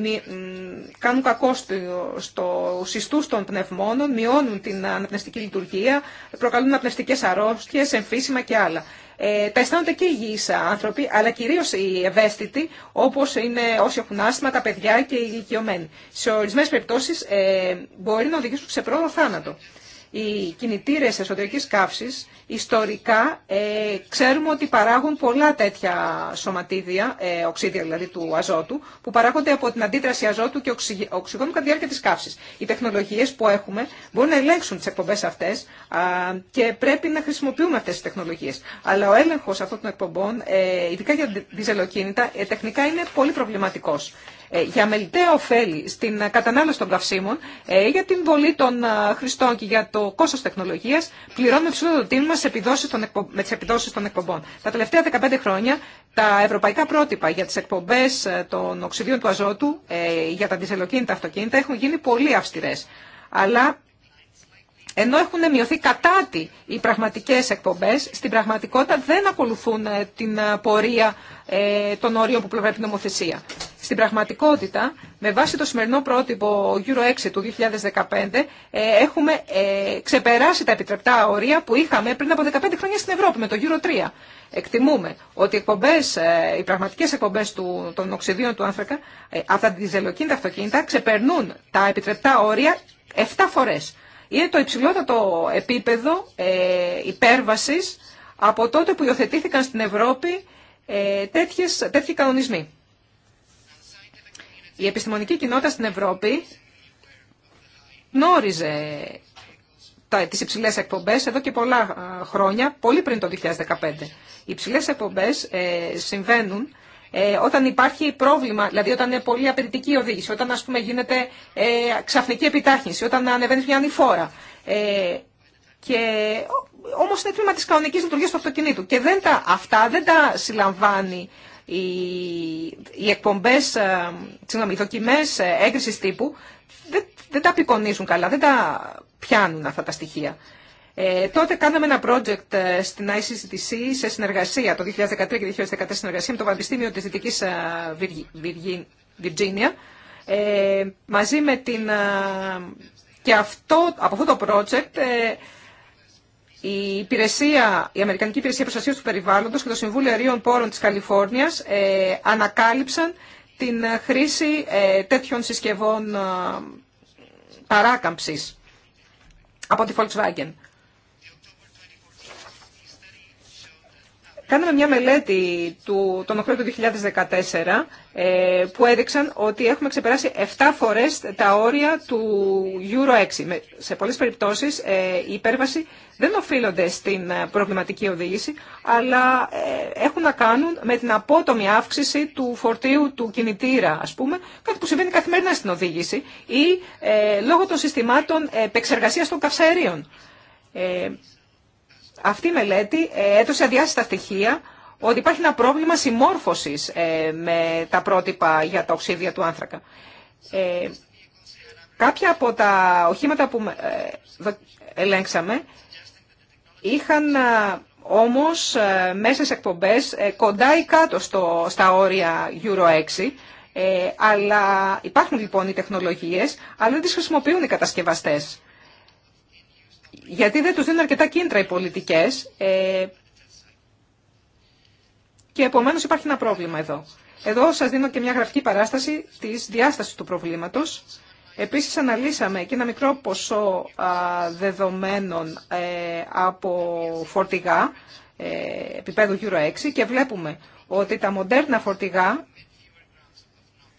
κάνουν κακό στο συστούς των πνευμόνων, μειώνουν την αναπνευστική λειτουργία, προκαλούν αναπνευστικές αρρώστιες, εμφύσιμα και άλλα. Ε, τα αισθάνονται και υγιείς άνθρωποι, αλλά κυρίως οι ευαίσθητοι, όπως είναι όσοι έχουν άσθημα, τα παιδιά και οι ηλικιωμένοι. Σε ορισμένες περιπτώσεις ε, μπορεί να οδηγήσουν σε πρόοδο θάνατο οι κινητήρες εσωτερικής καύσης ιστορικά ε, ξέρουμε ότι παράγουν πολλά τέτοια σωματίδια, ε, οξύδια δηλαδή του αζότου, που παράγονται από την αντίδραση αζότου και οξυγόνου κατά τη διάρκεια της καύσης. Οι τεχνολογίες που έχουμε μπορούν να ελέγξουν τις εκπομπές αυτές α, και πρέπει να χρησιμοποιούμε αυτές τις τεχνολογίες. Αλλά ο έλεγχος αυτών των εκπομπών, ε, ειδικά για διζελοκίνητα, ε, τεχνικά είναι πολύ προβληματικός. Ε, για μελιτέα ωφέλη στην ε, κατανάλωση των καυσίμων, ε, για την βολή των χρηστών και για το κόστος τεχνολογίας, πληρώνουμε ψηλό το τίμημα με τις επιδόσεις των εκπομπών. Τα τελευταία 15 χρόνια τα ευρωπαϊκά πρότυπα για τις εκπομπές των οξυδίων του αζότου για τα διζελοκίνητα αυτοκίνητα έχουν γίνει πολύ αυστηρές. Αλλά ενώ έχουν μειωθεί κατά τη οι πραγματικές εκπομπές, στην πραγματικότητα δεν ακολουθούν ε, την ε, πορεία ε, των όριων που προβλέπει η νομοθεσία. Στην πραγματικότητα, με βάση το σημερινό πρότυπο Euro 6 του 2015, έχουμε ξεπεράσει τα επιτρεπτά όρια που είχαμε πριν από 15 χρόνια στην Ευρώπη με το Euro 3. Εκτιμούμε ότι οι, εκπομπές, οι πραγματικές εκπομπές του, των οξυδίων του άνθρακα αυτά τα διζελοκίνητα αυτοκίνητα ξεπερνούν τα επιτρεπτά όρια 7 φορές είναι το υψηλότατο επίπεδο ε, υπέρβασης από τότε που υιοθετήθηκαν στην Ευρώπη ε, τέτοιες, τέτοιοι κανονισμοί. Η επιστημονική κοινότητα στην Ευρώπη γνώριζε τις υψηλές εκπομπές εδώ και πολλά ε, χρόνια, πολύ πριν το 2015. Οι υψηλές εκπομπές συμβαίνουν ε, όταν υπάρχει πρόβλημα, δηλαδή όταν είναι πολύ απαιτητική η οδήγηση, όταν ας πούμε γίνεται ε, ξαφνική επιτάχυνση, όταν ανεβαίνει μια ανηφόρα. Ε, και όμως είναι τμήμα της κανονικής λειτουργίας του αυτοκινήτου και δεν τα, αυτά δεν τα συλλαμβάνει οι, οι εκπομπές, ε, οι δοκιμές έγκρισης τύπου δεν, δεν τα απεικονίζουν καλά, δεν τα πιάνουν αυτά τα στοιχεία. Ε, τότε κάναμε ένα project ε, στην ICCTC σε συνεργασία, το 2013 και 2014 συνεργασία με το Πανεπιστήμιο της Δυτικής ε, Βιρτζίνια, ε, μαζί με την... Ε, και αυτό, από αυτό το project η, υπηρεσία, η Αμερικανική Υπηρεσία Προστασίας του Περιβάλλοντος και το Συμβούλιο Αρίων Πόρων της Καλιφόρνιας ανακάλυψαν την χρήση τέτοιων συσκευών παράκαμψης από τη Volkswagen. Κάναμε μια μελέτη του, τον Οκτώβριο του 2014 ε, που έδειξαν ότι έχουμε ξεπεράσει 7 φορές τα όρια του Euro 6. σε πολλές περιπτώσεις ε, η υπέρβαση δεν οφείλονται στην ε, προβληματική οδήγηση, αλλά ε, έχουν να κάνουν με την απότομη αύξηση του φορτίου του κινητήρα, ας πούμε, κάτι που συμβαίνει καθημερινά στην οδήγηση, ή λόγω των συστημάτων επεξεργασίας των καυσαερίων. Αυτή η μελέτη ε, έδωσε αδιάστατα στοιχεία ότι υπάρχει ένα πρόβλημα συμμόρφωσης ε, με τα πρότυπα για τα οξύδια του άνθρακα. Ε, κάποια από τα οχήματα που ελέγξαμε είχαν όμως μέσα σε εκπομπές κοντά ή κάτω στο, στα όρια Euro 6, αλλά υπάρχουν λοιπόν οι τεχνολογίες, αλλά δεν τις χρησιμοποιούν οι κατασκευαστές γιατί δεν τους δίνουν αρκετά κίνητρα οι πολιτικές ε, και επομένως υπάρχει ένα πρόβλημα εδώ. Εδώ σας δίνω και μια γραφική παράσταση της διάστασης του προβλήματος. Επίσης αναλύσαμε και ένα μικρό ποσό α, δεδομένων ε, από φορτηγά ε, επίπεδου Euro 6 και βλέπουμε ότι τα μοντέρνα φορτηγά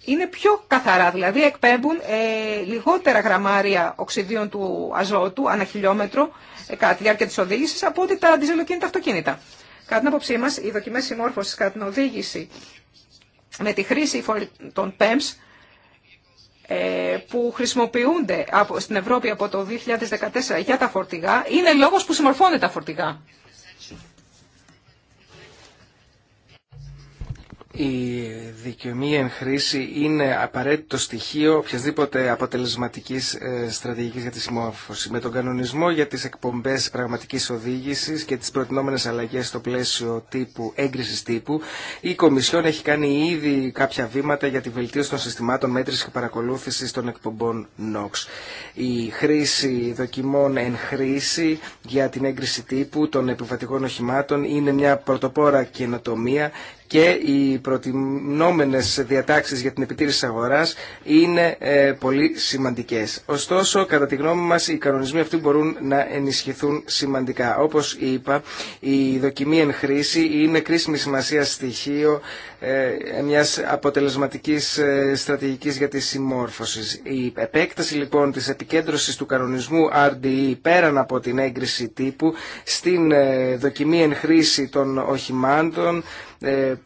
είναι πιο καθαρά, δηλαδή εκπέμπουν ε, λιγότερα γραμμάρια οξυδίων του αζότου ανά χιλιόμετρο ε, κατά τη διάρκεια τη οδήγηση από ότι τα αντιζελοκίνητα αυτοκίνητα. Κατά την άποψή μα, οι δοκιμέ συμμόρφωση κατά την οδήγηση με τη χρήση των PEMS ε, που χρησιμοποιούνται από, στην Ευρώπη από το 2014 για τα φορτηγά είναι λόγος που συμμορφώνεται τα φορτηγά. Η δικαιομία εν χρήση είναι απαραίτητο στοιχείο οποιασδήποτε αποτελεσματικής ε, στρατηγική για τη συμμόρφωση. Με τον κανονισμό για τι εκπομπέ πραγματική οδήγηση και τι προτινόμενε αλλαγέ στο πλαίσιο τύπου, έγκριση τύπου, η Κομισιόν έχει κάνει ήδη κάποια βήματα για τη βελτίωση των συστημάτων μέτρηση και παρακολούθησης των εκπομπών NOx. Η χρήση δοκιμών εν χρήση για την έγκριση τύπου των επιβατικών οχημάτων είναι μια πρωτοπόρα καινοτομία και οι προτινόμενες διατάξεις για την επιτήρηση αγοράς είναι ε, πολύ σημαντικές. Ωστόσο, κατά τη γνώμη μας, οι κανονισμοί αυτοί μπορούν να ενισχυθούν σημαντικά. Όπως είπα, η δοκιμή εν χρήση είναι κρίσιμη σημασία στοιχείο ε, μιας αποτελεσματικής ε, στρατηγικής για τη συμμόρφωση. Η επέκταση λοιπόν της επικέντρωσης του κανονισμού RDE πέραν από την έγκριση τύπου στην ε, δοκιμή εν χρήση των οχημάντων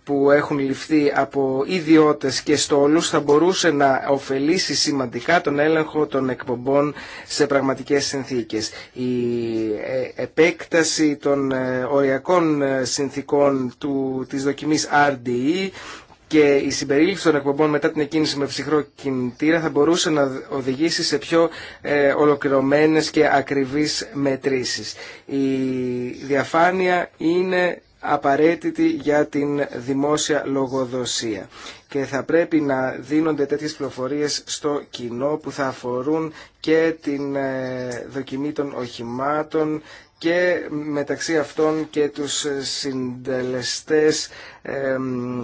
που έχουν ληφθεί από ιδιώτες και στόλους θα μπορούσε να ωφελήσει σημαντικά τον έλεγχο των εκπομπών σε πραγματικές συνθήκες. Η επέκταση των οριακών συνθήκων του, της δοκιμής RDE και η συμπερίληψη των εκπομπών μετά την εκκίνηση με ψυχρό κινητήρα θα μπορούσε να οδηγήσει σε πιο ε, ολοκληρωμένες και ακριβείς μετρήσεις. Η διαφάνεια είναι απαραίτητη για την δημόσια λογοδοσία και θα πρέπει να δίνονται τέτοιες πληροφορίες στο κοινό που θα αφορούν και την ε, δοκιμή των οχημάτων και μεταξύ αυτών και τους συντελεστές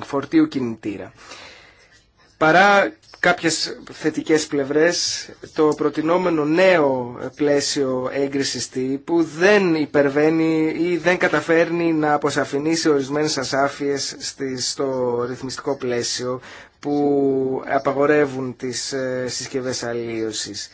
φορτίου κινητήρα. Παρά κάποιες θετικές πλευρές, το προτινόμενο νέο πλαίσιο έγκρισης τύπου δεν υπερβαίνει ή δεν καταφέρνει να αποσαφηνίσει ορισμένες ασάφειες στο ρυθμιστικό πλαίσιο που απαγορεύουν τις ε, συσκευές αλλίωσης.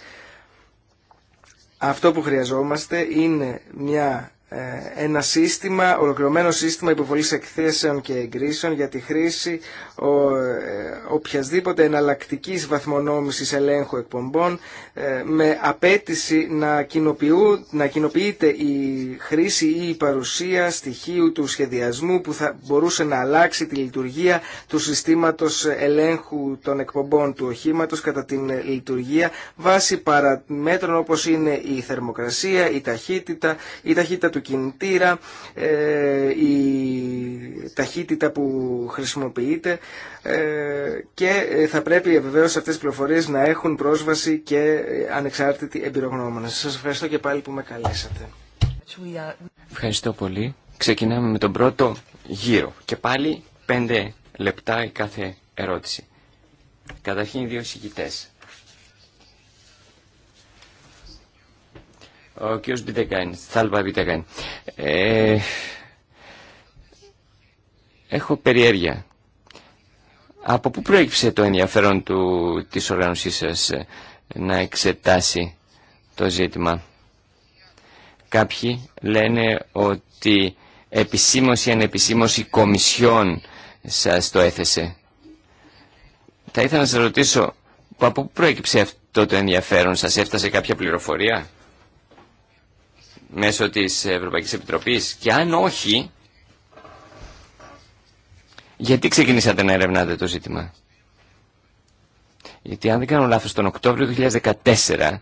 Αυτό που χρειαζόμαστε είναι μια ε, ένα σύστημα, ολοκληρωμένο σύστημα υποβολής εκθέσεων και εγκρίσεων για τη χρήση ο, ε, οποιασδήποτε εναλλακτική βαθμονόμησης ελέγχου εκπομπών ε, με απέτηση να, να κοινοποιείται η χρήση ή η παρουσία στοιχείου του σχεδιασμού που θα μπορούσε να αλλάξει τη λειτουργία του συστήματος ελέγχου των εκπομπών του οχήματος κατά την λειτουργία βάσει παραμέτρων όπως είναι η θερμοκρασία, η ταχύτητα, η ταχύτητα του ε, η ταχύτητα που χρησιμοποιείται ε, και ε, θα πρέπει βεβαίω αυτές τις πληροφορίες να έχουν πρόσβαση και ανεξάρτητη εμπειρογνώμονα. Σας ευχαριστώ και πάλι που με καλέσατε. Ευχαριστώ πολύ. Ξεκινάμε με τον πρώτο γύρο και πάλι πέντε λεπτά η κάθε ερώτηση. Καταρχήν οι δύο συγκητές. Ο κ. Μπιτεκάιν, Θάλπα Μπιτεκάιν. Ε, έχω περιέργεια. Από πού προέκυψε το ενδιαφέρον του, της οργάνωσής σας ε, να εξετάσει το ζήτημα. Κάποιοι λένε ότι επισήμως ή ανεπισήμως η Κομισιόν σας το έθεσε. Θα ήθελα να σας ρωτήσω από πού προέκυψε αυτό το ενδιαφέρον σας, έφτασε κάποια πληροφορία μέσω της Ευρωπαϊκής Επιτροπής και αν όχι, γιατί ξεκινήσατε να ερευνάτε το ζήτημα. Γιατί αν δεν κάνω λάθος, τον Οκτώβριο του 2014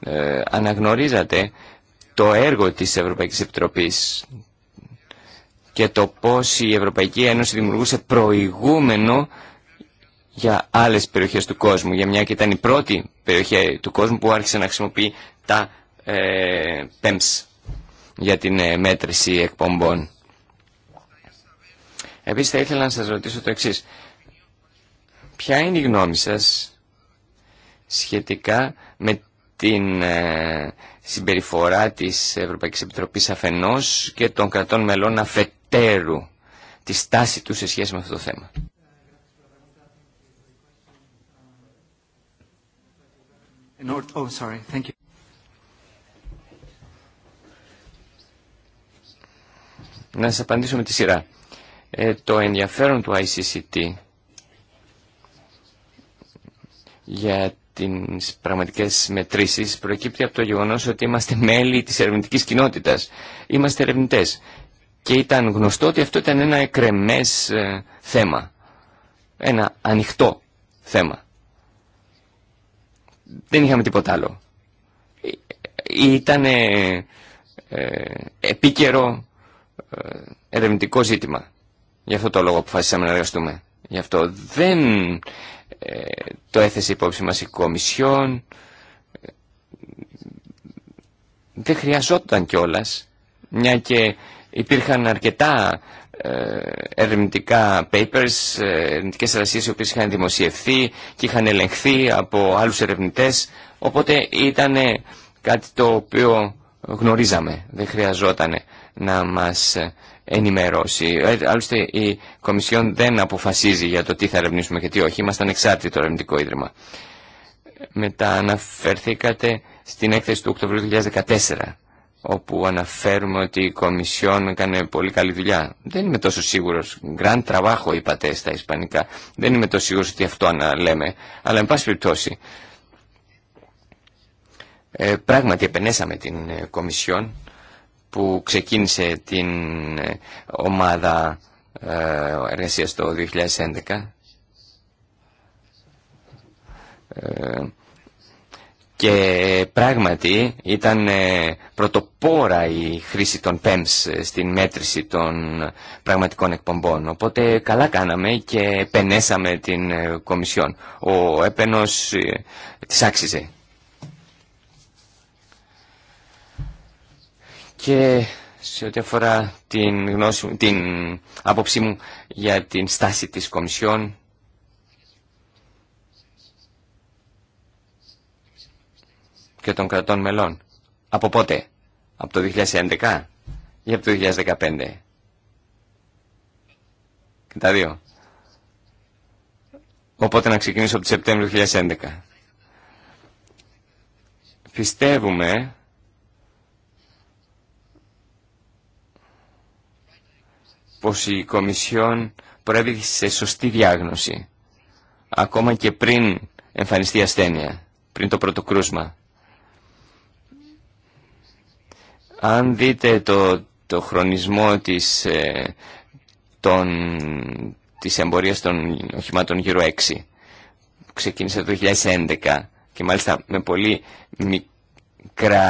ε, αναγνωρίζατε το έργο της Ευρωπαϊκής Επιτροπής και το πώς η Ευρωπαϊκή Ένωση δημιουργούσε προηγούμενο για άλλες περιοχές του κόσμου. Για μια και ήταν η πρώτη περιοχή του κόσμου που άρχισε να χρησιμοποιεί τα ε, για την ε, μέτρηση εκπομπών. Επίσης θα ήθελα να σας ρωτήσω το εξής. Ποια είναι η γνώμη σας σχετικά με την ε, συμπεριφορά της Ευρωπαϊκής Επιτροπής αφενός και των κρατών μελών αφετέρου τη στάση του σε σχέση με αυτό το θέμα. Oh, Να σας απαντήσω με τη σειρά. Ε, το ενδιαφέρον του ICCT για τις πραγματικές μετρήσεις προκύπτει από το γεγονός ότι είμαστε μέλη της ερευνητικής κοινότητας. Είμαστε ερευνητέ. Και ήταν γνωστό ότι αυτό ήταν ένα εκρεμές ε, θέμα. Ένα ανοιχτό θέμα. Δεν είχαμε τίποτα άλλο. Ε, ήταν ε, επίκαιρο ε, ερευνητικό ζήτημα. Γι' αυτό το λόγο αποφασίσαμε να εργαστούμε. Γι' αυτό δεν ε, το έθεσε υπόψη μας η Κομισιόν. Δεν χρειαζόταν κιόλα, μια και υπήρχαν αρκετά ε, ερευνητικά papers, ερευνητικέ εργασίε οι οποίες είχαν δημοσιευθεί και είχαν ελεγχθεί από άλλου ερευνητέ, οπότε ήταν κάτι το οποίο γνωρίζαμε, δεν χρειαζόταν να μας ενημερώσει. Ε, άλλωστε η Κομισιόν δεν αποφασίζει για το τι θα ερευνήσουμε και τι όχι, ήμασταν εξάρτητο ερευνητικό ίδρυμα. Μετά αναφερθήκατε στην έκθεση του Οκτωβρίου 2014, όπου αναφέρουμε ότι η Κομισιόν έκανε πολύ καλή δουλειά. Δεν είμαι τόσο σίγουρος, grand trabajo είπατε στα ισπανικά, δεν είμαι τόσο σίγουρος ότι αυτό αναλέμε, αλλά εν πάση περιπτώσει. Ε, πράγματι επενέσαμε την ε, Κομισιόν που ξεκίνησε την ε, ομάδα εργασία το 2011 και πράγματι ήταν πρωτοπόρα η χρήση των PEMS στην μέτρηση των πραγματικών εκπομπών. Οπότε καλά κάναμε και επενέσαμε την Κομισιόν. Ο έπαινος της άξιζε. και σε ό,τι αφορά την, γνώση, την άποψή μου για την στάση της Κομισιόν και των κρατών μελών. Από πότε? Από το 2011 ή από το 2015? Και τα δύο. Οπότε να ξεκινήσω από το Σεπτέμβριο 2011. Πιστεύουμε πως η Κομισιόν προέβηκε σε σωστή διάγνωση, ακόμα και πριν εμφανιστεί ασθένεια, πριν το πρώτο κρούσμα. Αν δείτε το, χρονισμό της, ε, των, της εμπορίας των οχημάτων γύρω 6, ξεκίνησε το 2011 και μάλιστα με πολύ μικρή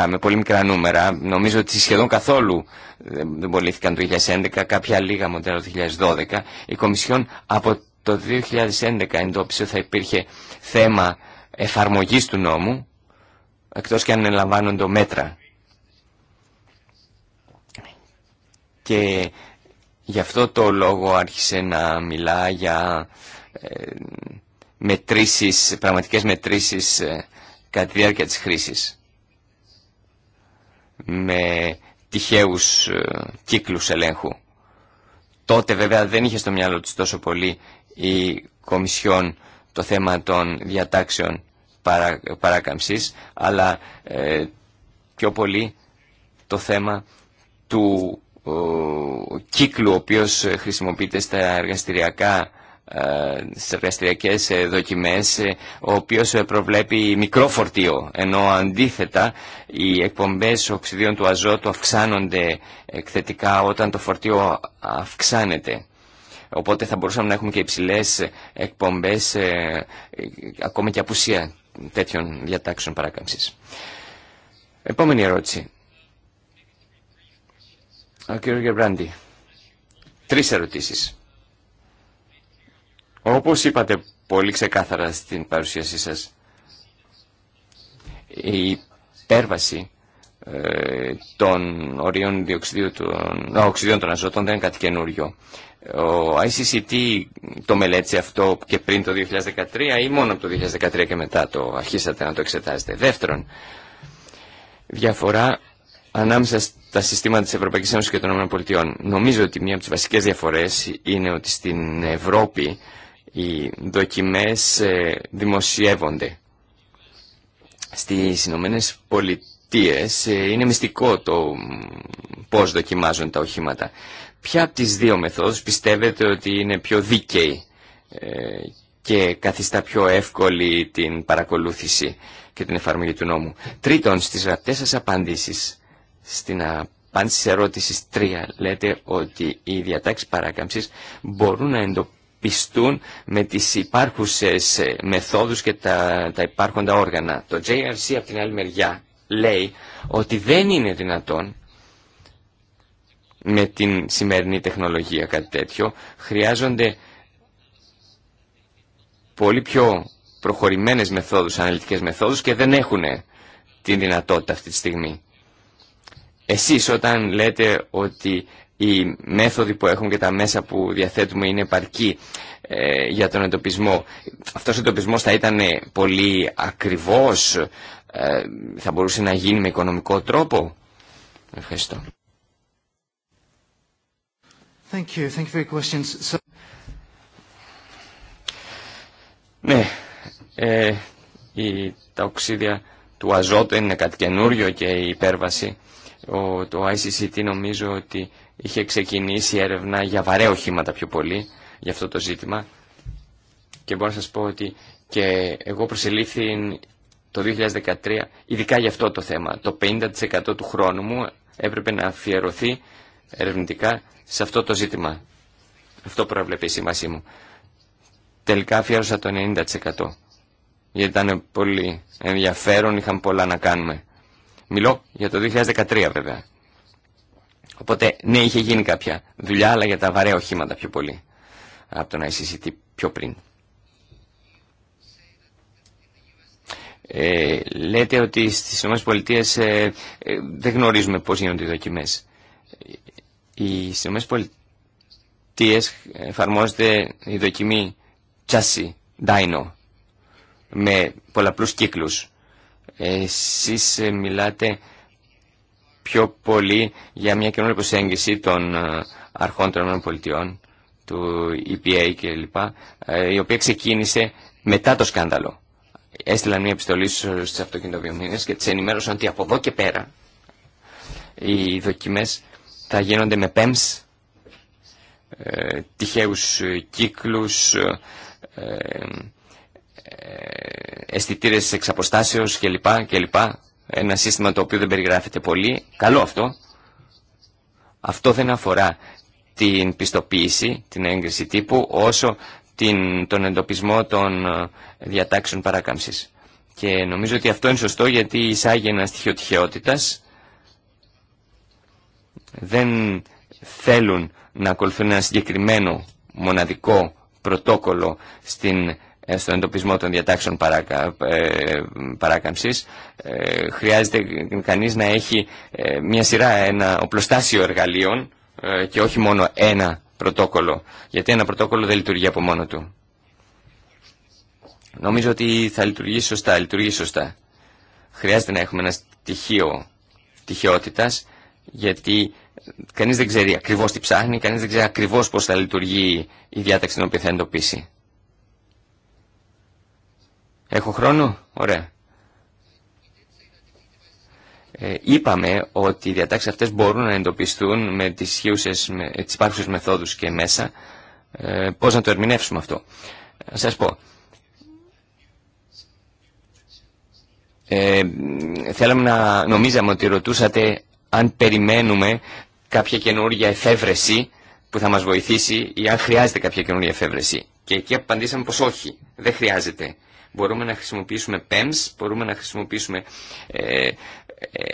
με πολύ μικρά νούμερα. Νομίζω ότι σχεδόν καθόλου ε, δεν πωλήθηκαν το 2011, κάποια λίγα μοντέλα το 2012. Η Κομισιόν από το 2011 εντόπισε ότι θα υπήρχε θέμα εφαρμογής του νόμου, εκτός και αν ελαμβάνονται μέτρα. Και γι' αυτό το λόγο άρχισε να μιλά για ε, μετρήσεις, πραγματικές μετρήσεις ε, κατά τη διάρκεια της χρήσης με τυχαίους ε, κύκλους ελέγχου. Τότε βέβαια δεν είχε στο μυαλό της τόσο πολύ η Κομισιόν το θέμα των διατάξεων παρά, παράκαμψης, αλλά ε, πιο πολύ το θέμα του κύκλου ο οποίος ε, χρησιμοποιείται στα εργαστηριακά ε, στις εργαστηριακές ε, δοκιμές ε, ο οποίος προβλέπει μικρό φορτίο ενώ αντίθετα οι εκπομπές οξυδίων του αζότου αυξάνονται εκθετικά όταν το φορτίο αυξάνεται οπότε θα μπορούσαμε να έχουμε και υψηλές εκπομπές ακόμα και απουσία τέτοιων διατάξεων παράκαμψη. Επόμενη ερώτηση ο κ. Γεμπράντη τρεις ερωτήσεις όπως είπατε πολύ ξεκάθαρα στην παρουσίασή σας, η υπέρβαση ε, των ορίων διοξιδίου των, οξυδίων των αζωτών δεν είναι κάτι καινούριο. Ο ICCT το μελέτησε αυτό και πριν το 2013 ή μόνο από το 2013 και μετά το αρχίσατε να το εξετάζετε. Δεύτερον, διαφορά ανάμεσα στα συστήματα της Ευρωπαϊκής Ένωσης και των ΗΠΑ. Νομίζω ότι μία από τις βασικές διαφορές είναι ότι στην Ευρώπη οι δοκιμές ε, δημοσιεύονται. Στις Ηνωμένε Πολιτείε ε, είναι μυστικό το πώς δοκιμάζουν τα οχήματα. Ποια από τις δύο μεθόδους πιστεύετε ότι είναι πιο δίκαιη ε, και καθιστά πιο εύκολη την παρακολούθηση και την εφαρμογή του νόμου. Τρίτον, στις γραπτές σας απαντήσεις, στην απάντηση της ερώτηση 3, λέτε ότι οι διατάξεις παράκαμψης μπορούν να εντοπίσουν πιστούν με τις υπάρχουσες ε, μεθόδους και τα, τα υπάρχοντα όργανα. Το JRC από την άλλη μεριά λέει ότι δεν είναι δυνατόν με την σημερινή τεχνολογία κάτι τέτοιο. Χρειάζονται πολύ πιο προχωρημένες μεθόδους, αναλυτικές μεθόδους και δεν έχουν την δυνατότητα αυτή τη στιγμή. Εσείς όταν λέτε ότι οι μέθοδοι που έχουμε και τα μέσα που διαθέτουμε είναι επαρκή ε, για τον εντοπισμό. Αυτός ο εντοπισμός θα ήταν πολύ ακριβώς, ε, θα μπορούσε να γίνει με οικονομικό τρόπο. Ευχαριστώ. Thank you. Ναι, ε, η, τα οξύδια του αζότου είναι κάτι καινούριο και η υπέρβαση το ICCT νομίζω ότι είχε ξεκινήσει έρευνα για βαρέα οχήματα πιο πολύ για αυτό το ζήτημα και μπορώ να σας πω ότι και εγώ προσελήφθη το 2013 ειδικά για αυτό το θέμα. Το 50% του χρόνου μου έπρεπε να αφιερωθεί ερευνητικά σε αυτό το ζήτημα. Αυτό προέβλεπε η σύμβασή μου. Τελικά αφιέρωσα το 90%. Γιατί ήταν πολύ ενδιαφέρον, είχαμε πολλά να κάνουμε. Μιλώ για το 2013 βέβαια. Οπότε ναι, είχε γίνει κάποια δουλειά, αλλά για τα βαρέα οχήματα πιο πολύ από τον ICCT πιο πριν. Ε, λέτε ότι στις ΗΠΑ ε, ε, δεν γνωρίζουμε πώς γίνονται οι δοκιμές. Οι στις ΗΠΑ εφαρμόζεται η δοκιμή chassis, dyno, με πολλαπλούς κύκλους. Εσείς ε, μιλάτε πιο πολύ για μια καινούργια προσέγγιση των ε, αρχών των ΗΠΑ, του EPA κλπ, ε, η οποία ξεκίνησε μετά το σκάνδαλο. Έστειλαν μια επιστολή στις αυτοκινητοβιομήνες και τις ενημέρωσαν ότι από εδώ και πέρα οι δοκιμές θα γίνονται με PEMS, τυχαίους κύκλους, αισθητήρε εξ αποστάσεω κλπ, Ένα σύστημα το οποίο δεν περιγράφεται πολύ. Καλό αυτό. Αυτό δεν αφορά την πιστοποίηση, την έγκριση τύπου, όσο την, τον εντοπισμό των ε, διατάξεων παράκαμψης. Και νομίζω ότι αυτό είναι σωστό γιατί εισάγει ένα στοιχείο τυχαιότητας. Δεν θέλουν να ακολουθούν ένα συγκεκριμένο μοναδικό πρωτόκολλο στην ε, στον εντοπισμό των διατάξεων παράκα, ε, παράκαμψης ε, χρειάζεται κανείς να έχει μια σειρά, ένα οπλοστάσιο εργαλείων και όχι μόνο ένα πρωτόκολλο, γιατί ένα πρωτόκολλο δεν λειτουργεί από μόνο του. Νομίζω ότι θα λειτουργήσει σωστά, λειτουργεί σωστά. Χρειάζεται να έχουμε ένα στοιχείο τυχαιότητας, γιατί κανείς δεν ξέρει ακριβώς τι ψάχνει, κανείς δεν ξέρει ακριβώς πώς θα λειτουργεί η διάταξη την οποία θα εντοπίσει. Έχω χρόνο? Ωραία. Ε, είπαμε ότι οι διατάξεις αυτές μπορούν να εντοπιστούν με τις, χίουσες, με, ε, τις υπάρχουσες μεθόδους και μέσα. Ε, πώς να το ερμηνεύσουμε αυτό. Να σας πω. Ε, θέλαμε να νομίζαμε ότι ρωτούσατε αν περιμένουμε κάποια καινούργια εφεύρεση που θα μας βοηθήσει ή αν χρειάζεται κάποια καινούργια εφεύρεση. Και εκεί απαντήσαμε πως όχι, δεν χρειάζεται. Μπορούμε να χρησιμοποιήσουμε PEMS, μπορούμε να χρησιμοποιήσουμε ε,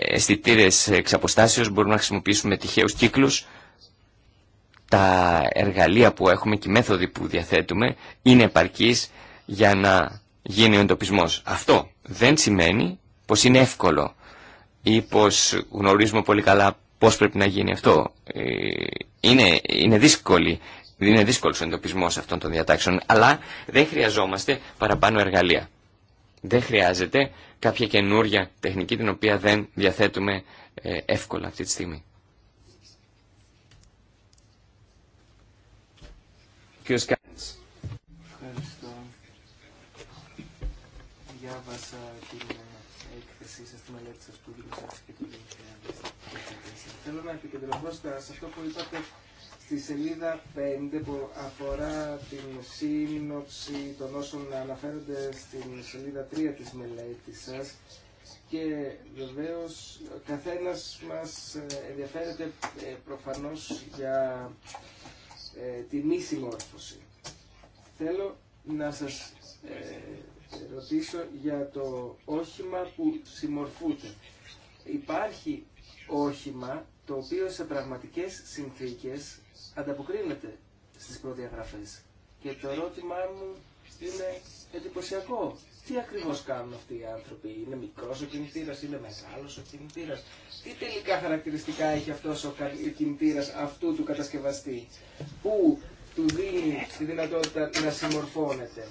αισθητήρε εξ μπορούμε να χρησιμοποιήσουμε τυχαίους κύκλους. Τα εργαλεία που έχουμε και οι μέθοδοι που διαθέτουμε είναι επαρκείς για να γίνει ο εντοπισμός. Αυτό δεν σημαίνει πως είναι εύκολο ή πως γνωρίζουμε πολύ καλά πώς πρέπει να γίνει αυτό. Ε, είναι, είναι δύσκολη επειδή είναι δύσκολο ο εντοπισμό αυτών των διατάξεων, αλλά δεν χρειαζόμαστε παραπάνω εργαλεία. Δεν χρειάζεται κάποια καινούρια τεχνική την οποία δεν διαθέτουμε ε, εύκολα αυτή τη στιγμή. Κύριος Κάνης. Ευχαριστώ. Διάβασα την έκθεσή σας, τη μελέτη σας που το Θέλω να επικεντρωθώ σε αυτό που είπατε στη σελίδα 5 που αφορά την σύνοψη των όσων αναφέρονται στην σελίδα 3 της μελέτης σας και βεβαίως καθένας μας ε, ενδιαφέρεται ε, προφανώς για ε, τη μη συμμόρφωση. Θέλω να σας ρωτήσω για το όχημα που συμμορφούνται. Υπάρχει όχημα το οποίο σε πραγματικές συνθήκες ανταποκρίνεται στις προδιαγραφές. Και το ερώτημά μου είναι εντυπωσιακό. Τι ακριβώς κάνουν αυτοί οι άνθρωποι, είναι μικρός ο κινητήρας, είναι μεγάλος ο κινητήρας. Τι τελικά χαρακτηριστικά έχει αυτός ο κινητήρας αυτού του κατασκευαστή, που του δίνει τη δυνατότητα να συμμορφώνεται.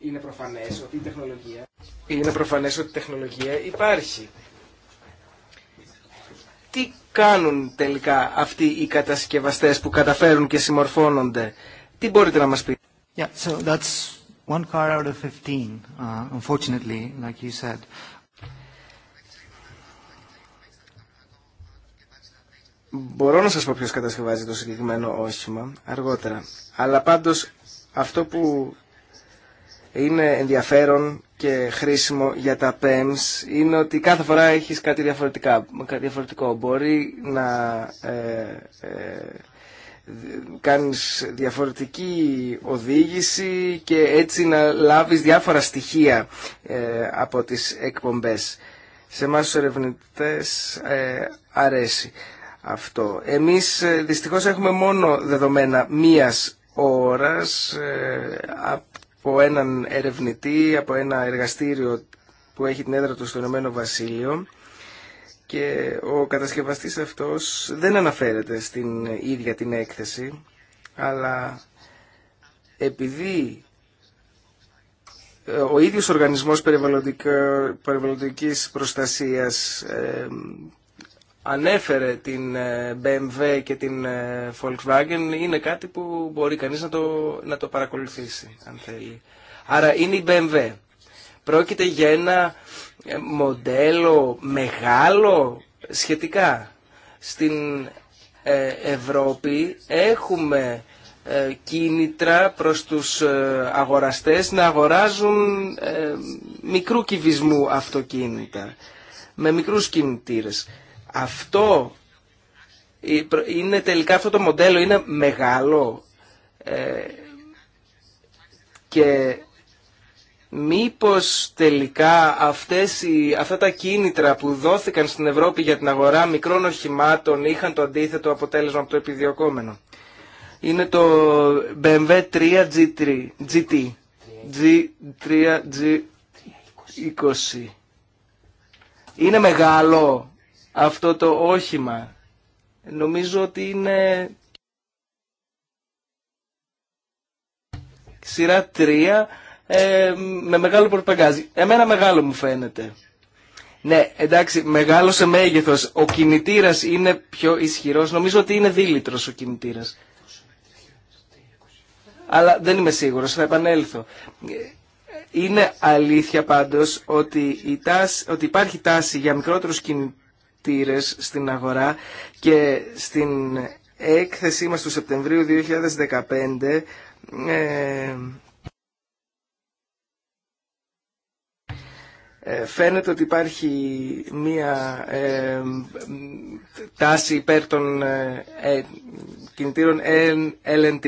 Είναι προφανές ότι η τεχνολογία... Είναι προφανές ότι η τεχνολογία υπάρχει τι κάνουν τελικά αυτοί οι κατασκευαστές που καταφέρουν και συμμορφώνονται. Τι μπορείτε να μας πείτε. Yeah, so that's one car out of 15, uh, unfortunately, like you said. Μπορώ να σας πω ποιος κατασκευάζει το συγκεκριμένο όχημα αργότερα. Αλλά πάντως αυτό που είναι ενδιαφέρον και χρήσιμο για τα PEMS είναι ότι κάθε φορά έχεις κάτι, κάτι διαφορετικό. Μπορεί να ε, ε, κάνεις διαφορετική οδήγηση και έτσι να λάβεις διάφορα στοιχεία ε, από τις εκπομπές. Σε εμάς τους ερευνητές ε, αρέσει αυτό. Εμείς δυστυχώς έχουμε μόνο δεδομένα μίας ώρας από έναν ερευνητή, από ένα εργαστήριο που έχει την έδρα του στο Ηνωμένο Βασίλειο και ο κατασκευαστής αυτός δεν αναφέρεται στην ίδια την έκθεση αλλά επειδή ε, ο ίδιος οργανισμός περιβαλλοντικής προστασίας ε, ανέφερε την BMW ε, και την ε, Volkswagen είναι κάτι που μπορεί κανείς να το, να το παρακολουθήσει αν θέλει. Άρα είναι η BMW. Πρόκειται για ένα ε, μοντέλο μεγάλο σχετικά. Στην Ευρώπη έχουμε κίνητρα προς τους αγοραστές να αγοράζουν μικρού κυβισμού αυτοκίνητα με μικρούς κινητήρες. Αυτό είναι τελικά αυτό το μοντέλο είναι μεγάλο ε, και μήπως τελικά αυτές οι, αυτά τα κίνητρα που δόθηκαν στην Ευρώπη για την αγορά μικρών οχημάτων είχαν το αντίθετο αποτέλεσμα από το επιδιωκόμενο. Είναι το BMW 3 G3, GT, G3 G20. Είναι μεγάλο αυτό το όχημα. Νομίζω ότι είναι σειρά 3 ε, με μεγάλο προπαγκάζι. Εμένα μεγάλο μου φαίνεται. Ναι, εντάξει, μεγάλο σε μέγεθο. Ο κινητήρα είναι πιο ισχυρό. Νομίζω ότι είναι δίλητρο ο κινητήρα. Αλλά δεν είμαι σίγουρο, θα επανέλθω. Ε, είναι αλήθεια πάντως ότι, ότι υπάρχει τάση για μικρότερους κινη, τήρες στην αγορά και στην έκθεσή μας του Σεπτεμβρίου 2015 ε, ε, Φαίνεται ότι υπάρχει μία ε, τάση υπέρ των κινητήρων LNT.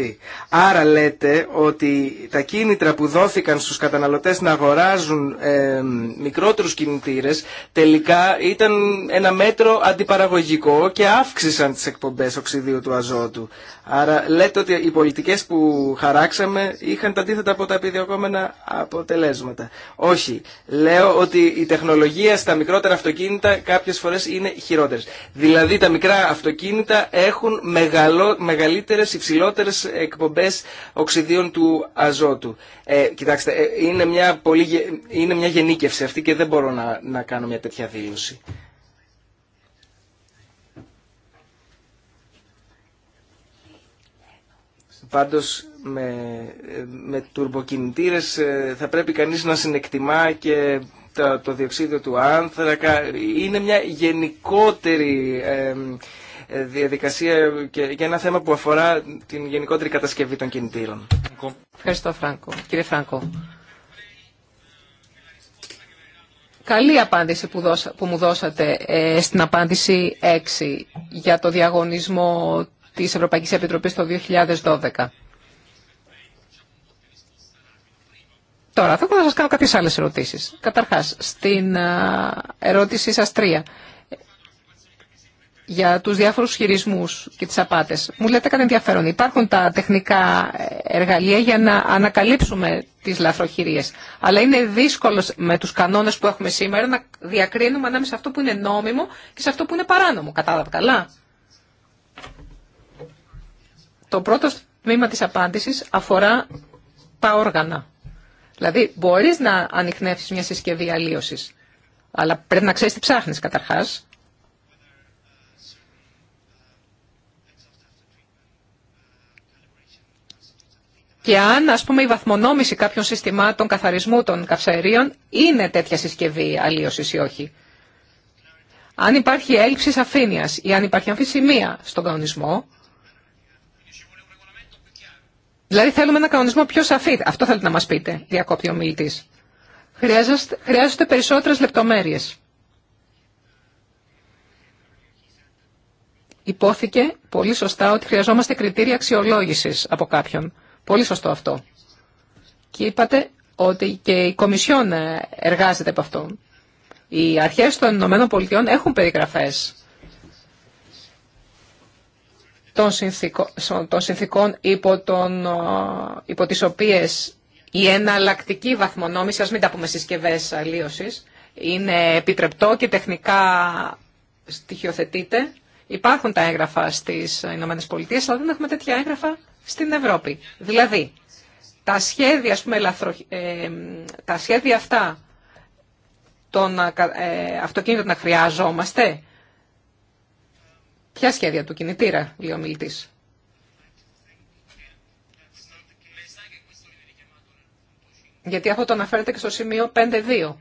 Άρα λέτε ότι τα κίνητρα που δόθηκαν στους καταναλωτές να αγοράζουν ε, μικρότερους κινητήρες τελικά ήταν ένα μέτρο αντιπαραγωγικό και αύξησαν τις εκπομπές οξυδίου του αζότου. Άρα λέτε ότι οι πολιτικές που χαράξαμε είχαν τα αντίθετα από τα επιδιωκόμενα αποτελέσματα. Όχι. Λέω ότι η τεχνολογία στα μικρότερα αυτοκίνητα κάποιες φορές είναι χειρότερες. Δηλαδή τα μικρά αυτοκίνητα έχουν μεγαλό μεγαλύτερες, υψηλότερες εκπομπές οξυδίων του αζότου. Ε, κοιτάξτε, ε, είναι, μια πολύ, είναι μια γενίκευση αυτή και δεν μπορώ να, να κάνω μια τέτοια δήλωση. Πάντως με, με τουρμποκινητήρες ε, θα πρέπει κανείς να συνεκτιμά και το, το διοξείδιο του άνθρακα. Είναι μια γενικότερη ε, διαδικασία και για ένα θέμα που αφορά την γενικότερη κατασκευή των κινητήρων. Ευχαριστώ Κύριε Φράνκο. Καλή απάντηση που, που μου δώσατε ε, στην απάντηση 6 για το διαγωνισμό της Ευρωπαϊκής Επιτροπής το 2012. Τώρα, θα ήθελα να σας κάνω κάποιες άλλες ερωτήσεις. Καταρχάς, στην ε, ερώτησή σας τρία για τους διάφορους χειρισμούς και τις απάτες. Μου λέτε κάτι ενδιαφέρον. Υπάρχουν τα τεχνικά εργαλεία για να ανακαλύψουμε τις λαθροχειρίες. Αλλά είναι δύσκολο με τους κανόνες που έχουμε σήμερα να διακρίνουμε ανάμεσα σε αυτό που είναι νόμιμο και σε αυτό που είναι παράνομο. Κατάλαβα καλά. Το πρώτο τμήμα της απάντησης αφορά τα όργανα. Δηλαδή μπορείς να ανοιχνεύσεις μια συσκευή αλλίωσης. Αλλά πρέπει να ξέρεις τι ψάχνεις καταρχάς και αν ας πούμε η βαθμονόμηση κάποιων συστημάτων καθαρισμού των καυσαερίων είναι τέτοια συσκευή αλλίωση ή όχι. Αν υπάρχει έλλειψη αφήνεια ή αν υπάρχει αμφισημία στον κανονισμό, δηλαδή θέλουμε ένα κανονισμό πιο σαφή, αυτό θέλετε να μα πείτε, διακόπτει ο μιλητή. Χρειάζονται περισσότερε περισσότερες Υπόθηκε πολύ σωστά ότι χρειαζόμαστε κριτήρια αξιολόγηση από κάποιον. Πολύ σωστό αυτό. Και είπατε ότι και η Κομισιόν εργάζεται από αυτό. Οι αρχές των Ηνωμένων Πολιτειών έχουν περιγραφές των συνθήκων, των υπό, τον, υπό τις οποίες η εναλλακτική βαθμονόμηση, ας μην τα πούμε συσκευές αλλίωσης, είναι επιτρεπτό και τεχνικά στοιχειοθετείται. Υπάρχουν τα έγγραφα στις Ηνωμένες Πολιτείες, αλλά δεν έχουμε τέτοια έγγραφα στην Ευρώπη. Δηλαδή, τα σχέδια, ε, τα σχέδια αυτά των ε, αυτοκίνητων να χρειάζομαστε. Ποια σχέδια του κινητήρα, λέει ο μιλητής. Γιατί αυτό το αναφέρεται και στο σημείο 5.2.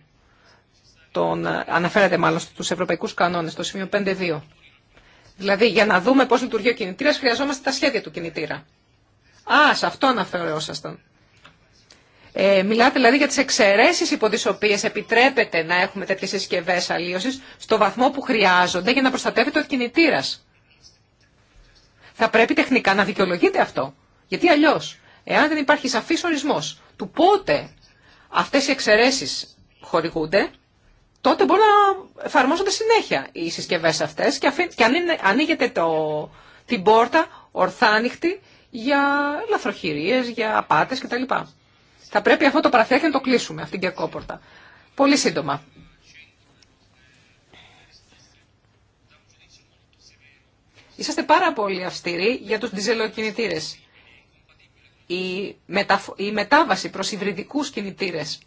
Τον, ε, αναφέρεται μάλλον στους ευρωπαϊκούς κανόνες, το σημείο 5.2. Δηλαδή, για να δούμε πώς λειτουργεί ο κινητήρας, χρειαζόμαστε τα σχέδια του κινητήρα. Α, σε αυτό αναφερόσασταν. Ε, μιλάτε δηλαδή για τις εξαιρέσεις υπό τις οποίες επιτρέπεται να έχουμε τέτοιες συσκευέ αλλίωσης στο βαθμό που χρειάζονται για να προστατεύεται ο κινητήρας. Θα πρέπει τεχνικά να δικαιολογείται αυτό. Γιατί αλλιώς, εάν δεν υπάρχει σαφής ορισμός του πότε αυτές οι εξαιρέσεις χορηγούνται, τότε μπορεί να εφαρμόζονται συνέχεια οι συσκευέ αυτές και, αφή, και ανοίγεται το, την πόρτα ορθάνυχτη για λαθροχειρίε, για απάτες κτλ. Θα πρέπει αυτό το παραθέακι να το κλείσουμε, αυτήν την κακόπορτα. Πολύ σύντομα. Είσαστε πάρα πολύ αυστηροί για τους διζελοκινητήρες. Η, μετάβαση προς υβριδικούς κινητήρες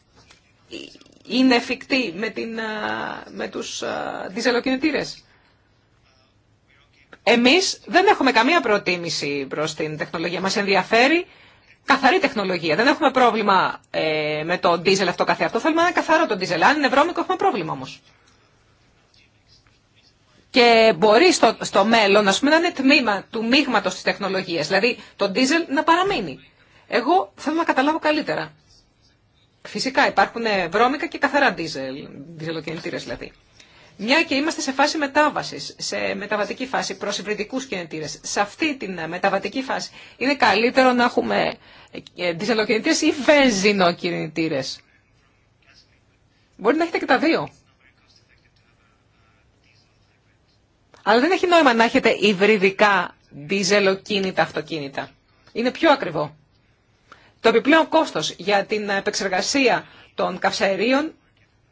είναι εφικτή με, την, με τους διζελοκινητήρες. Εμείς δεν έχουμε καμία προτίμηση προς την τεχνολογία. Μας ενδιαφέρει καθαρή τεχνολογία. Δεν έχουμε πρόβλημα ε, με το ντίζελ αυτό καθεαυτό. Θέλουμε να είναι καθαρό το ντίζελ. Αν είναι βρώμικο έχουμε πρόβλημα όμω. Και μπορεί στο, στο μέλλον ας πούμε, να είναι τμήμα του μείγματο της τεχνολογίας. Δηλαδή το ντίζελ να παραμείνει. Εγώ θέλω να καταλάβω καλύτερα. Φυσικά υπάρχουν ε, βρώμικα και καθαρά ντίζελ, δίζελοκινητήρε δηλαδή. Μια και είμαστε σε φάση μετάβαση, σε μεταβατική φάση προ υβριδικού κινητήρε. Σε αυτή τη ε, μεταβατική φάση είναι καλύτερο να έχουμε δισελοκινητήρε ή βενζινοκινητήρε. Μπορεί να έχετε και τα δύο. Αλλά δεν έχει νόημα να έχετε υβριδικά διζελοκίνητα αυτοκίνητα. Είναι πιο ακριβό. Το επιπλέον κόστος για την επεξεργασία των καυσαερίων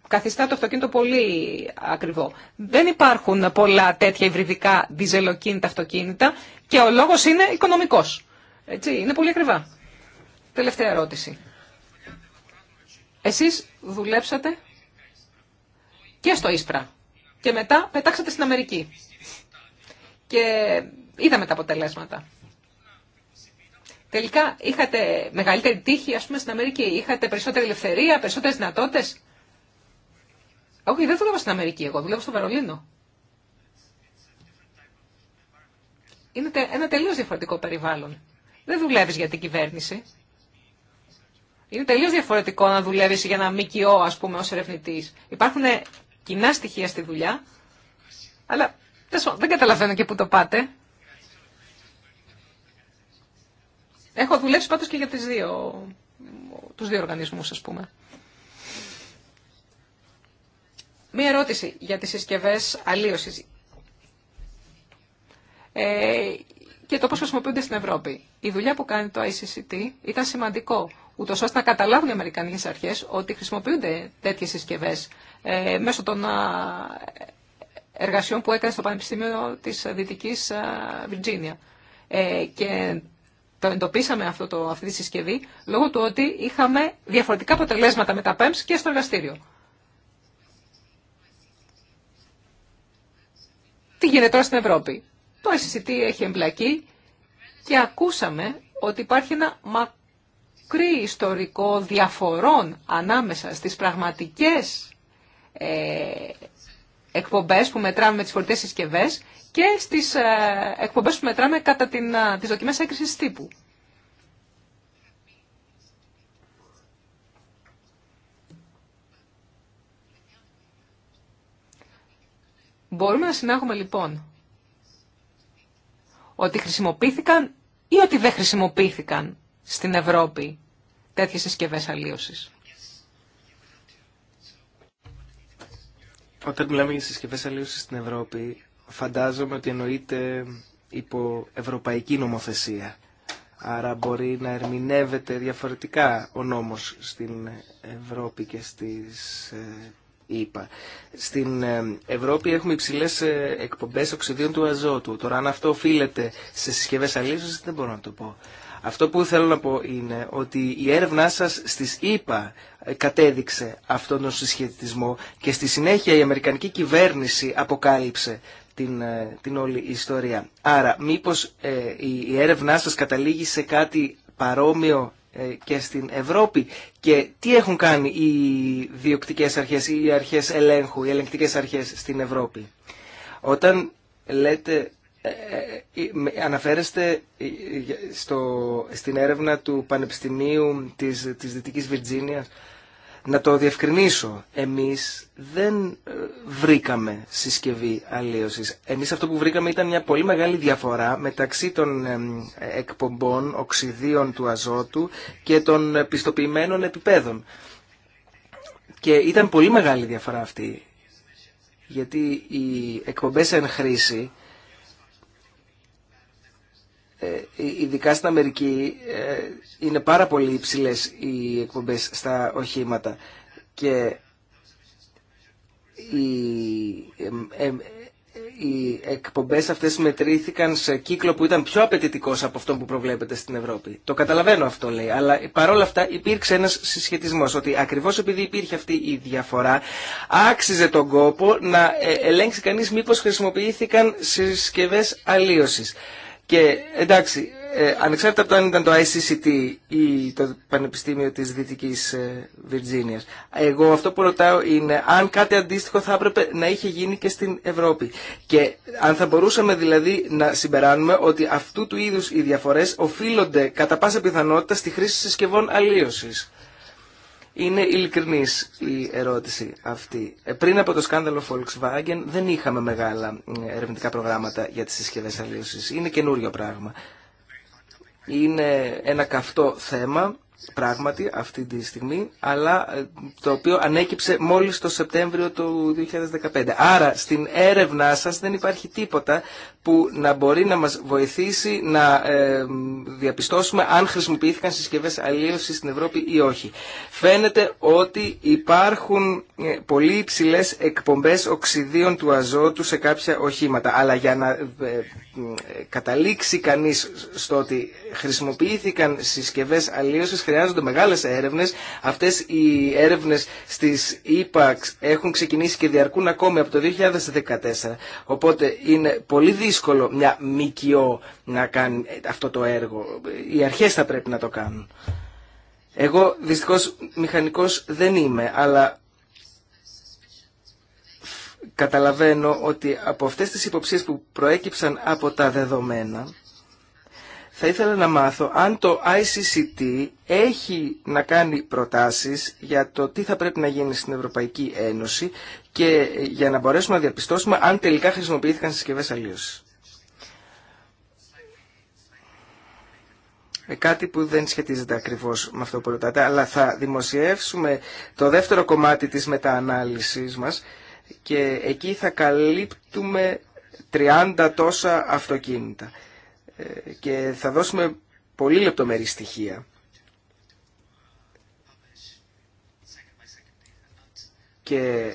καθιστά το αυτοκίνητο πολύ ακριβό. Δεν υπάρχουν πολλά τέτοια υβριδικά διζελοκίνητα αυτοκίνητα και ο λόγος είναι οικονομικός. Έτσι, είναι πολύ ακριβά. Τελευταία ερώτηση. Εσείς δουλέψατε και στο Ίσπρα και μετά πετάξατε στην Αμερική. Και είδαμε τα αποτελέσματα. Τελικά είχατε μεγαλύτερη τύχη, ας πούμε, στην Αμερική. Είχατε περισσότερη ελευθερία, περισσότερες δυνατότητες. Όχι, δεν δουλεύω στην Αμερική εγώ, δουλεύω στο Βερολίνο. Είναι ένα τελείως διαφορετικό περιβάλλον. Δεν δουλεύεις για την κυβέρνηση. Είναι τελείως διαφορετικό να δουλεύεις για ένα ΜΚΟ, ας πούμε, ως ερευνητής. Υπάρχουν κοινά στοιχεία στη δουλειά, αλλά δεν καταλαβαίνω και πού το πάτε. Έχω δουλέψει πάντως και για τις δύο, τους δύο οργανισμούς, ας πούμε. Μία ερώτηση για τις συσκευέ αλλίωση. Ε, και το πώς χρησιμοποιούνται στην Ευρώπη. Η δουλειά που κάνει το ICCT ήταν σημαντικό, ούτως ώστε να καταλάβουν οι Αμερικανικέ αρχές ότι χρησιμοποιούνται τέτοιες συσκευέ ε, μέσω των εργασιών που έκανε στο Πανεπιστήμιο της Δυτικής Βιρτζίνια. Ε, και το εντοπίσαμε το, αυτή τη συσκευή λόγω του ότι είχαμε διαφορετικά αποτελέσματα με τα PEMS και στο εργαστήριο. τι γίνεται τώρα στην Ευρώπη. Το SCT έχει εμπλακεί και ακούσαμε ότι υπάρχει ένα μακρύ ιστορικό διαφορών ανάμεσα στις πραγματικές ε, εκπομπές που μετράμε με τις φορτές συσκευές και στις ε, εκπομπές που μετράμε κατά την, ε, τις δοκιμές έκρησης τύπου. Μπορούμε να συνάγουμε λοιπόν ότι χρησιμοποιήθηκαν ή ότι δεν χρησιμοποιήθηκαν στην Ευρώπη τέτοιες συσκευέ αλλίωσης. Όταν μιλάμε για συσκευέ αλλίωσης στην Ευρώπη, φαντάζομαι ότι εννοείται υπό ευρωπαϊκή νομοθεσία. Άρα μπορεί να ερμηνεύεται διαφορετικά ο νόμος στην Ευρώπη και στις ε, είπα. Στην ε, Ευρώπη έχουμε υψηλέ ε, εκπομπέ οξυδίων του αζότου. Τώρα, αν αυτό οφείλεται σε συσκευέ αλύσωση, δεν μπορώ να το πω. Αυτό που θέλω να πω είναι ότι η έρευνά σα στι ΗΠΑ ε, κατέδειξε αυτόν τον συσχετισμό και στη συνέχεια η Αμερικανική κυβέρνηση αποκάλυψε την, την όλη ιστορία. Άρα, μήπως η, έρευνά σα καταλήγει σε κάτι παρόμοιο ε, και στην Ευρώπη και τι έχουν κάνει οι διοκτικές αρχές ή οι αρχές ελέγχου, οι ελεγκτικές αρχές στην Ευρώπη. Όταν λέτε, ε, ε, αναφέρεστε στο, στην έρευνα του Πανεπιστημίου της, της Δυτικής Βιρτζίνιας να το διευκρινίσω. Εμείς δεν ε, βρήκαμε συσκευή αλλίωσης. Εμείς αυτό που βρήκαμε ήταν μια πολύ μεγάλη διαφορά μεταξύ των εκπομπών οξυδίων του αζότου και των πιστοποιημένων επιπέδων. Και ήταν πολύ μεγάλη διαφορά αυτή. Γιατί οι εκπομπές εν χρήση ε, ε, ειδικά στην Αμερική ε, είναι πάρα πολύ υψηλές οι εκπομπές στα οχήματα και οι, οι εκπομπές αυτές μετρήθηκαν σε κύκλο που ήταν πιο απαιτητικός από αυτό που προβλέπεται στην Ευρώπη. Το καταλαβαίνω αυτό λέει, αλλά παρόλα αυτά υπήρξε ένας συσχετισμός ότι ακριβώς επειδή υπήρχε αυτή η διαφορά άξιζε τον κόπο να ελέγξει κανείς μήπως χρησιμοποιήθηκαν συσκευές αλλίωσης. Και εντάξει, ε, ανεξάρτητα από το αν ήταν το ICCT ή το Πανεπιστήμιο της Δυτικής ε, Βιρτζίνιας. Εγώ αυτό που ρωτάω είναι αν κάτι αντίστοιχο θα έπρεπε να είχε γίνει και στην Ευρώπη. Και αν θα μπορούσαμε δηλαδή να συμπεράνουμε ότι αυτού του είδους οι διαφορές οφείλονται κατά πάσα πιθανότητα στη χρήση συσκευών αλλίωσης. Είναι ειλικρινή η ερώτηση αυτή. Ε, πριν από το σκάνδαλο Volkswagen δεν είχαμε μεγάλα ε, ερευνητικά προγράμματα για τις συσκευέ αλλίωση. Είναι καινούριο πράγμα. Είναι ένα καυτό θέμα πράγματι αυτή τη στιγμή, αλλά ε, το οποίο ανέκυψε μόλις το Σεπτέμβριο του 2015. Άρα στην έρευνά σας δεν υπάρχει τίποτα που να μπορεί να μας βοηθήσει να ε, διαπιστώσουμε αν χρησιμοποιήθηκαν συσκευές αλλήλωσης στην Ευρώπη ή όχι. Φαίνεται ότι υπάρχουν ε, πολύ υψηλέ εκπομπές οξυδίων του αζότου σε κάποια οχήματα. Αλλά για να ε, ε καταλήξει κανείς στο ότι χρησιμοποιήθηκαν συσκευές αλλήλωσης χρειάζονται μεγάλες έρευνες. Αυτές οι έρευνες στις ΕΠΑΞ έχουν ξεκινήσει και διαρκούν ακόμη από το 2014. Οπότε είναι πολύ δύσκολο δύσκολο μια ΜΚΟ να κάνει ε, αυτό το έργο. Οι αρχές θα πρέπει να το κάνουν. Εγώ δυστυχώς μηχανικός δεν είμαι, αλλά καταλαβαίνω ότι από αυτές τις υποψίες που προέκυψαν από τα δεδομένα, θα ήθελα να μάθω αν το ICCT έχει να κάνει προτάσεις για το τι θα πρέπει να γίνει στην Ευρωπαϊκή Ένωση και για να μπορέσουμε να διαπιστώσουμε αν τελικά χρησιμοποιήθηκαν συσκευές αλλίωσης. Ε, κάτι που δεν σχετίζεται ακριβώς με αυτό που ρωτάτε, αλλά θα δημοσιεύσουμε το δεύτερο κομμάτι της μεταανάλυσης μας και εκεί θα καλύπτουμε 30 τόσα αυτοκίνητα ε, και θα δώσουμε πολύ λεπτομερή στοιχεία. Και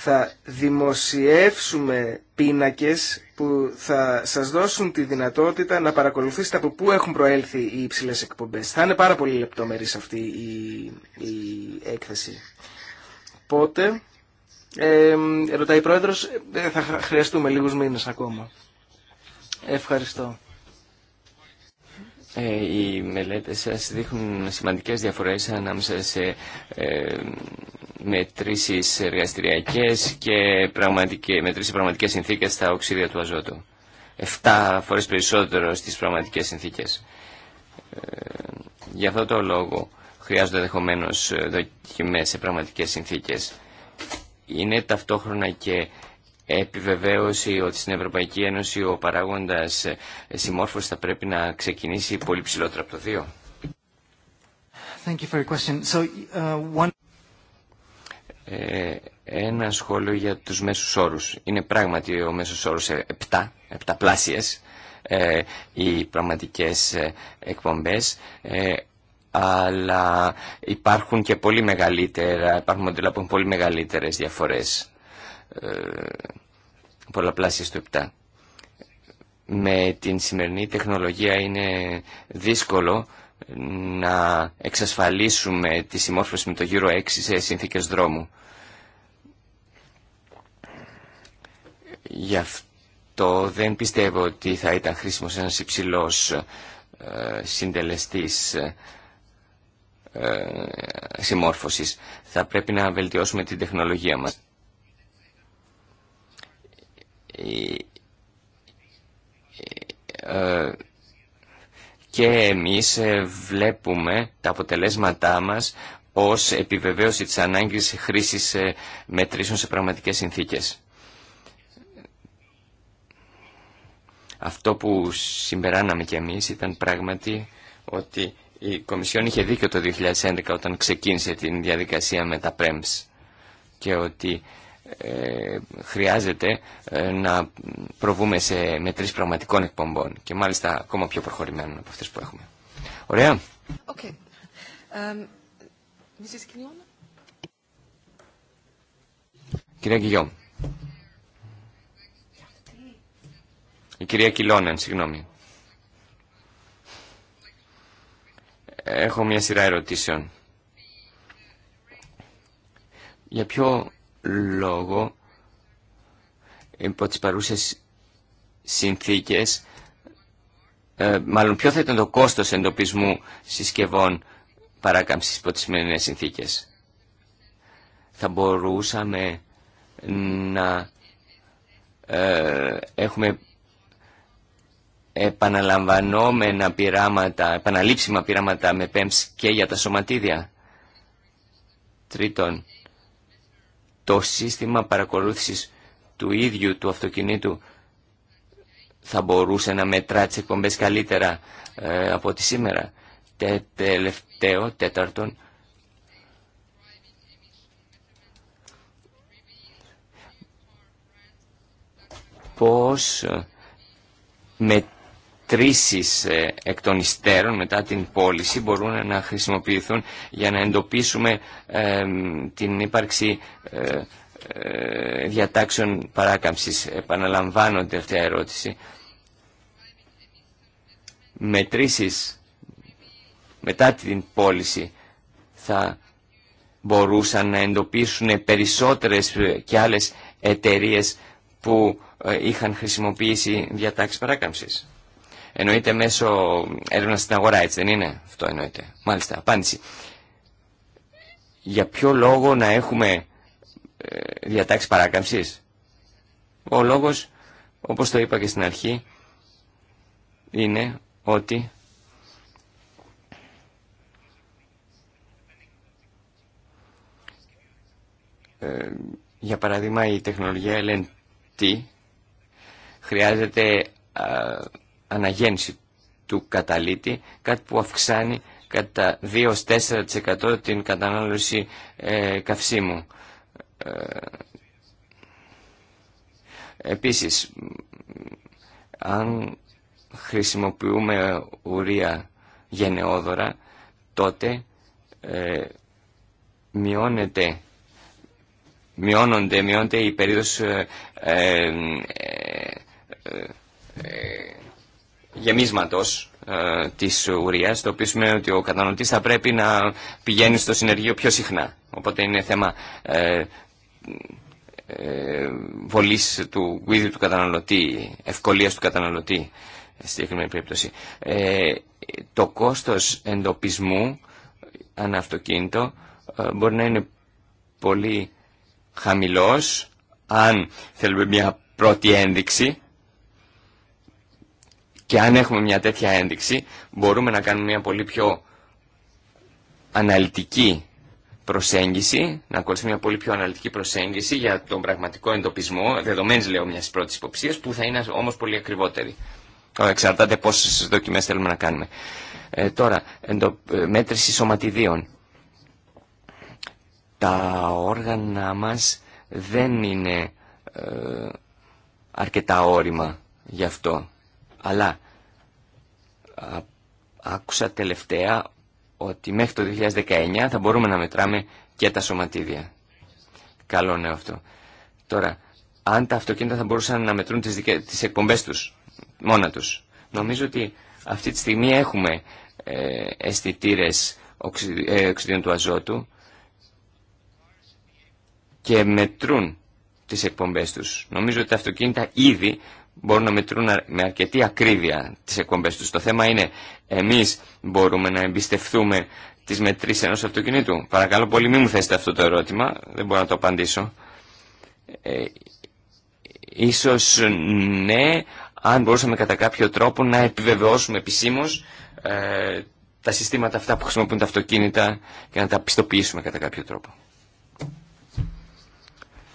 θα δημοσιεύσουμε πίνακες που θα σας δώσουν τη δυνατότητα να παρακολουθήσετε από πού έχουν προέλθει οι υψηλέ εκπομπές. Θα είναι πάρα πολύ λεπτομερής αυτή η, η έκθεση. Πότε, ε, ρωτάει η Πρόεδρος, ε, θα χρειαστούμε λίγους μήνες ακόμα. Ευχαριστώ. Ε, οι μελέτες σας δείχνουν σημαντικές διαφορές ανάμεσα σε ε, μετρήσεις εργαστηριακές και πραγματικές, μετρήσεις πραγματικές συνθήκες στα οξύδια του αζότου. Εφτά φορές περισσότερο στις πραγματικές συνθήκες. Ε, Για αυτό το λόγο χρειάζονται δεχομένω ε, δοκιμές σε πραγματικές συνθήκες. Είναι ταυτόχρονα και επιβεβαίωση ότι στην Ευρωπαϊκή Ένωση ο παράγοντας ε, συμμόρφωση θα πρέπει να ξεκινήσει πολύ ψηλότερα από το 2. Thank uh, ένα σχόλιο για τους μέσους όρους. Είναι πράγματι ο μέσος όρος 7, 7 ε, οι πραγματικές ε, εκπομπές, ε, αλλά υπάρχουν και πολύ μεγαλύτερα, υπάρχουν μοντέλα που έχουν πολύ μεγαλύτερες διαφορές, πολλαπλάσιες του 7. Με την σημερινή τεχνολογία είναι δύσκολο να εξασφαλίσουμε τη συμμόρφωση με το γύρο 6 σε συνθήκες δρόμου. Γι' αυτό δεν πιστεύω ότι θα ήταν χρήσιμος ένας υψηλός ε, συντελεστής ε, ε, συμμόρφωσης. Θα πρέπει να βελτιώσουμε την τεχνολογία μας. Ε, και εμείς ε, βλέπουμε τα αποτελέσματά μας ως επιβεβαίωση της ανάγκης χρήσης ε, μετρήσεων σε πραγματικές συνθήκες. Αυτό που συμπεράναμε και εμείς ήταν πράγματι ότι η Κομισιόν είχε δίκιο το 2011 όταν ξεκίνησε την διαδικασία με τα PREMS και ότι χρειάζεται ε, να προβούμε σε μετρήσεις πραγματικών εκπομπών και μάλιστα ακόμα πιο προχωρημένων από αυτές που έχουμε. Ωραία. Κυρία Κιλιόμ. Η κυρία Κιλόναν, συγγνώμη. Έχω μια σειρά ερωτήσεων. Για ποιο λόγο υπό τις παρούσες συνθήκες ε, μάλλον ποιο θα ήταν το κόστος εντοπισμού συσκευών παράκαμψης υπό τις σημερινές συνθήκες. Θα μπορούσαμε να ε, έχουμε επαναλαμβανόμενα πειράματα, επαναλήψιμα πειράματα με PEMS και για τα σωματίδια. Τρίτον, το σύστημα παρακολούθησης του ίδιου του αυτοκινήτου θα μπορούσε να μετρά τις εκπομπές καλύτερα ε, από τη σήμερα. Τε, τελευταίο, τέταρτον, πώς ε, με μετρήσεις ε, εκ των υστέρων μετά την πώληση μπορούν να χρησιμοποιηθούν για να εντοπίσουμε ε, την ύπαρξη ε, διατάξεων παράκαμψης. Επαναλαμβάνονται αυτή η ερώτηση. Μετρήσεις μετά την πώληση θα μπορούσαν να εντοπίσουν περισσότερες και άλλες εταιρείες που είχαν χρησιμοποιήσει διατάξεις παράκαμψης. Εννοείται μέσω έρευνα στην αγορά, έτσι δεν είναι. Αυτό εννοείται. Μάλιστα, απάντηση. Για ποιο λόγο να έχουμε ε, διατάξει παράκαμψης. Ο λόγος, όπως το είπα και στην αρχή, είναι ότι ε, για παράδειγμα η τεχνολογία LNT χρειάζεται αναγέννηση του καταλήτη, κάτι που αυξάνει κατά 2-4% την κατανάλωση ε, καυσίμου. Ε, επίσης, αν χρησιμοποιούμε ουρία γενναιόδωρα τότε ε, μειώνεται μειώνονται, μειώνεται η περίοδος ε, γεμίσματος ε, της ουρίας, το οποίο σημαίνει ότι ο καταναλωτής θα πρέπει να πηγαίνει στο συνεργείο πιο συχνά. Οπότε είναι θέμα ε, ε βολής του ίδιου του καταναλωτή, ευκολίας του καταναλωτή στη συγκεκριμένη περίπτωση. Ε, το κόστος εντοπισμού αν αυτοκίνητο ε, μπορεί να είναι πολύ χαμηλός αν θέλουμε μια πρώτη ένδειξη και αν έχουμε μια τέτοια ένδειξη, μπορούμε να κάνουμε μια πολύ πιο αναλυτική προσέγγιση, να ακολουθήσουμε μια πολύ πιο αναλυτική προσέγγιση για τον πραγματικό εντοπισμό, δεδομένη λέω μια πρώτη υποψία, που θα είναι όμω πολύ ακριβότερη. Εξαρτάται πόσε δοκιμέ θέλουμε να κάνουμε. Ε, τώρα, εντο, ε, μέτρηση σωματιδίων. Τα όργανα μας δεν είναι ε, αρκετά όρημα γι' αυτό. Αλλά α, άκουσα τελευταία ότι μέχρι το 2019 θα μπορούμε να μετράμε και τα σωματίδια. Καλό νέο αυτό. Τώρα, αν τα αυτοκίνητα θα μπορούσαν να μετρούν τις, δικα... τις εκπομπές τους, μόνα τους. Νομίζω ότι αυτή τη στιγμή έχουμε ε, αισθητήρε ε, οξυδίων του αζότου και μετρούν τις εκπομπές τους. Νομίζω ότι τα αυτοκίνητα ήδη μπορούν να μετρούν με αρκετή ακρίβεια τις εκπομπές τους. Το θέμα είναι εμείς μπορούμε να εμπιστευτούμε τις μετρήσεις ενός αυτοκινήτου. Παρακαλώ πολύ μην μου θέσετε αυτό το ερώτημα, δεν μπορώ να το απαντήσω. Ε, ίσως ναι, αν μπορούσαμε κατά κάποιο τρόπο να επιβεβαιώσουμε επισήμως ε, τα συστήματα αυτά που χρησιμοποιούν τα αυτοκίνητα και να τα πιστοποιήσουμε κατά κάποιο τρόπο.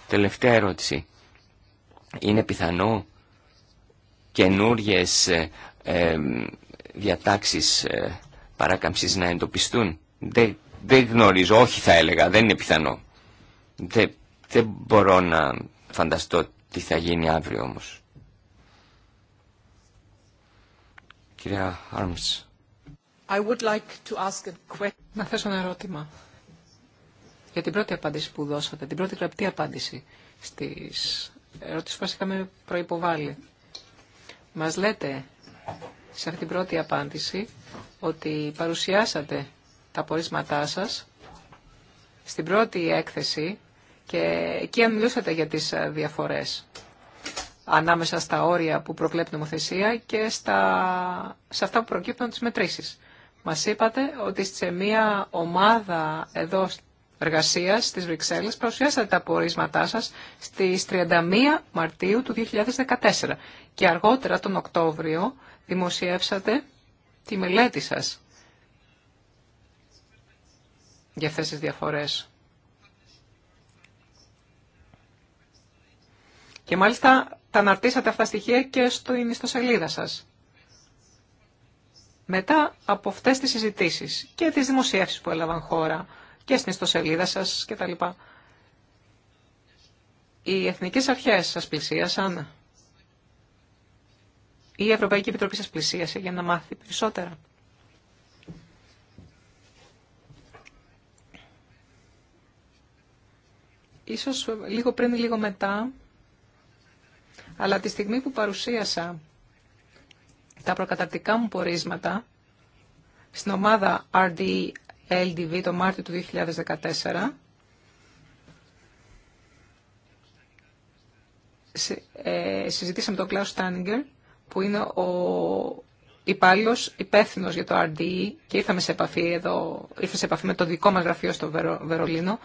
Τελευταία ερώτηση. Είναι πιθανό καινούριες ε, ε διατάξεις ε, παράκαμψης να εντοπιστούν. Δεν, γνωρίζω, όχι θα έλεγα, δεν είναι πιθανό. Δεν, μπορώ να φανταστώ τι θα γίνει αύριο όμως. Κυρία Άρμς. I would like to ask Να θέσω ένα ερώτημα. Για την πρώτη απάντηση που δώσατε, την πρώτη γραπτή απάντηση στις ερώτηση που είχαμε προϋποβάλει. Μας λέτε σε αυτήν την πρώτη απάντηση ότι παρουσιάσατε τα πορίσματά σας στην πρώτη έκθεση και εκεί μιλούσατε για τις ε, διαφορές ανάμεσα στα όρια που προκλέπει νομοθεσία και στα, σε αυτά που προκύπτουν τις μετρήσεις. Μας είπατε ότι σε μια ομάδα εδώ εργασία στις Βρυξέλλες, παρουσιάσατε τα πορίσματά σας στις 31 Μαρτίου του 2014 και αργότερα τον Οκτώβριο δημοσιεύσατε τη μελέτη σα. για αυτέ τι διαφορές. Και μάλιστα τα αναρτήσατε αυτά στοιχεία και στην ιστοσελίδα σας. Μετά από αυτές τις συζητήσεις και τις δημοσιεύσεις που έλαβαν χώρα και στην ιστοσελίδα σας λοιπά. Οι εθνικές αρχές σας πλησίασαν ή η Ευρωπαϊκή Επιτροπή σας πλησίασε για να μάθει περισσότερα. Ίσως λίγο πριν ή λίγο μετά, αλλά τη στιγμή που παρουσίασα τα προκαταρτικά μου πορίσματα στην ομάδα RDE LDV το Μάρτιο του 2014 ε, συζητήσαμε τον Κλάου Στάνιγκερ που είναι ο υπάλληλο υπεύθυνο για το RDE και ήρθαμε σε επαφή εδώ, ήρθε σε επαφή με το δικό μα γραφείο στο Βερολίνο.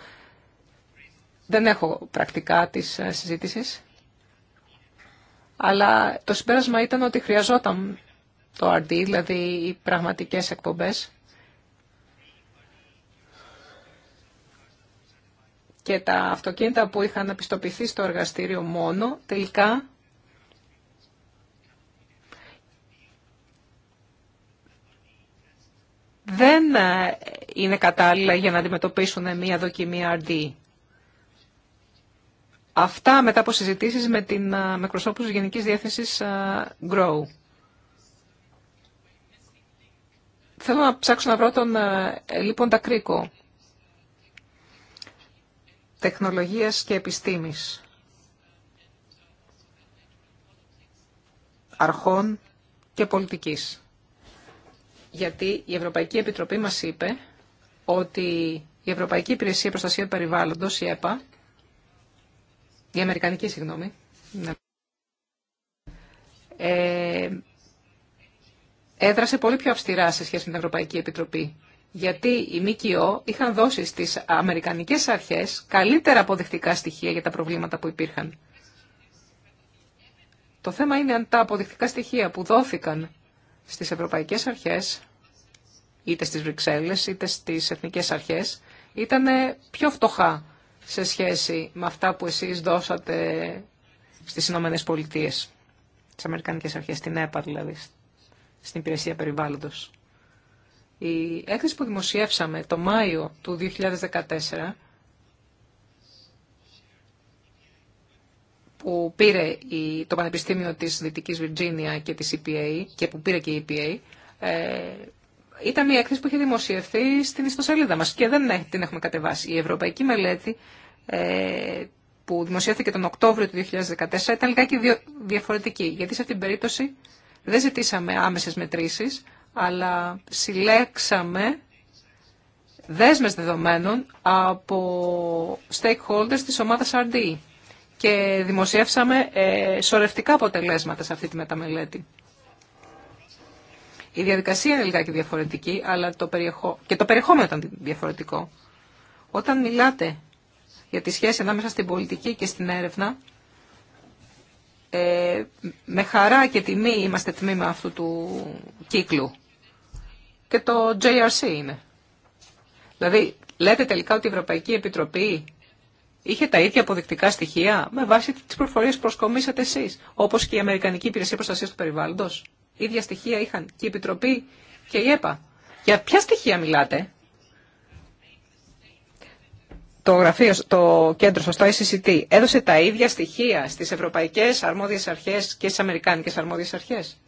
Δεν έχω πρακτικά τη ε, συζήτηση. Αλλά το συμπέρασμα ήταν ότι χρειαζόταν το RDE, δηλαδή οι πραγματικές εκπομπές, και τα αυτοκίνητα που είχαν πιστοποιηθεί στο εργαστήριο μόνο, τελικά δεν ε, είναι κατάλληλα για να αντιμετωπίσουν μια δοκιμή RD. Αυτά μετά από συζητήσεις με, την, ε, με Γενικής Διεύθυνσης ε, GROW. Θέλω να ψάξω να βρω τον Λίποντα λοιπόν, Κρίκο τεχνολογίας και επιστήμης, αρχών και πολιτικής. Γιατί η Ευρωπαϊκή Επιτροπή μας είπε ότι η Ευρωπαϊκή Υπηρεσία Προστασία του Περιβάλλοντος, η ΕΠΑ, η Αμερικανική, συγγνώμη, ναι, ε, έδρασε πολύ πιο αυστηρά σε σχέση με την Ευρωπαϊκή Επιτροπή γιατί οι ΜΚΟ είχαν δώσει στις αμερικανικές αρχές καλύτερα αποδεικτικά στοιχεία για τα προβλήματα που υπήρχαν. Το θέμα είναι αν τα αποδεικτικά στοιχεία που δόθηκαν στις ευρωπαϊκές αρχές, είτε στις Βρυξέλλες, είτε στις εθνικές αρχές, ήταν πιο φτωχά σε σχέση με αυτά που εσείς δώσατε στις Ηνωμένες Πολιτείες, στις Αμερικανικές Αρχές, στην ΕΠΑ δηλαδή, στην Υπηρεσία Περιβάλλοντος. Η έκθεση που δημοσιεύσαμε το Μάιο του 2014 που πήρε το Πανεπιστήμιο της Δυτικής Βιρτζίνια και της EPA και που πήρε και η EPA ε, ήταν μια έκθεση που είχε δημοσιευθεί στην ιστοσελίδα μας και δεν ναι, την έχουμε κατεβάσει. Η ευρωπαϊκή μελέτη ε, που δημοσιεύθηκε τον Οκτώβριο του 2014 ήταν λιγάκι διαφορετική γιατί σε αυτήν την περίπτωση δεν ζητήσαμε άμεσες μετρήσεις αλλά συλλέξαμε δέσμες δεδομένων από stakeholders της ομάδας RD και δημοσιεύσαμε ε, σορευτικά αποτελέσματα σε αυτή τη μεταμελέτη. Η διαδικασία είναι λιγάκι διαφορετική αλλά το περιεχό... και το περιεχόμενο ήταν διαφορετικό. Όταν μιλάτε για τη σχέση ανάμεσα στην πολιτική και στην έρευνα, ε, με χαρά και τιμή είμαστε τμήμα αυτού του κύκλου και το JRC είναι. Δηλαδή, λέτε τελικά ότι η Ευρωπαϊκή Επιτροπή είχε τα ίδια αποδεικτικά στοιχεία με βάση τις προφορίες που προσκομίσατε εσείς, όπως και η Αμερικανική Υπηρεσία Προστασία του Περιβάλλοντος. Ίδια στοιχεία είχαν και η Επιτροπή και η ΕΠΑ. Για ποια στοιχεία μιλάτε? Το, γραφείο, το κέντρο στο το ICCT, έδωσε τα ίδια στοιχεία στις ευρωπαϊκές αρμόδιες αρχές και στις αμερικάνικες αρμόδιες αρχές.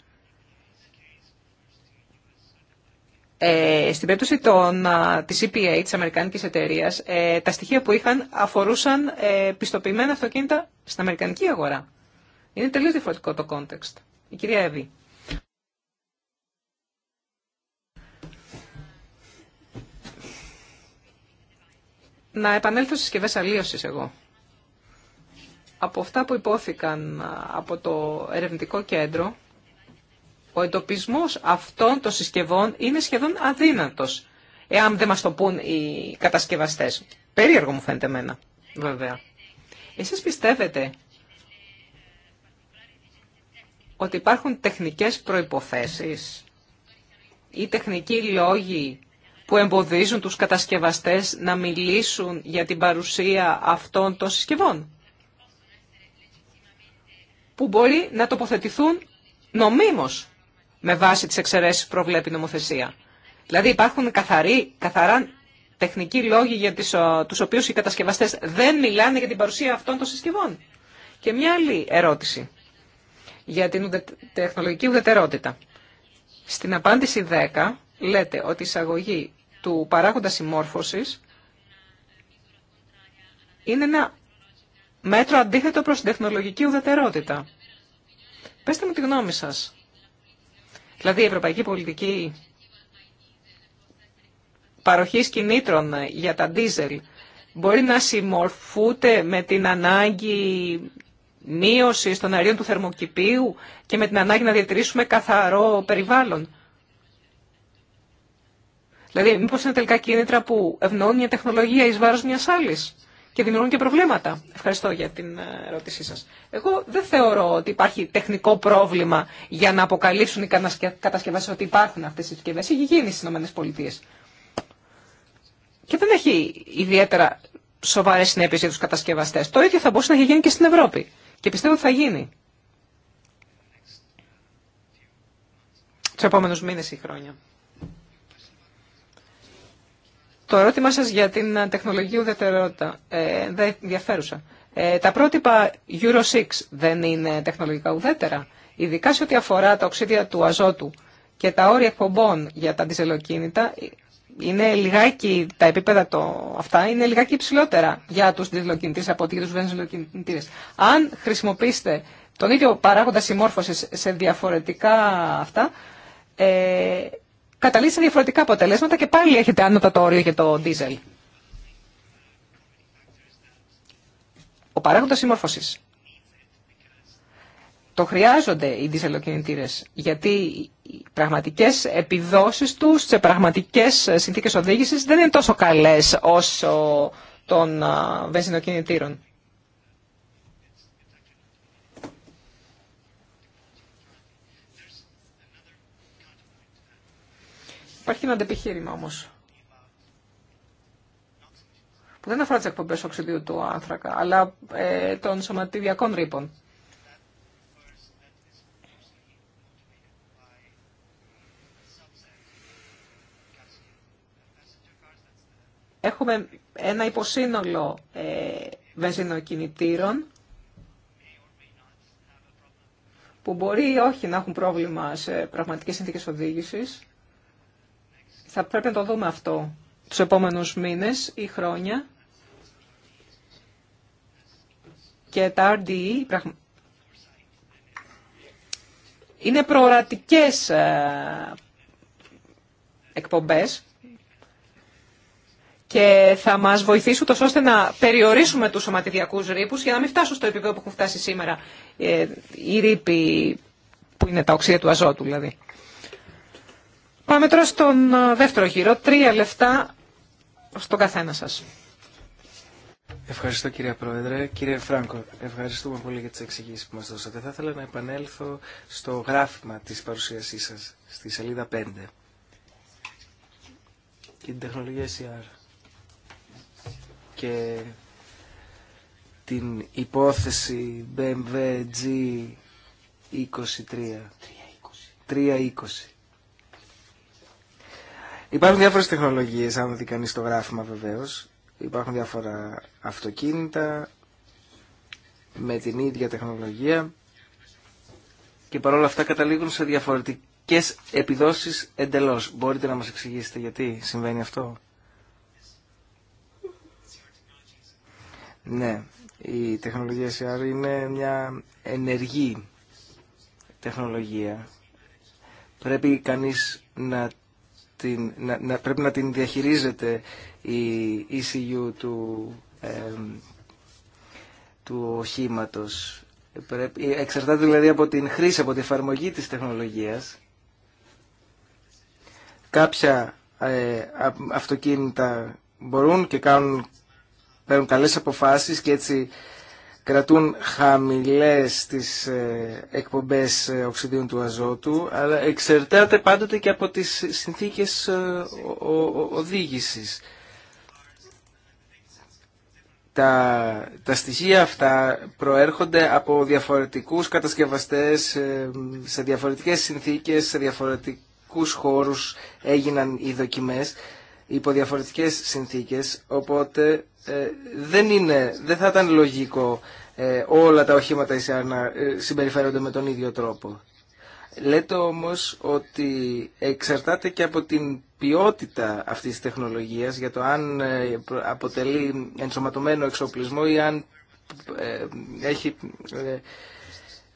Ε, στην περίπτωση των, της EPA, της Αμερικάνικης εταιρείας, ε, τα στοιχεία που είχαν αφορούσαν ε, πιστοποιημένα αυτοκίνητα στην Αμερικανική αγορά. Είναι τελείως διαφορετικό το context. Η κυρία Εύη. Να επανέλθω στις συσκευές αλλίωσης εγώ. Από αυτά που υπόθηκαν από το ερευνητικό κέντρο, ο εντοπισμός αυτών των συσκευών είναι σχεδόν αδύνατος, εάν δεν μας το πούν οι κατασκευαστές. Περίεργο μου φαίνεται εμένα, βέβαια. Εσείς πιστεύετε ότι υπάρχουν τεχνικές προϋποθέσεις ή τεχνικοί λόγοι που εμποδίζουν τους κατασκευαστές να μιλήσουν για την παρουσία αυτών των συσκευών που μπορεί να τοποθετηθούν νομίμως με βάση τις εξαιρέσεις που προβλέπει η νομοθεσία. Δηλαδή υπάρχουν καθαροί, καθαρά τεχνικοί λόγοι για τις, τους οποίους οι κατασκευαστές δεν μιλάνε για την παρουσία αυτών των συσκευών. Και μια άλλη ερώτηση για την τεχνολογική ουδετερότητα. Στην απάντηση 10 λέτε ότι η εισαγωγή του παράγοντα συμμόρφωσης είναι ένα μέτρο αντίθετο προς την τεχνολογική ουδετερότητα. Πεςτε μου τη γνώμη σας. Δηλαδή η ευρωπαϊκή πολιτική παροχής κινήτρων για τα ντίζελ μπορεί να συμμορφούνται με την ανάγκη μείωση των αερίων του θερμοκηπίου και με την ανάγκη να διατηρήσουμε καθαρό περιβάλλον. Δηλαδή, μήπως είναι τελικά κίνητρα που ευνοούν μια τεχνολογία εις βάρο μια άλλη και δημιουργούν και προβλήματα. Ευχαριστώ για την ε, ερώτησή σας. Εγώ δεν θεωρώ ότι υπάρχει τεχνικό πρόβλημα για να αποκαλύψουν οι κατασκευαστές ότι υπάρχουν αυτές οι συσκευές. Έχει γίνει στις ΗΠΑ. Και δεν έχει ιδιαίτερα σοβαρές συνέπειες για τους κατασκευαστές. Το ίδιο θα μπορούσε να έχει γίνει και στην Ευρώπη. Και πιστεύω ότι θα γίνει. Τους επόμενους μήνες ή χρόνια. Το ερώτημά σας για την ε, τεχνολογική ουδετερότητα ε, δεν ενδιαφέρουσα. Ε, τα πρότυπα Euro 6 δεν είναι τεχνολογικά ουδέτερα, ειδικά σε ό,τι αφορά τα οξύδια του αζότου και τα όρια εκπομπών για τα διζελοκίνητα ε, είναι λιγάκι, τα επίπεδα το, αυτά είναι λιγάκι υψηλότερα για τους διζελοκινητές από ότι για τους βενζελοκίνητες. Αν χρησιμοποιήσετε τον ίδιο παράγοντα συμμόρφωσης σε διαφορετικά αυτά, καταλήξει σε διαφορετικά αποτελέσματα και πάλι έχετε το όριο για το δίζελ. Ο παράγοντας συμμόρφωσης. Το χρειάζονται οι δισελοκινητήρες, γιατί οι πραγματικές επιδόσεις τους σε πραγματικές συνθήκες οδήγησης δεν είναι τόσο καλές όσο των βενζινοκινητήρων. Υπάρχει ένα αντεπιχείρημα όμως που δεν αφορά τι εκπομπέ οξυδίου του άνθρακα, αλλά ε, των σωματιδιακών ρήπων. Έχουμε ένα υποσύνολο ε, βενζινοκινητήρων που μπορεί όχι να έχουν πρόβλημα σε πραγματικές συνθήκες οδήγησης, θα πρέπει να το δούμε αυτό του επόμενους μήνες ή χρόνια. Και τα RDE είναι προορατικές ε, εκπομπές και θα μα βοηθήσουν τόσο ώστε να περιορίσουμε του σωματιδιακού ρήπου για να μην φτάσουν στο επίπεδο που έχουν φτάσει σήμερα ε, οι ρήποι που είναι τα οξύδια του αζότου δηλαδή. Πάμε τώρα στον ε, δεύτερο γύρο. Τρία λεφτά στον καθένα σας. Ευχαριστώ κύριε Πρόεδρε. Κύριε Φράγκο, ευχαριστούμε πολύ για τις εξηγήσεις που μας δώσατε. Θα ήθελα να επανέλθω στο γράφημα της παρουσίασής σας, στη σελίδα 5. Και την τεχνολογία CR. E Και την υπόθεση BMW G23. 320. Υπάρχουν διάφορε τεχνολογίες, αν δει κανεί το γράφημα βεβαίω. Υπάρχουν διάφορα αυτοκίνητα με την ίδια τεχνολογία και παρόλα αυτά καταλήγουν σε διαφορετικές επιδόσεις εντελώς. Μπορείτε να μας εξηγήσετε γιατί συμβαίνει αυτό. Ναι, η τεχνολογία CR είναι μια ενεργή τεχνολογία. Πρέπει κανείς να να, πρέπει να την διαχειρίζεται η ECU του, ε, του οχήματος. Ε, εξαρτάται δηλαδή από την χρήση, από την εφαρμογή της τεχνολογίας. Κάποια ε, αυτοκίνητα μπορούν και κάνουν, παίρνουν καλές αποφάσεις και έτσι κρατούν χαμηλές τις ε, εκπομπές ε, οξυδίων του αζότου, αλλά εξαρτάται πάντοτε και από τις συνθήκες ε, οδήγησης. Τα, τα στοιχεία αυτά προέρχονται από διαφορετικούς κατασκευαστές, σε διαφορετικές συνθήκες, σε διαφορετικούς χώρους έγιναν οι δοκιμές υπό διαφορετικέ συνθήκες, οπότε ε, δεν, είναι, δεν θα ήταν λογικό ε, όλα τα οχήματα ΙΣΑ να ε, συμπεριφέρονται με τον ίδιο τρόπο. Λέτε όμως ότι εξαρτάται και από την ποιότητα αυτής της τεχνολογίας για το αν αποτελεί ενσωματωμένο εξοπλισμό ή αν έχει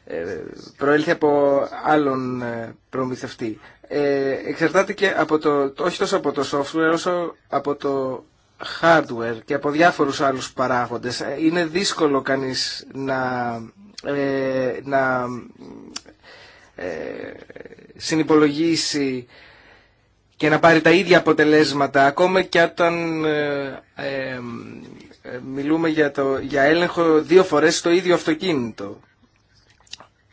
ε, προέλθει από άλλον ε, προμηθευτή. Ε, εξαρτάται και από το, όχι τόσο από το software όσο από το hardware και από διάφορους άλλους παράγοντες. Είναι δύσκολο κανείς να, ε, να ε, συνυπολογίσει και να πάρει τα ίδια αποτελέσματα ακόμα και όταν ε, μιλούμε για, το, για έλεγχο δύο φορές στο ίδιο αυτοκίνητο.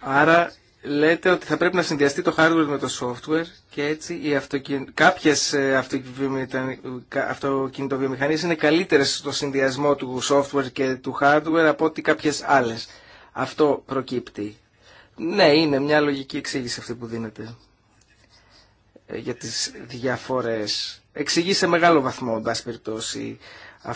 Άρα λέτε ότι θα πρέπει να συνδυαστεί το hardware με το software και έτσι οι αυτοκιν κάποιες ε, αυτοκινητοβιομηχανίες είναι καλύτερες στο συνδυασμό του software και του hardware από ότι κάποιες άλλες. Αυτό προκύπτει. Ναι, είναι μια λογική εξήγηση αυτή που δίνεται ε, για τις διαφορές. Εξηγεί σε μεγάλο βαθμό, εν πάση ε,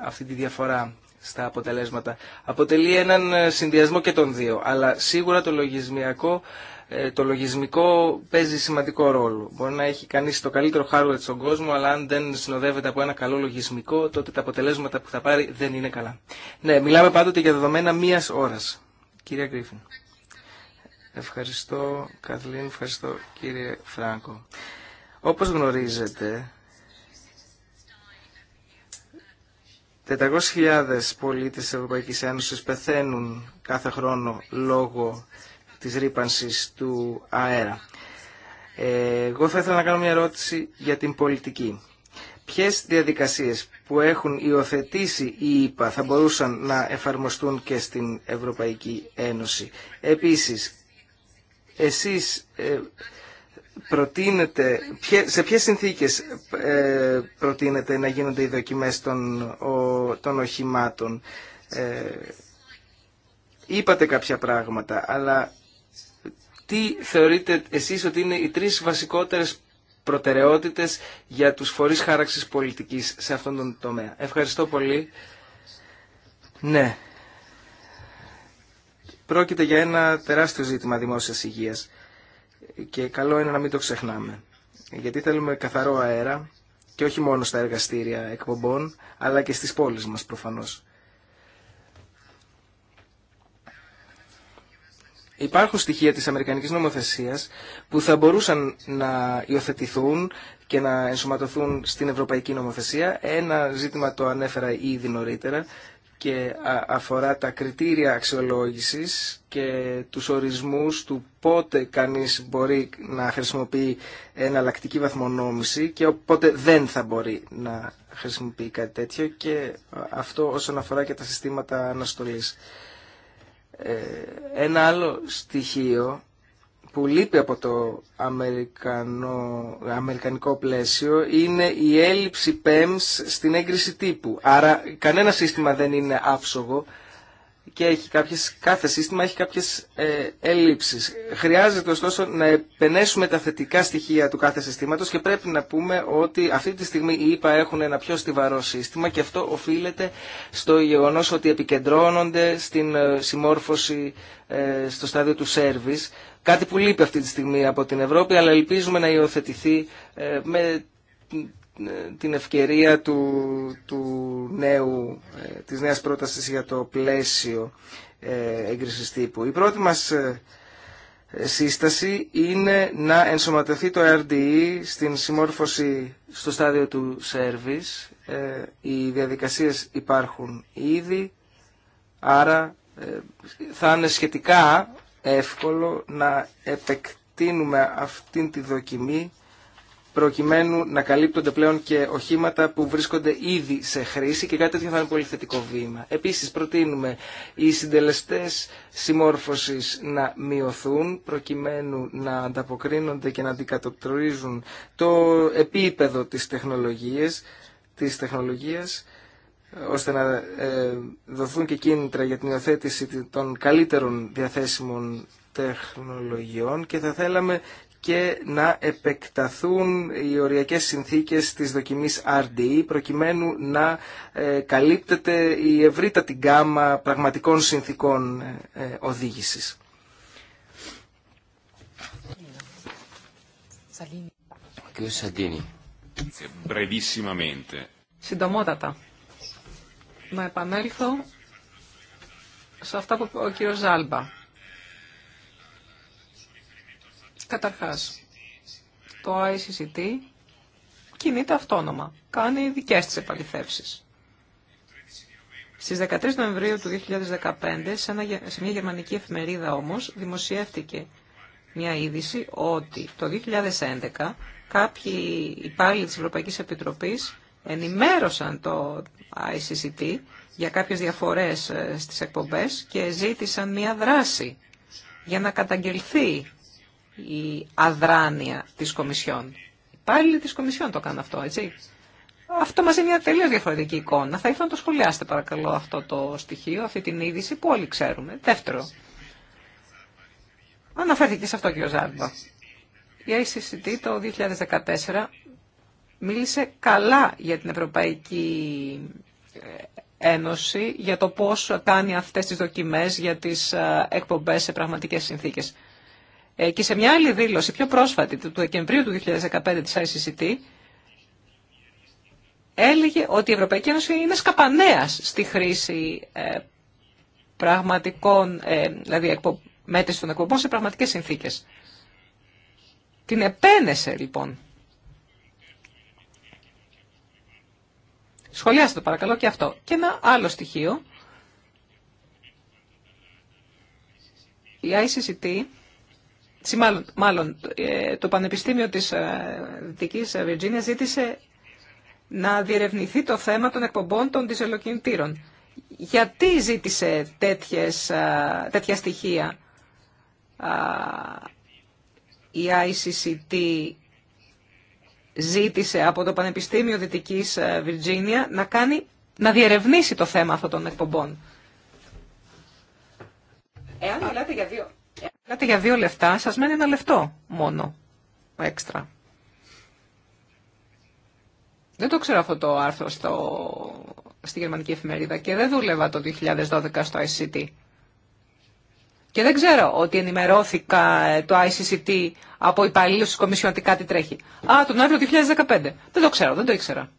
αυτή τη διαφορά στα αποτελέσματα. Αποτελεί έναν ε, συνδυασμό και των δύο, αλλά σίγουρα το λογισμιακό ε, το λογισμικό παίζει σημαντικό ρόλο. Μπορεί να έχει κανείς το καλύτερο hardware στον κόσμο, αλλά αν δεν συνοδεύεται από ένα καλό λογισμικό, τότε τα αποτελέσματα που θα πάρει δεν είναι καλά. Ναι, μιλάμε πάντοτε για δεδομένα μίας ώρας. Κυρία Γκρίφιν. Ευχαριστώ, Καθλίν, ευχαριστώ κύριε Φράγκο. Όπως γνωρίζετε, 400.000 πολίτες της Ευρωπαϊκής Ένωσης πεθαίνουν κάθε χρόνο λόγω της ρήπανσης του αέρα. Ε, εγώ θα ήθελα να κάνω μια ερώτηση για την πολιτική. Ποιες διαδικασίες που έχουν υιοθετήσει η ΕΠΑ θα μπορούσαν να εφαρμοστούν και στην Ευρωπαϊκή Ένωση. Επίσης, εσείς ε, σε ποιες συνθήκες ε, προτείνεται να γίνονται οι δοκιμές των, των οχημάτων. Ε, είπατε κάποια πράγματα, αλλά τι θεωρείτε εσείς ότι είναι οι τρεις βασικότερες προτεραιότητες για τους φορείς χάραξης πολιτικής σε αυτόν τον τομέα. Ευχαριστώ πολύ. Ναι. Πρόκειται για ένα τεράστιο ζήτημα δημόσιας υγείας και καλό είναι να μην το ξεχνάμε. Γιατί θέλουμε καθαρό αέρα και όχι μόνο στα εργαστήρια εκπομπών, αλλά και στις πόλεις μας προφανώς. Υπάρχουν στοιχεία της Αμερικανικής νομοθεσίας που θα μπορούσαν να υιοθετηθούν και να ενσωματωθούν στην Ευρωπαϊκή νομοθεσία. Ένα ζήτημα το ανέφερα ήδη νωρίτερα και αφορά τα κριτήρια αξιολόγησης και τους ορισμούς του πότε κανείς μπορεί να χρησιμοποιεί εναλλακτική βαθμονόμηση και πότε δεν θα μπορεί να χρησιμοποιεί κάτι τέτοιο και αυτό όσον αφορά και τα συστήματα αναστολής. Ε, ένα άλλο στοιχείο που λείπει από το αμερικανό, αμερικανικό πλαίσιο είναι η έλλειψη PEMS στην έγκριση τύπου. Άρα κανένα σύστημα δεν είναι άψογο και έχει κάποιες, κάθε σύστημα έχει κάποιες ε, ελλείψεις. Χρειάζεται ωστόσο να επενέσουμε τα θετικά στοιχεία του κάθε συστήματος και πρέπει να πούμε ότι αυτή τη στιγμή οι ΙΠΑ έχουν ένα πιο στιβαρό σύστημα και αυτό οφείλεται στο γεγονός ότι επικεντρώνονται στην ε, συμμόρφωση ε, στο στάδιο του σέρβις, κάτι που λείπει αυτή τη στιγμή από την Ευρώπη αλλά ελπίζουμε να υιοθετηθεί ε, με την ευκαιρία του, του νέου, ε, της νέας πρότασης για το πλαίσιο ε, έγκρισης τύπου. Η πρώτη μας ε, σύσταση είναι να ενσωματωθεί το RDE στην συμμόρφωση στο στάδιο του service. Οι διαδικασίες υπάρχουν ήδη, άρα θα είναι σχετικά εύκολο να επεκτείνουμε αυτήν τη δοκιμή προκειμένου να καλύπτονται πλέον και οχήματα που βρίσκονται ήδη σε χρήση και κάτι τέτοιο θα είναι πολύ θετικό βήμα. Επίσης προτείνουμε οι συντελεστές συμμόρφωσης να μειωθούν προκειμένου να ανταποκρίνονται και να αντικατοπτρίζουν το επίπεδο της τεχνολογίας, της τεχνολογίας ώστε να ε, δοθούν και κίνητρα για την υιοθέτηση των καλύτερων διαθέσιμων τεχνολογιών και θα θέλαμε και να επεκταθούν οι οριακές συνθήκες της δοκιμής RDE προκειμένου να ε, καλύπτεται η ευρύτατη γκάμα πραγματικών συνθήκων ε, οδήγησης. Κύριε Συντομότατα. Να επανέλθω σε αυτά που είπε ο κύριος Ζάλμπα Καταρχάς, το ICCT κινείται αυτόνομα, κάνει δικές της επαληθεύσεις. Στις 13 Νοεμβρίου του 2015, σε μια γερμανική εφημερίδα όμως, δημοσιεύτηκε μια είδηση ότι το 2011 κάποιοι υπάλληλοι της Ευρωπαϊκής Επιτροπής ενημέρωσαν το ICCT για κάποιες διαφορές ε, στις εκπομπές και ζήτησαν μια δράση για να καταγγελθεί η αδράνεια της Κομισιόν. Οι πάλι της Κομισιόν το κάνουν αυτό, έτσι. Αυτό μας είναι μια τελείως διαφορετική εικόνα. Θα ήθελα να το σχολιάσετε παρακαλώ αυτό το στοιχείο, αυτή την είδηση που όλοι ξέρουμε. Δεύτερο, αναφέρθηκε σε αυτό και ο Ζάρμπα. Η ICCT το 2014 μίλησε καλά για την Ευρωπαϊκή ε, Ένωση για το πώς κάνει αυτές τις δοκιμές για τις ε, εκπομπές σε πραγματικές συνθήκες. Ε, και σε μια άλλη δήλωση πιο πρόσφατη του Δεκεμβρίου του 2015 της ICCT έλεγε ότι η Ευρωπαϊκή Ένωση είναι σκαπανέας στη χρήση ε, πραγματικών, ε, δηλαδή μέτρηση των εκπομπών σε πραγματικές συνθήκες. Την επένεσε λοιπόν. Σχολιάστε το παρακαλώ και αυτό. Και ένα άλλο στοιχείο. Η ICCT Μάλλον, ε, το Πανεπιστήμιο της ε, Δυτικής ε, Βιρτζίνια ζήτησε να διερευνηθεί το θέμα των εκπομπών των δισελοκινητήρων. Γιατί ζήτησε τέτοιες, τέτοια στοιχεία η ICCT ζήτησε από το Πανεπιστήμιο Δυτικής Βιρτζίνια να, κάνει, να διερευνήσει το θέμα αυτών των εκπομπών. Εάν μιλάτε για δύο... Κάτι για δύο λεφτά, σας μένει ένα λεφτό μόνο, έξτρα. Δεν το ξέρω αυτό το άρθρο στο... στη γερμανική εφημερίδα και δεν δούλευα το 2012 στο ICT. Και δεν ξέρω ότι ενημερώθηκα ε, το ICCT από υπαλλήλους της Κομισιόν ότι κάτι τρέχει. Α, τον Νοέμβριο 2015. Δεν το ξέρω, δεν το ήξερα.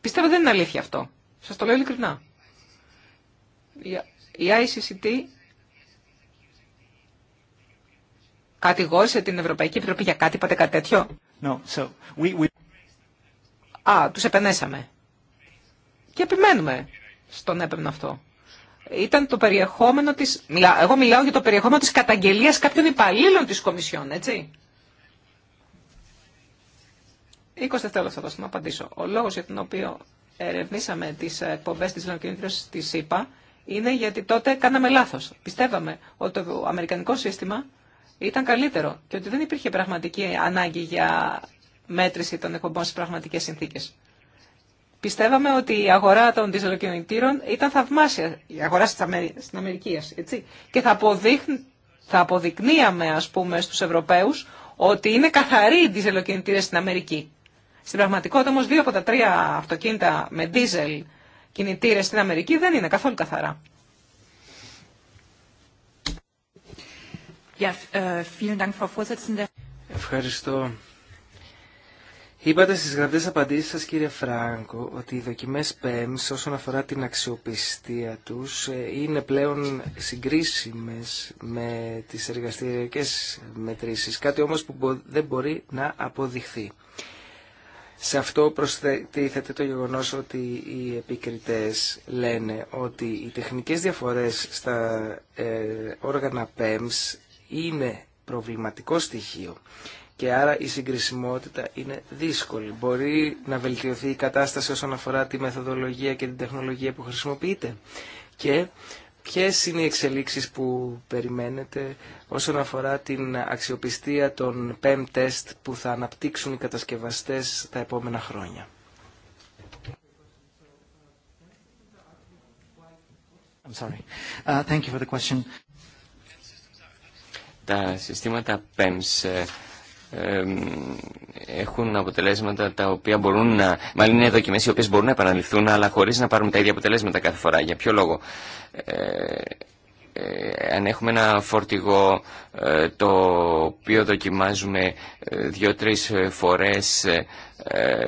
Πιστεύω δεν είναι αλήθεια αυτό. Σας το λέω ειλικρινά. Η ICCT κατηγόρησε την Ευρωπαϊκή Επιτροπή για κάτι, είπατε κάτι τέτοιο. No, so we, we... Α, τους επενέσαμε. Και επιμένουμε στον έπαιρνο αυτό. Ήταν το περιεχόμενο της... Εγώ μιλάω για το περιεχόμενο της καταγγελίας κάποιων υπαλλήλων της Κομισιόν, έτσι. 20 δευτερόλεπτα θα δώσω να απαντήσω. Ο λόγος για τον οποίο ερευνήσαμε τις εκπομπές της Λονοκίνητρας της ΕΠΑ είναι γιατί τότε κάναμε λάθος. Πιστεύαμε ότι το αμερικανικό σύστημα ήταν καλύτερο και ότι δεν υπήρχε πραγματική ανάγκη για μέτρηση των εκπομπών στις πραγματικές συνθήκες. Πιστεύαμε ότι η αγορά των διζελοκινητήρων ήταν θαυμάσια, η αγορά στην Αμερική, έτσι, και θα, αποδείχ... θα αποδεικνύαμε, ας πούμε, στους Ευρωπαίους ότι είναι καθαροί οι διζελοκινητήρες στην Αμερική. Στην πραγματικότητα όμως δύο από τα τρία αυτοκίνητα με δίζελ κινητήρες στην Αμερική δεν είναι καθόλου καθαρά. Äh, Ευχαριστώ. Είπατε στις γραπτές απαντήσεις σας κύριε Φράγκο ότι οι δοκιμές PEMS όσον αφορά την αξιοπιστία τους ε, είναι πλέον συγκρίσιμες με τις εργαστηριακές μετρήσεις, κάτι όμως που δεν μπορεί να αποδειχθεί. Σε αυτό προσθέτει το γεγονός ότι οι επικριτές λένε ότι οι τεχνικές διαφορές στα ε, όργανα ΠΕΜΣ είναι προβληματικό στοιχείο και άρα η συγκρισιμότητα είναι δύσκολη. Μπορεί να βελτιωθεί η κατάσταση όσον αφορά τη μεθοδολογία και την τεχνολογία που χρησιμοποιείται και ποιες είναι οι εξελίξεις που περιμένετε όσον αφορά την αξιοπιστία των PEM test που θα αναπτύξουν οι κατασκευαστές τα επόμενα χρόνια. I'm sorry. Uh, τα συστήματα PEMS ε, έχουν αποτελέσματα τα οποία μπορούν να... Μάλλον είναι δοκιμές οι οποίες μπορούν να επαναληφθούν αλλά χωρίς να πάρουμε τα ίδια αποτελέσματα κάθε φορά. Για ποιο λόγο. Ε, ε, αν έχουμε ένα φορτηγό το οποίο δοκιμάζουμε δύο-τρεις φορές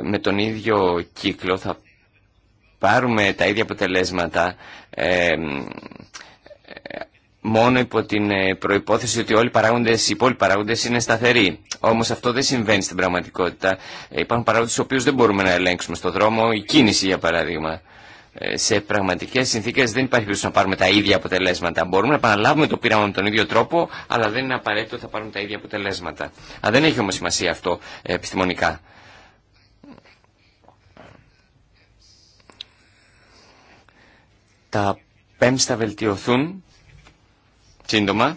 με τον ίδιο κύκλο θα πάρουμε τα ίδια αποτελέσματα μόνο υπό την ε, προϋπόθεση ότι όλοι οι παράγοντες, οι υπόλοιποι παράγοντες είναι σταθεροί. Όμως αυτό δεν συμβαίνει στην πραγματικότητα. Ε, υπάρχουν παράγοντες στους οποίους δεν μπορούμε να ελέγξουμε στον δρόμο, η κίνηση για παράδειγμα. Ε, σε πραγματικές συνθήκες δεν υπάρχει περίπτωση να πάρουμε τα ίδια αποτελέσματα. Μπορούμε να επαναλάβουμε το πείραμα με τον ίδιο τρόπο, αλλά δεν είναι απαραίτητο ότι θα πάρουμε τα ίδια αποτελέσματα. Α, δεν έχει όμως σημασία αυτό επιστημονικά. Τα πέμπτα βελτιωθούν σύντομα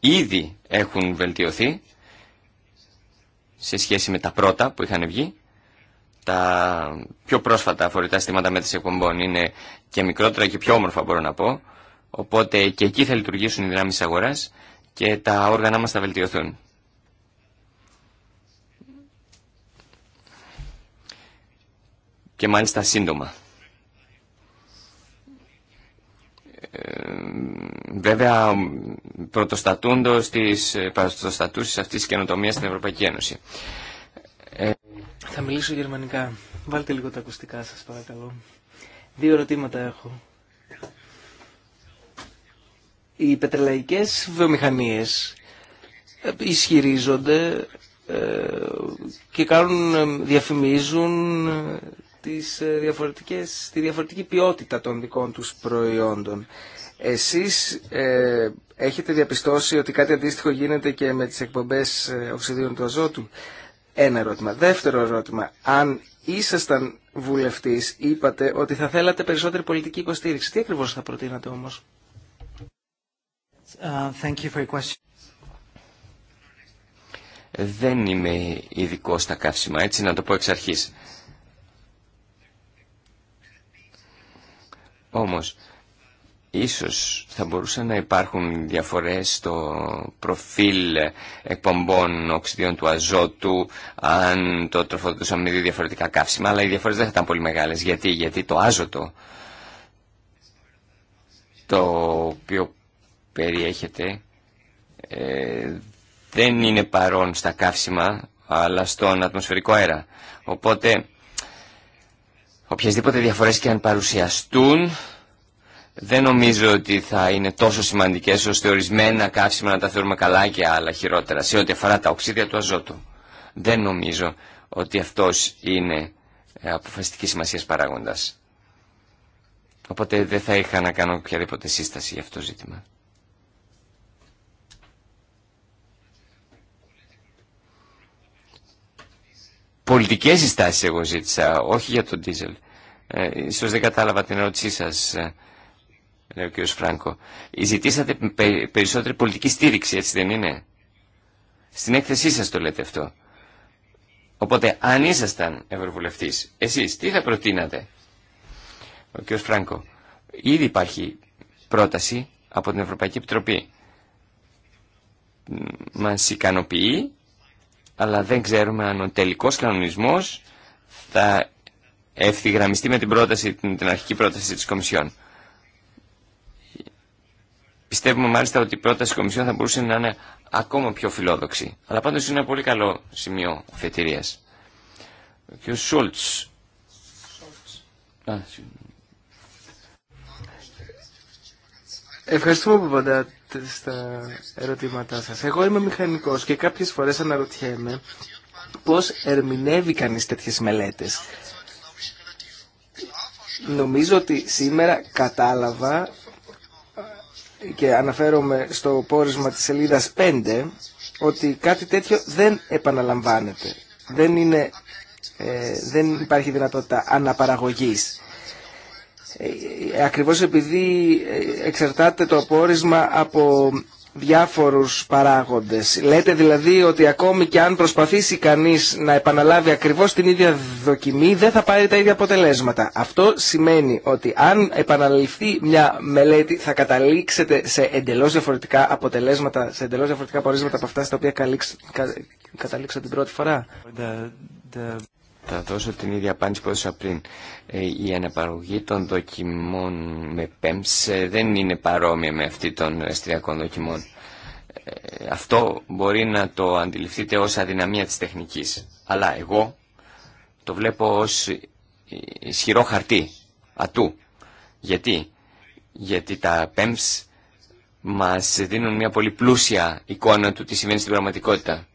ήδη έχουν βελτιωθεί σε σχέση με τα πρώτα που είχαν βγει. Τα πιο πρόσφατα φορητά στήματα μέτρηση εκπομπών είναι και μικρότερα και πιο όμορφα μπορώ να πω. Οπότε και εκεί θα λειτουργήσουν οι δυνάμεις της αγοράς και τα όργανα μας θα βελτιωθούν. Και μάλιστα σύντομα. βέβαια πρωτοστατούντο τις πρωτοστατούσεις αυτής της καινοτομίας στην Ευρωπαϊκή Ένωση. Ε, Θα μιλήσω γερμανικά. Βάλτε λίγο τα ακουστικά σας παρακαλώ. Δύο ερωτήματα έχω. Οι πετρελαϊκές βιομηχανίες ε, ισχυρίζονται ε, και κάνουν, διαφημίζουν τις ε, διαφορετικές, τη διαφορετική ποιότητα των δικών τους προϊόντων. Εσείς ε, έχετε διαπιστώσει ότι κάτι αντίστοιχο γίνεται και με τις εκπομπές ε, οξυδίων του αζότου. Ένα ερώτημα. Δεύτερο ερώτημα. Αν ήσασταν βουλευτής, είπατε ότι θα θέλατε περισσότερη πολιτική υποστήριξη. Τι ακριβώς θα προτείνατε όμως. Uh, thank you for your Δεν είμαι ειδικό στα καύσιμα, έτσι να το πω εξ αρχής. Όμως, ίσως θα μπορούσαν να υπάρχουν διαφορές στο προφίλ εκπομπών οξυδίων του αζότου αν το τροφοδοτούσαν με δύο διαφορετικά καύσιμα, αλλά οι διαφορές δεν θα ήταν πολύ μεγάλες. Γιατί, γιατί το άζωτο το οποίο περιέχεται ε, δεν είναι παρόν στα καύσιμα αλλά στον ατμοσφαιρικό αέρα. Οπότε Οποιασδήποτε διαφορές και αν παρουσιαστούν, δεν νομίζω ότι θα είναι τόσο σημαντικές ώστε ορισμένα καύσιμα να τα θεωρούμε καλά και άλλα χειρότερα σε ό,τι αφορά τα οξύδια του αζότου. Δεν νομίζω ότι αυτός είναι ε, αποφασιστική σημασία παράγοντας. Οπότε δεν θα είχα να κάνω οποιαδήποτε σύσταση για αυτό το ζήτημα. πολιτικές συστάσεις εγώ ζήτησα, όχι για τον ντίζελ. Ε, ίσως δεν κατάλαβα την ερώτησή σας, ε, λέει ο κ. Φράγκο. Ε, ζητήσατε περισσότερη πολιτική στήριξη, έτσι δεν είναι. Στην έκθεσή σας το λέτε αυτό. Οπότε, αν ήσασταν ευρωβουλευτής, εσείς τι θα προτείνατε, ο κ. Φράγκο. Ήδη υπάρχει πρόταση από την Ευρωπαϊκή Επιτροπή. Μας ικανοποιεί αλλά δεν ξέρουμε αν ο τελικός κανονισμός θα ευθυγραμμιστεί με την, πρόταση, την αρχική πρόταση της Κομισιόν. Πιστεύουμε μάλιστα ότι η πρόταση της Κομισιόν θα μπορούσε να είναι ακόμα πιο φιλόδοξη. Αλλά πάντως είναι ένα πολύ καλό σημείο αφετηρίας. Ο κ. Σούλτς. Ευχαριστούμε που πάντα στα ερωτήματά σας. Εγώ είμαι μηχανικός και κάποιες φορές αναρωτιέμαι πώς ερμηνεύει κανείς τέτοιες μελέτες. Νομίζω ότι σήμερα κατάλαβα και αναφέρομαι στο πόρισμα της σελίδας 5 ότι κάτι τέτοιο δεν επαναλαμβάνεται. Δεν, είναι, ε, δεν υπάρχει δυνατότητα αναπαραγωγής. Ε, ακριβώς επειδή ε, εξαρτάται το απόρισμα από διάφορους παράγοντες. Λέτε δηλαδή ότι ακόμη και αν προσπαθήσει κανείς να επαναλάβει ακριβώς την ίδια δοκιμή δεν θα πάρει τα ίδια αποτελέσματα. Αυτό σημαίνει ότι αν επαναληφθεί μια μελέτη θα καταλήξετε σε εντελώς διαφορετικά αποτελέσματα, σε εντελώς διαφορετικά από αυτά στα οποία καταλήξατε την πρώτη φορά θα δώσω την ίδια απάντηση που έδωσα πριν. Ε, η αναπαραγωγή των δοκιμών με PEMS ε, δεν είναι παρόμοια με αυτή των εστιακών δοκιμών. Ε, αυτό μπορεί να το αντιληφθείτε ως αδυναμία της τεχνικής. Αλλά εγώ το βλέπω ως ισχυρό χαρτί, ατού. Γιατί, Γιατί τα PEMS μας δίνουν μια πολύ πλούσια εικόνα του τι συμβαίνει στην πραγματικότητα.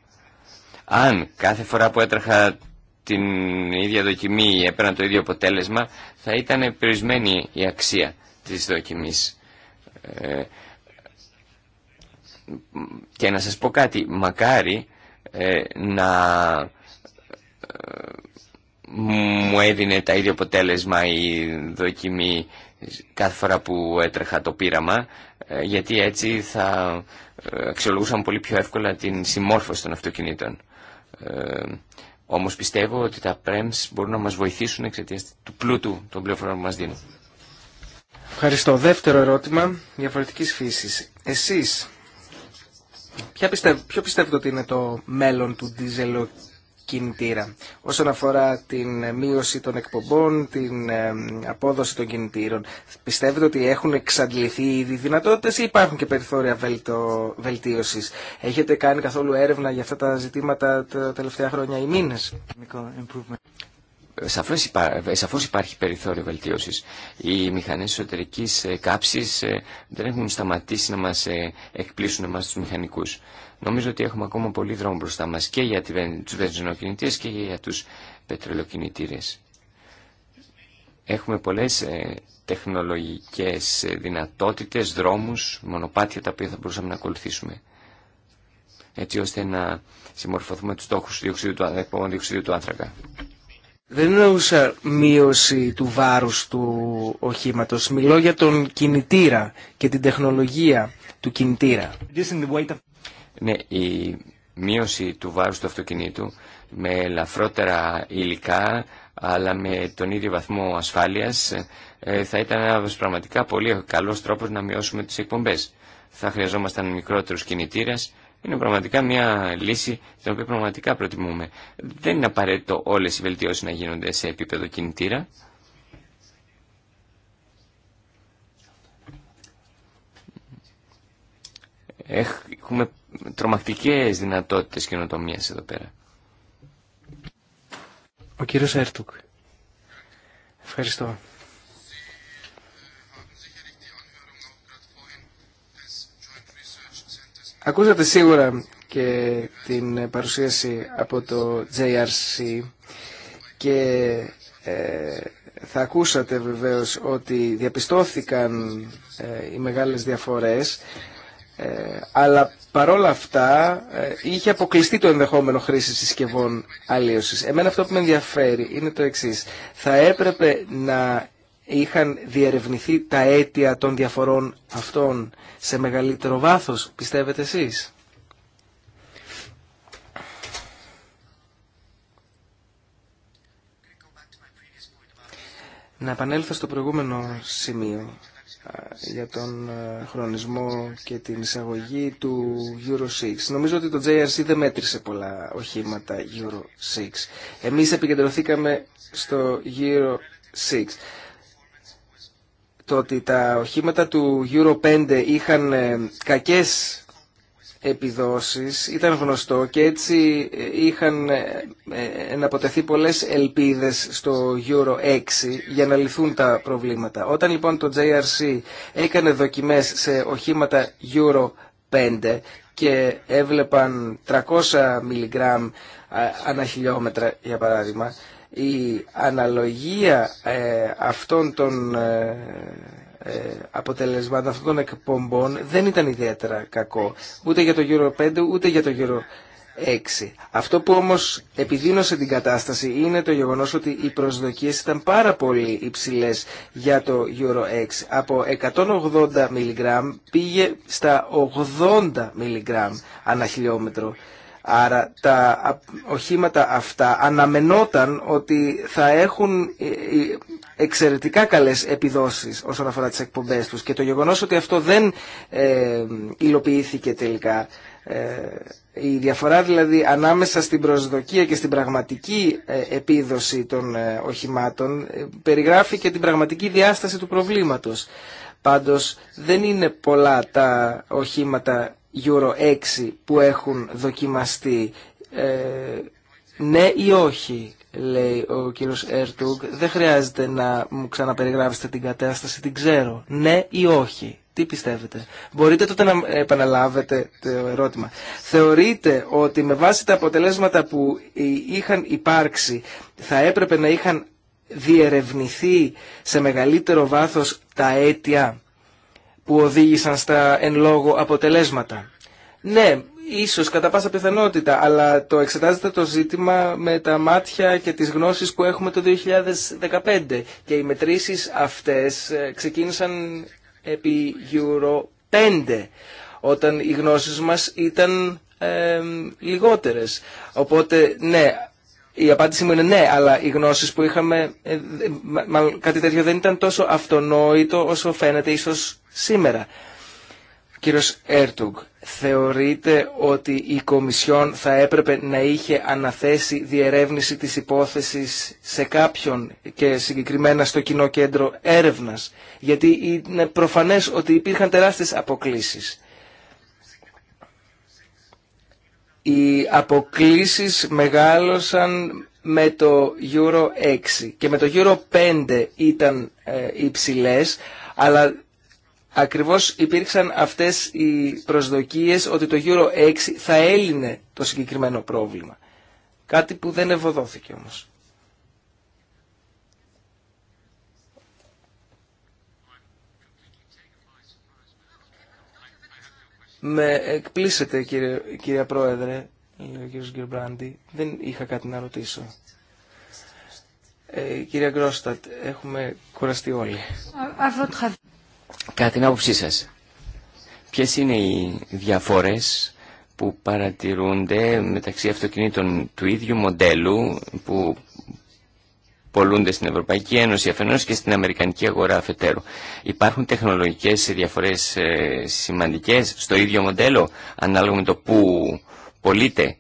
Αν κάθε φορά που έτρεχα την ίδια δοκιμή έπαιρναν το ίδιο αποτέλεσμα, θα ήταν περιορισμένη η αξία της δοκιμής. Ε, και να σας πω κάτι, μακάρι ε, να ε, μου έδινε τα ίδια αποτέλεσμα η δοκιμή κάθε φορά που έτρεχα το πείραμα, γιατί έτσι θα αξιολογούσαμε πολύ πιο εύκολα την συμμόρφωση των αυτοκινήτων. Όμως πιστεύω ότι τα ΠΡΕΜΣ μπορούν να μας βοηθήσουν εξαιτία του πλούτου των πληροφοριών που μας δίνουν. Ευχαριστώ. Δεύτερο ερώτημα, διαφορετικής φύσης. Εσείς, ποιο πιστεύετε ότι είναι το μέλλον του κινητήρα. Όσον αφορά την μείωση των εκπομπών, την απόδοση των κινητήρων, πιστεύετε ότι έχουν εξαντληθεί ήδη οι δυνατότητε ή υπάρχουν και περιθώρια βελτίωση. Έχετε κάνει καθόλου έρευνα για αυτά τα ζητήματα τα τελευταία χρόνια ή μήνε. Σαφώς, ε, Σαφώς υπάρχει περιθώριο βελτίωσης. Οι μηχανές εσωτερικής ε, κάψης ε, δεν έχουν σταματήσει να μας εκπλήσουν εμάς τους μηχανικούς. Νομίζω ότι έχουμε ακόμα πολύ δρόμο μπροστά μας και για του βενζινοκινητήρε και για τους πετρελοκινητήρε. Έχουμε πολλές ε, τεχνολογικές ε, δυνατότητες, δρόμους, μονοπάτια τα οποία θα μπορούσαμε να ακολουθήσουμε. Έτσι ώστε να συμμορφωθούμε τους στόχους διοξιδίου του, διοξιδίου του άνθρακα. Δεν εννοούσα μείωση του βάρους του οχήματος. Μιλώ για τον κινητήρα και την τεχνολογία του κινητήρα. Ναι, η μείωση του βάρους του αυτοκινήτου με ελαφρότερα υλικά αλλά με τον ίδιο βαθμό ασφάλειας ε, θα ήταν ένας πραγματικά πολύ καλός τρόπος να μειώσουμε τις εκπομπές. Θα χρειαζόμασταν μικρότερους κινητήρες. Είναι πραγματικά μια λύση την οποία πραγματικά προτιμούμε. Δεν είναι απαραίτητο όλες οι βελτιώσεις να γίνονται σε επίπεδο κινητήρα. Έχουμε τρομακτικές δυνατότητες καινοτομίας εδώ πέρα. Ο κύριος Έρτουκ. Ευχαριστώ. Ακούσατε σίγουρα και την παρουσίαση από το JRC και ε, θα ακούσατε βεβαίως ότι διαπιστώθηκαν ε, οι μεγάλες διαφορές ε, αλλά παρόλα αυτά ε, είχε αποκλειστεί το ενδεχόμενο χρήση συσκευών αλλίωσης. Εμένα αυτό που με ενδιαφέρει είναι το εξή. Θα έπρεπε να είχαν διερευνηθεί τα αίτια των διαφορών αυτών σε μεγαλύτερο βάθος, πιστεύετε εσείς. Να επανέλθω στο προηγούμενο σημείο για τον ε, χρονισμό και την εισαγωγή του Euro 6. Νομίζω ότι το JRC δεν μέτρησε πολλά οχήματα Euro 6. Εμείς επικεντρωθήκαμε στο Euro 6. Το ότι τα οχήματα του Euro 5 είχαν ε, κακές επιδόσεις ήταν γνωστό και έτσι είχαν ε, ε, εναποτεθεί πολλές ελπίδες στο Euro 6 για να λυθούν τα προβλήματα. Όταν λοιπόν το JRC έκανε δοκιμές σε οχήματα Euro 5 και έβλεπαν 300 μιλιγκράμμ ε, ανά χιλιόμετρα για παράδειγμα, η αναλογία αυτών των ε, αποτελεσματα αυτών των εκπομπών δεν ήταν ιδιαίτερα κακό ούτε για το Euro 5 ούτε για το Euro 6. Αυτό που όμως επιδίνωσε την κατάσταση είναι το γεγονός ότι οι προσδοκίες ήταν πάρα πολύ υψηλές για το Euro 6. Από 180 mg πήγε στα 80 mg ανά χιλιόμετρο. Άρα τα οχήματα αυτά αναμενόταν ότι θα έχουν ε, ε, εξαιρετικά καλές επιδόσεις όσον αφορά τις εκπομπές τους και το γεγονός ότι αυτό δεν ε, υλοποιήθηκε τελικά ε, η διαφορά δηλαδή ανάμεσα στην προσδοκία και στην πραγματική ε, επίδοση των οχημάτων περιγράφει και την πραγματική διάσταση του προβλήματος. Πάντως δεν είναι πολλά τα οχήματα Euro 6 που έχουν δοκιμαστεί. Ε, ναι ή όχι λέει ο κύριος Έρτουγκ, δεν χρειάζεται να μου ξαναπεριγράψετε την κατάσταση, την ξέρω. Ναι ή όχι. Τι πιστεύετε. Μπορείτε τότε να επαναλάβετε το ερώτημα. Θεωρείτε ότι με βάση τα αποτελέσματα που είχαν υπάρξει θα έπρεπε να είχαν διερευνηθεί σε μεγαλύτερο βάθος τα αίτια που οδήγησαν στα εν λόγω αποτελέσματα. Ναι, Ίσως κατά πάσα πιθανότητα, αλλά το εξετάζεται το ζήτημα με τα μάτια και τις γνώσεις που έχουμε το 2015 και οι μετρήσεις αυτές ε, ξεκίνησαν επί Euro 5 όταν οι γνώσεις μας ήταν ε, λιγότερες. Οπότε ναι, η απάντηση μου είναι ναι, αλλά οι γνώσεις που είχαμε, ε, κάτι τέτοιο δεν ήταν τόσο αυτονόητο όσο φαίνεται ίσως σήμερα. Κύριος Έρτουγκ, θεωρείτε ότι η Κομισιόν θα έπρεπε να είχε αναθέσει διερεύνηση της υπόθεσης σε κάποιον και συγκεκριμένα στο Κοινό Κέντρο Έρευνας, γιατί είναι προφανές ότι υπήρχαν τεράστιες αποκλήσεις. Οι αποκλίσεις μεγάλωσαν με το Euro 6 και με το Euro 5 ήταν ε, υψηλές, αλλά ακριβώς υπήρξαν αυτές οι προσδοκίες ότι το Euro 6 θα έλυνε το συγκεκριμένο πρόβλημα. Κάτι που δεν ευωδόθηκε όμως. Με εκπλήσετε κύριε, κυρία Πρόεδρε, λέει ο κύριος Γκυρμπράντη, δεν είχα κάτι να ρωτήσω. Ε, κυρία Γκρόστατ, έχουμε κουραστεί όλοι. Κατά την άποψή σας, ποιες είναι οι διαφορές που παρατηρούνται μεταξύ αυτοκινήτων του ίδιου μοντέλου που πολλούνται στην Ευρωπαϊκή Ένωση αφενός και στην Αμερικανική αγορά αφετέρου. Υπάρχουν τεχνολογικές διαφορές σημαντικέ ε, σημαντικές στο ίδιο μοντέλο ανάλογα με το που πωλείται.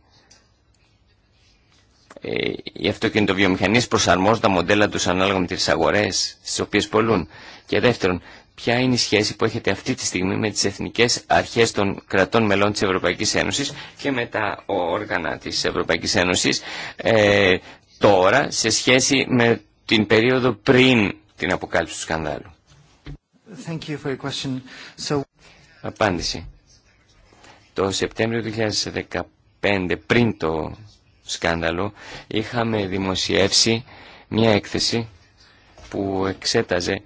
Ε, οι αυτοκινητοβιομηχανίες προσαρμόζουν τα μοντέλα τους ανάλογα με τις αγορές στις οποίες πολλούν. Και δεύτερον, ποια είναι η σχέση που έχετε αυτή τη στιγμή με τις εθνικές αρχές των κρατών μελών της Ευρωπαϊκής Ένωσης και με τα όργανα της Ευρωπαϊκής Ένωσης ε, τώρα σε σχέση με την περίοδο πριν την αποκάλυψη του σκανδάλου. Thank you for your So... Απάντηση. Το Σεπτέμβριο του 2015 πριν το σκάνδαλο είχαμε δημοσιεύσει μια έκθεση που εξέταζε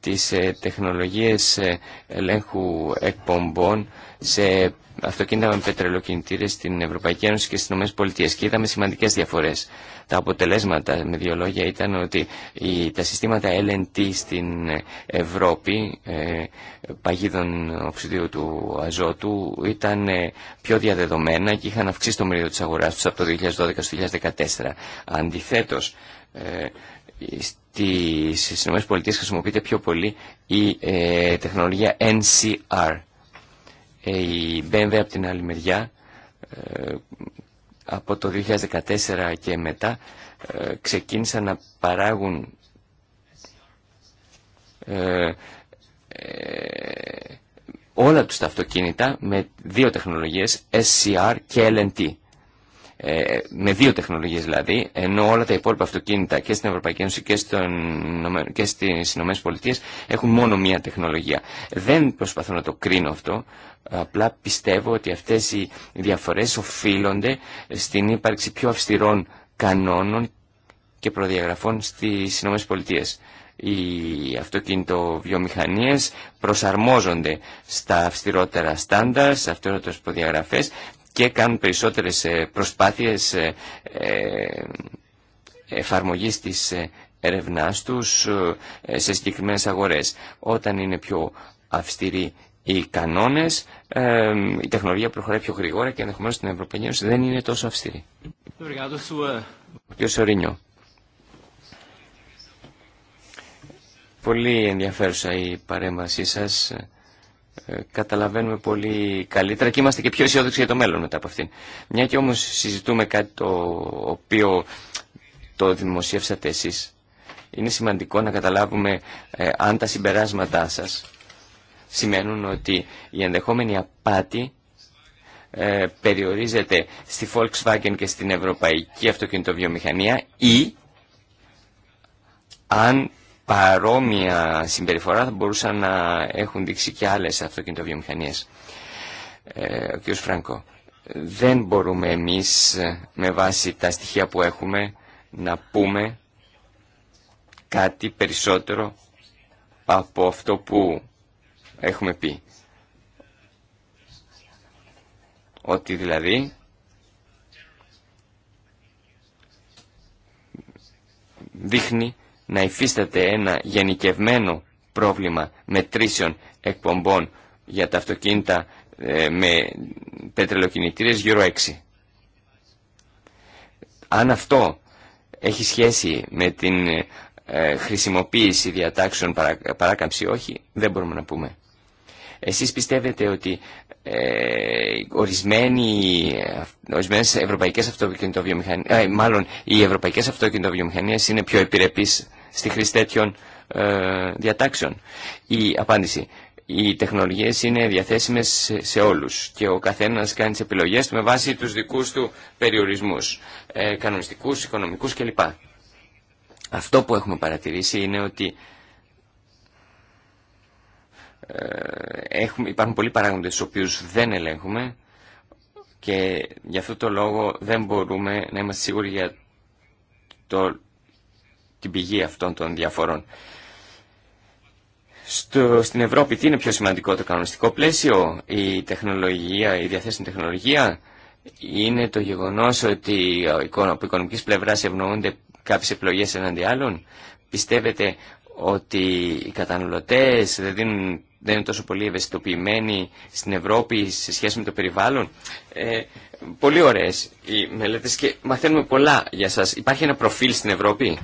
τις ε, τεχνολογίες ε, ελέγχου εκπομπών σε αυτοκίνητα με πετρελοκινητήρες στην Ευρωπαϊκή Ένωση και στις ΗΠΑ και είδαμε σημαντικές διαφορές. Τα αποτελέσματα με δύο λόγια ήταν ότι η, τα συστήματα LNT στην Ευρώπη ε, παγίδων οξυδίου του αζότου ήταν ε, πιο διαδεδομένα και είχαν αυξήσει το μερίδιο της αγοράς τους από το 2012 στο 2014. Αντιθέτως, ε, στις Πολιτείες χρησιμοποιείται πιο πολύ η ε, τεχνολογία NCR. Ε, η BMW από την άλλη μεριά ε, από το 2014 και μετά ξεκίνησαν να παράγουν όλα τους τα αυτοκίνητα με δύο τεχνολογίες SCR και LNT ε, με δύο τεχνολογίες δηλαδή, ενώ όλα τα υπόλοιπα αυτοκίνητα και στην Ευρωπαϊκή Ένωση και, στον, και στις Ηνωμένες έχουν μόνο μία τεχνολογία. Δεν προσπαθώ να το κρίνω αυτό, απλά πιστεύω ότι αυτές οι διαφορές οφείλονται στην ύπαρξη πιο αυστηρών κανόνων και προδιαγραφών στις ΗΠΑ. Οι αυτοκινητοβιομηχανίες προσαρμόζονται στα αυστηρότερα στάνταρ, στα αυστηρότερες προδιαγραφές και κάνουν περισσότερες ε, προσπάθειες ε, ε, εφαρμογής της ερευνάς τους σε συγκεκριμένες αγορές. Όταν είναι πιο αυστηροί οι κανόνες, η τεχνολογία προχωράει πιο γρήγορα και ενδεχομένως στην Ευρωπαϊκή Ένωση δεν είναι τόσο αυστηρή. Πολύ ενδιαφέρουσα η παρέμβασή σας. Ε, καταλαβαίνουμε πολύ καλύτερα και είμαστε και πιο αισιόδοξοι για το μέλλον μετά από αυτήν. Μια και όμως συζητούμε κάτι το οποίο το δημοσίευσατε εσείς, είναι σημαντικό να καταλάβουμε ε, αν τα συμπεράσματά σας σημαίνουν ότι η ενδεχόμενη απάτη ε, περιορίζεται στη Volkswagen και στην ευρωπαϊκή αυτοκινητοβιομηχανία ή αν παρόμοια συμπεριφορά θα μπορούσαν να έχουν δείξει και άλλες αυτοκινητοβιομηχανίες. Ε, ο κ. Φρανκό, δεν μπορούμε εμείς με βάση τα στοιχεία που έχουμε να πούμε κάτι περισσότερο από αυτό που έχουμε πει. Ότι δηλαδή δείχνει να υφίσταται ένα γενικευμένο πρόβλημα μετρήσεων εκπομπών για τα αυτοκίνητα ε, με πετρελοκινητήρες γύρω 6. Αν αυτό έχει σχέση με την ε, χρησιμοποίηση διατάξεων παράκαμψη όχι, δεν μπορούμε να πούμε. Εσείς πιστεύετε ότι ε, ορισμένοι, ορισμένες ευρωπαϊκές αυτοκινητοβιομηχανίες, μάλλον οι ευρωπαϊκές αυτοκινητοβιομηχανίες είναι πιο επιρρεπείς στη χρήση τέτοιων ε, διατάξεων. Η απάντηση. Οι τεχνολογίες είναι διαθέσιμες σε, όλους και ο καθένας κάνει τις επιλογές του με βάση τους δικούς του περιορισμούς, ε, κανονιστικούς, οικονομικούς κλπ. Αυτό που έχουμε παρατηρήσει είναι ότι ε, έχουμε, υπάρχουν πολλοί παράγοντες στους οποίους δεν ελέγχουμε και γι' αυτό το λόγο δεν μπορούμε να είμαστε σίγουροι για το την πηγή αυτών των διαφορών. Στο, στην Ευρώπη τι είναι πιο σημαντικό, το κανονιστικό πλαίσιο, η τεχνολογία, η διαθέσιμη τεχνολογία, είναι το γεγονός ότι ε, από οικονομικής πλευράς ευνοούνται κάποιες επιλογές εναντί άλλων. Πιστεύετε ότι οι καταναλωτές δεν, δίνουν, είναι τόσο πολύ ευαισθητοποιημένοι στην Ευρώπη σε σχέση με το περιβάλλον. Ε, πολύ ωραίες οι μελέτες και μαθαίνουμε πολλά για σας. Υπάρχει ένα προφίλ στην Ευρώπη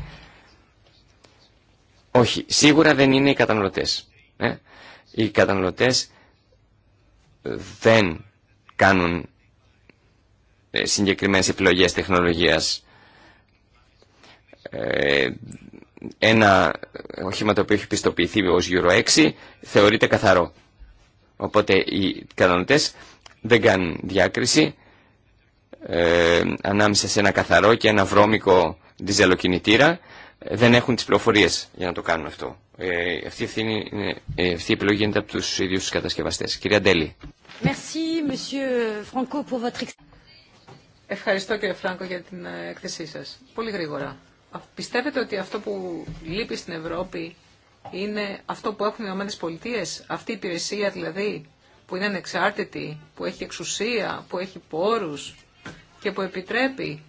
όχι, σίγουρα δεν είναι οι καταναλωτές. Ε? Οι καταναλωτές δεν κάνουν ε, συγκεκριμένες επιλογές τεχνολογίας. Ε, ένα οχήμα το οποίο έχει πιστοποιηθεί ως Euro 6 θεωρείται καθαρό. Οπότε οι καταναλωτές δεν κάνουν διάκριση ε, ανάμεσα σε ένα καθαρό και ένα βρώμικο διζελοκινητήρα δεν έχουν τις πληροφορίες για να το κάνουν αυτό. Ε, αυτή, ε, αυτή η επιλογή γίνεται από τους ίδιους τους κατασκευαστές. Κυρία Ντέλη. Ευχαριστώ κύριε Φράγκο για την εκθεσή σας. Πολύ γρήγορα. Πιστεύετε ότι αυτό που λείπει στην Ευρώπη είναι αυτό που έχουν οι ΗΠΑ, αυτή η υπηρεσία δηλαδή που είναι ανεξάρτητη, που έχει εξουσία, που έχει πόρους και που επιτρέπει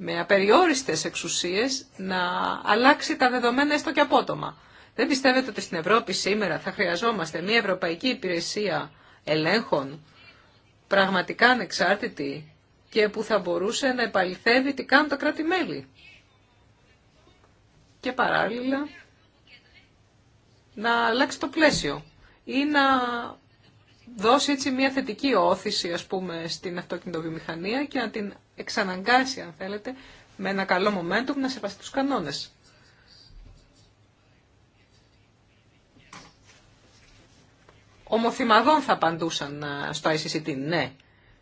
με απεριόριστες εξουσίες να αλλάξει τα δεδομένα έστω και απότομα. Δεν πιστεύετε ότι στην Ευρώπη σήμερα θα χρειαζόμαστε μια ευρωπαϊκή υπηρεσία ελέγχων πραγματικά ανεξάρτητη και που θα μπορούσε να επαληθεύει τι κάνουν τα κράτη-μέλη. Και παράλληλα να αλλάξει το πλαίσιο ή να δώσει έτσι μια θετική όθηση, ας πούμε, στην αυτοκινητοβιομηχανία και να την εξαναγκάσει, αν θέλετε, με ένα καλό momentum να σεβαστεί τους κανόνες. Ομοθυμαδών θα απαντούσαν ε, στο ICCT, ναι.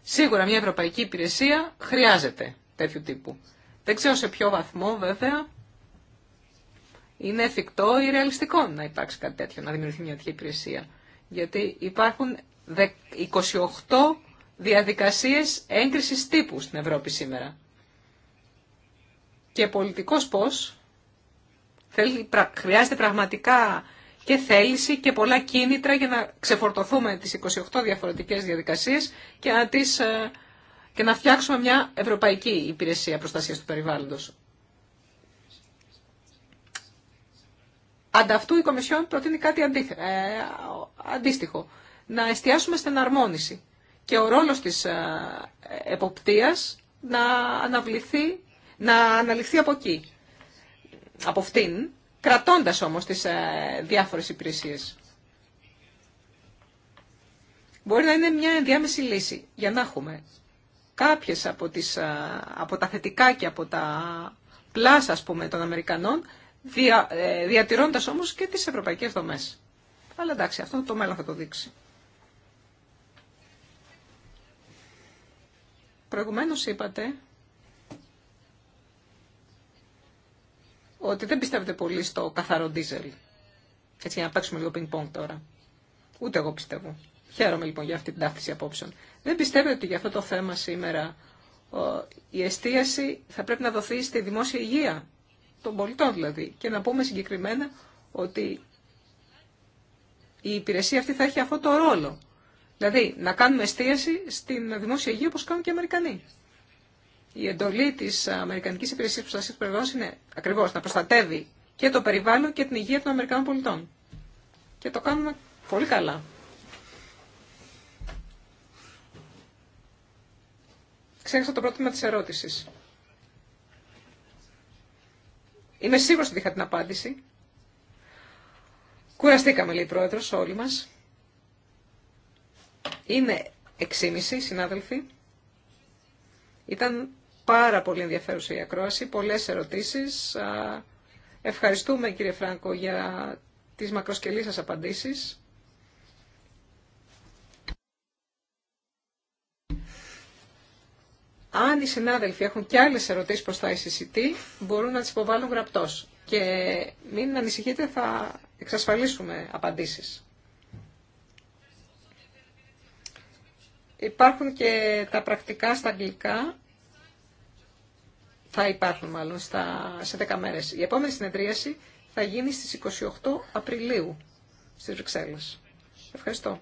Σίγουρα μια ευρωπαϊκή υπηρεσία χρειάζεται τέτοιου τύπου. Δεν ξέρω σε ποιο βαθμό βέβαια είναι εφικτό ή ρεαλιστικό να υπάρξει κάτι τέτοιο, να δημιουργηθεί μια τέτοια υπηρεσία. Γιατί υπάρχουν 28 διαδικασίες έγκρισης τύπου στην Ευρώπη σήμερα. Και πολιτικός πώς θέλει, χρειάζεται πραγματικά και θέληση και πολλά κίνητρα για να ξεφορτωθούμε τις 28 διαφορετικές διαδικασίες και να, τις, ε, και να φτιάξουμε μια ευρωπαϊκή υπηρεσία προστασίας του περιβάλλοντος. Ανταυτού η Κομισιόν προτείνει κάτι ε, αντίστοιχο να εστιάσουμε στην αρμόνιση και ο ρόλος της ε, εποπτείας να αναβληθεί, να αναλυθεί από εκεί, από αυτήν, κρατώντας όμως τις ε, διάφορες υπηρεσίες. Μπορεί να είναι μια ενδιάμεση λύση για να έχουμε κάποιες από, τις, ε, τα θετικά και από τα πλάσα ας πούμε, των Αμερικανών, δια, διατηρώντας όμως και τις ευρωπαϊκές δομές. Αλλά εντάξει, αυτό το μέλλον θα το δείξει. Προηγουμένως είπατε ότι δεν πιστεύετε πολύ στο καθαρό ντίζελ. Έτσι, για να παίξουμε λίγο πινκ-πονγκ τώρα. Ούτε εγώ πιστεύω. Χαίρομαι λοιπόν για αυτή την ταύτιση απόψεων. Δεν πιστεύετε ότι για αυτό το θέμα σήμερα η εστίαση θα πρέπει να δοθεί στη δημόσια υγεία των πολιτών δηλαδή και να πούμε συγκεκριμένα ότι η υπηρεσία αυτή θα έχει αυτό το ρόλο Δηλαδή, να κάνουμε εστίαση στην δημόσια υγεία όπως κάνουν και οι Αμερικανοί. Η εντολή της Αμερικανικής Προστασία του Περιβάλλοντο είναι ακριβώς να προστατεύει και το περιβάλλον και την υγεία των Αμερικανών πολιτών. Και το κάνουμε πολύ καλά. Ξέχασα το πρώτο τη ερώτηση. Είμαι σίγουρος ότι είχα την απάντηση. Κουραστήκαμε, λέει η Πρόεδρος, όλοι μας. Είναι 6.30 συνάδελφοι. Ήταν πάρα πολύ ενδιαφέρουσα η ακρόαση, πολλές ερωτήσεις. Ευχαριστούμε κύριε Φράνκο για τις μακροσκελείς σας απαντήσεις. Αν οι συνάδελφοι έχουν και άλλες ερωτήσεις προς τα ICCT, μπορούν να τις υποβάλουν γραπτός. Και μην ανησυχείτε, θα εξασφαλίσουμε απαντήσεις. Υπάρχουν και τα πρακτικά στα αγγλικά. Θα υπάρχουν μάλλον στα, σε 10 μέρες. Η επόμενη συνεδρίαση θα γίνει στις 28 Απριλίου στις Βρυξέλλες. Ευχαριστώ.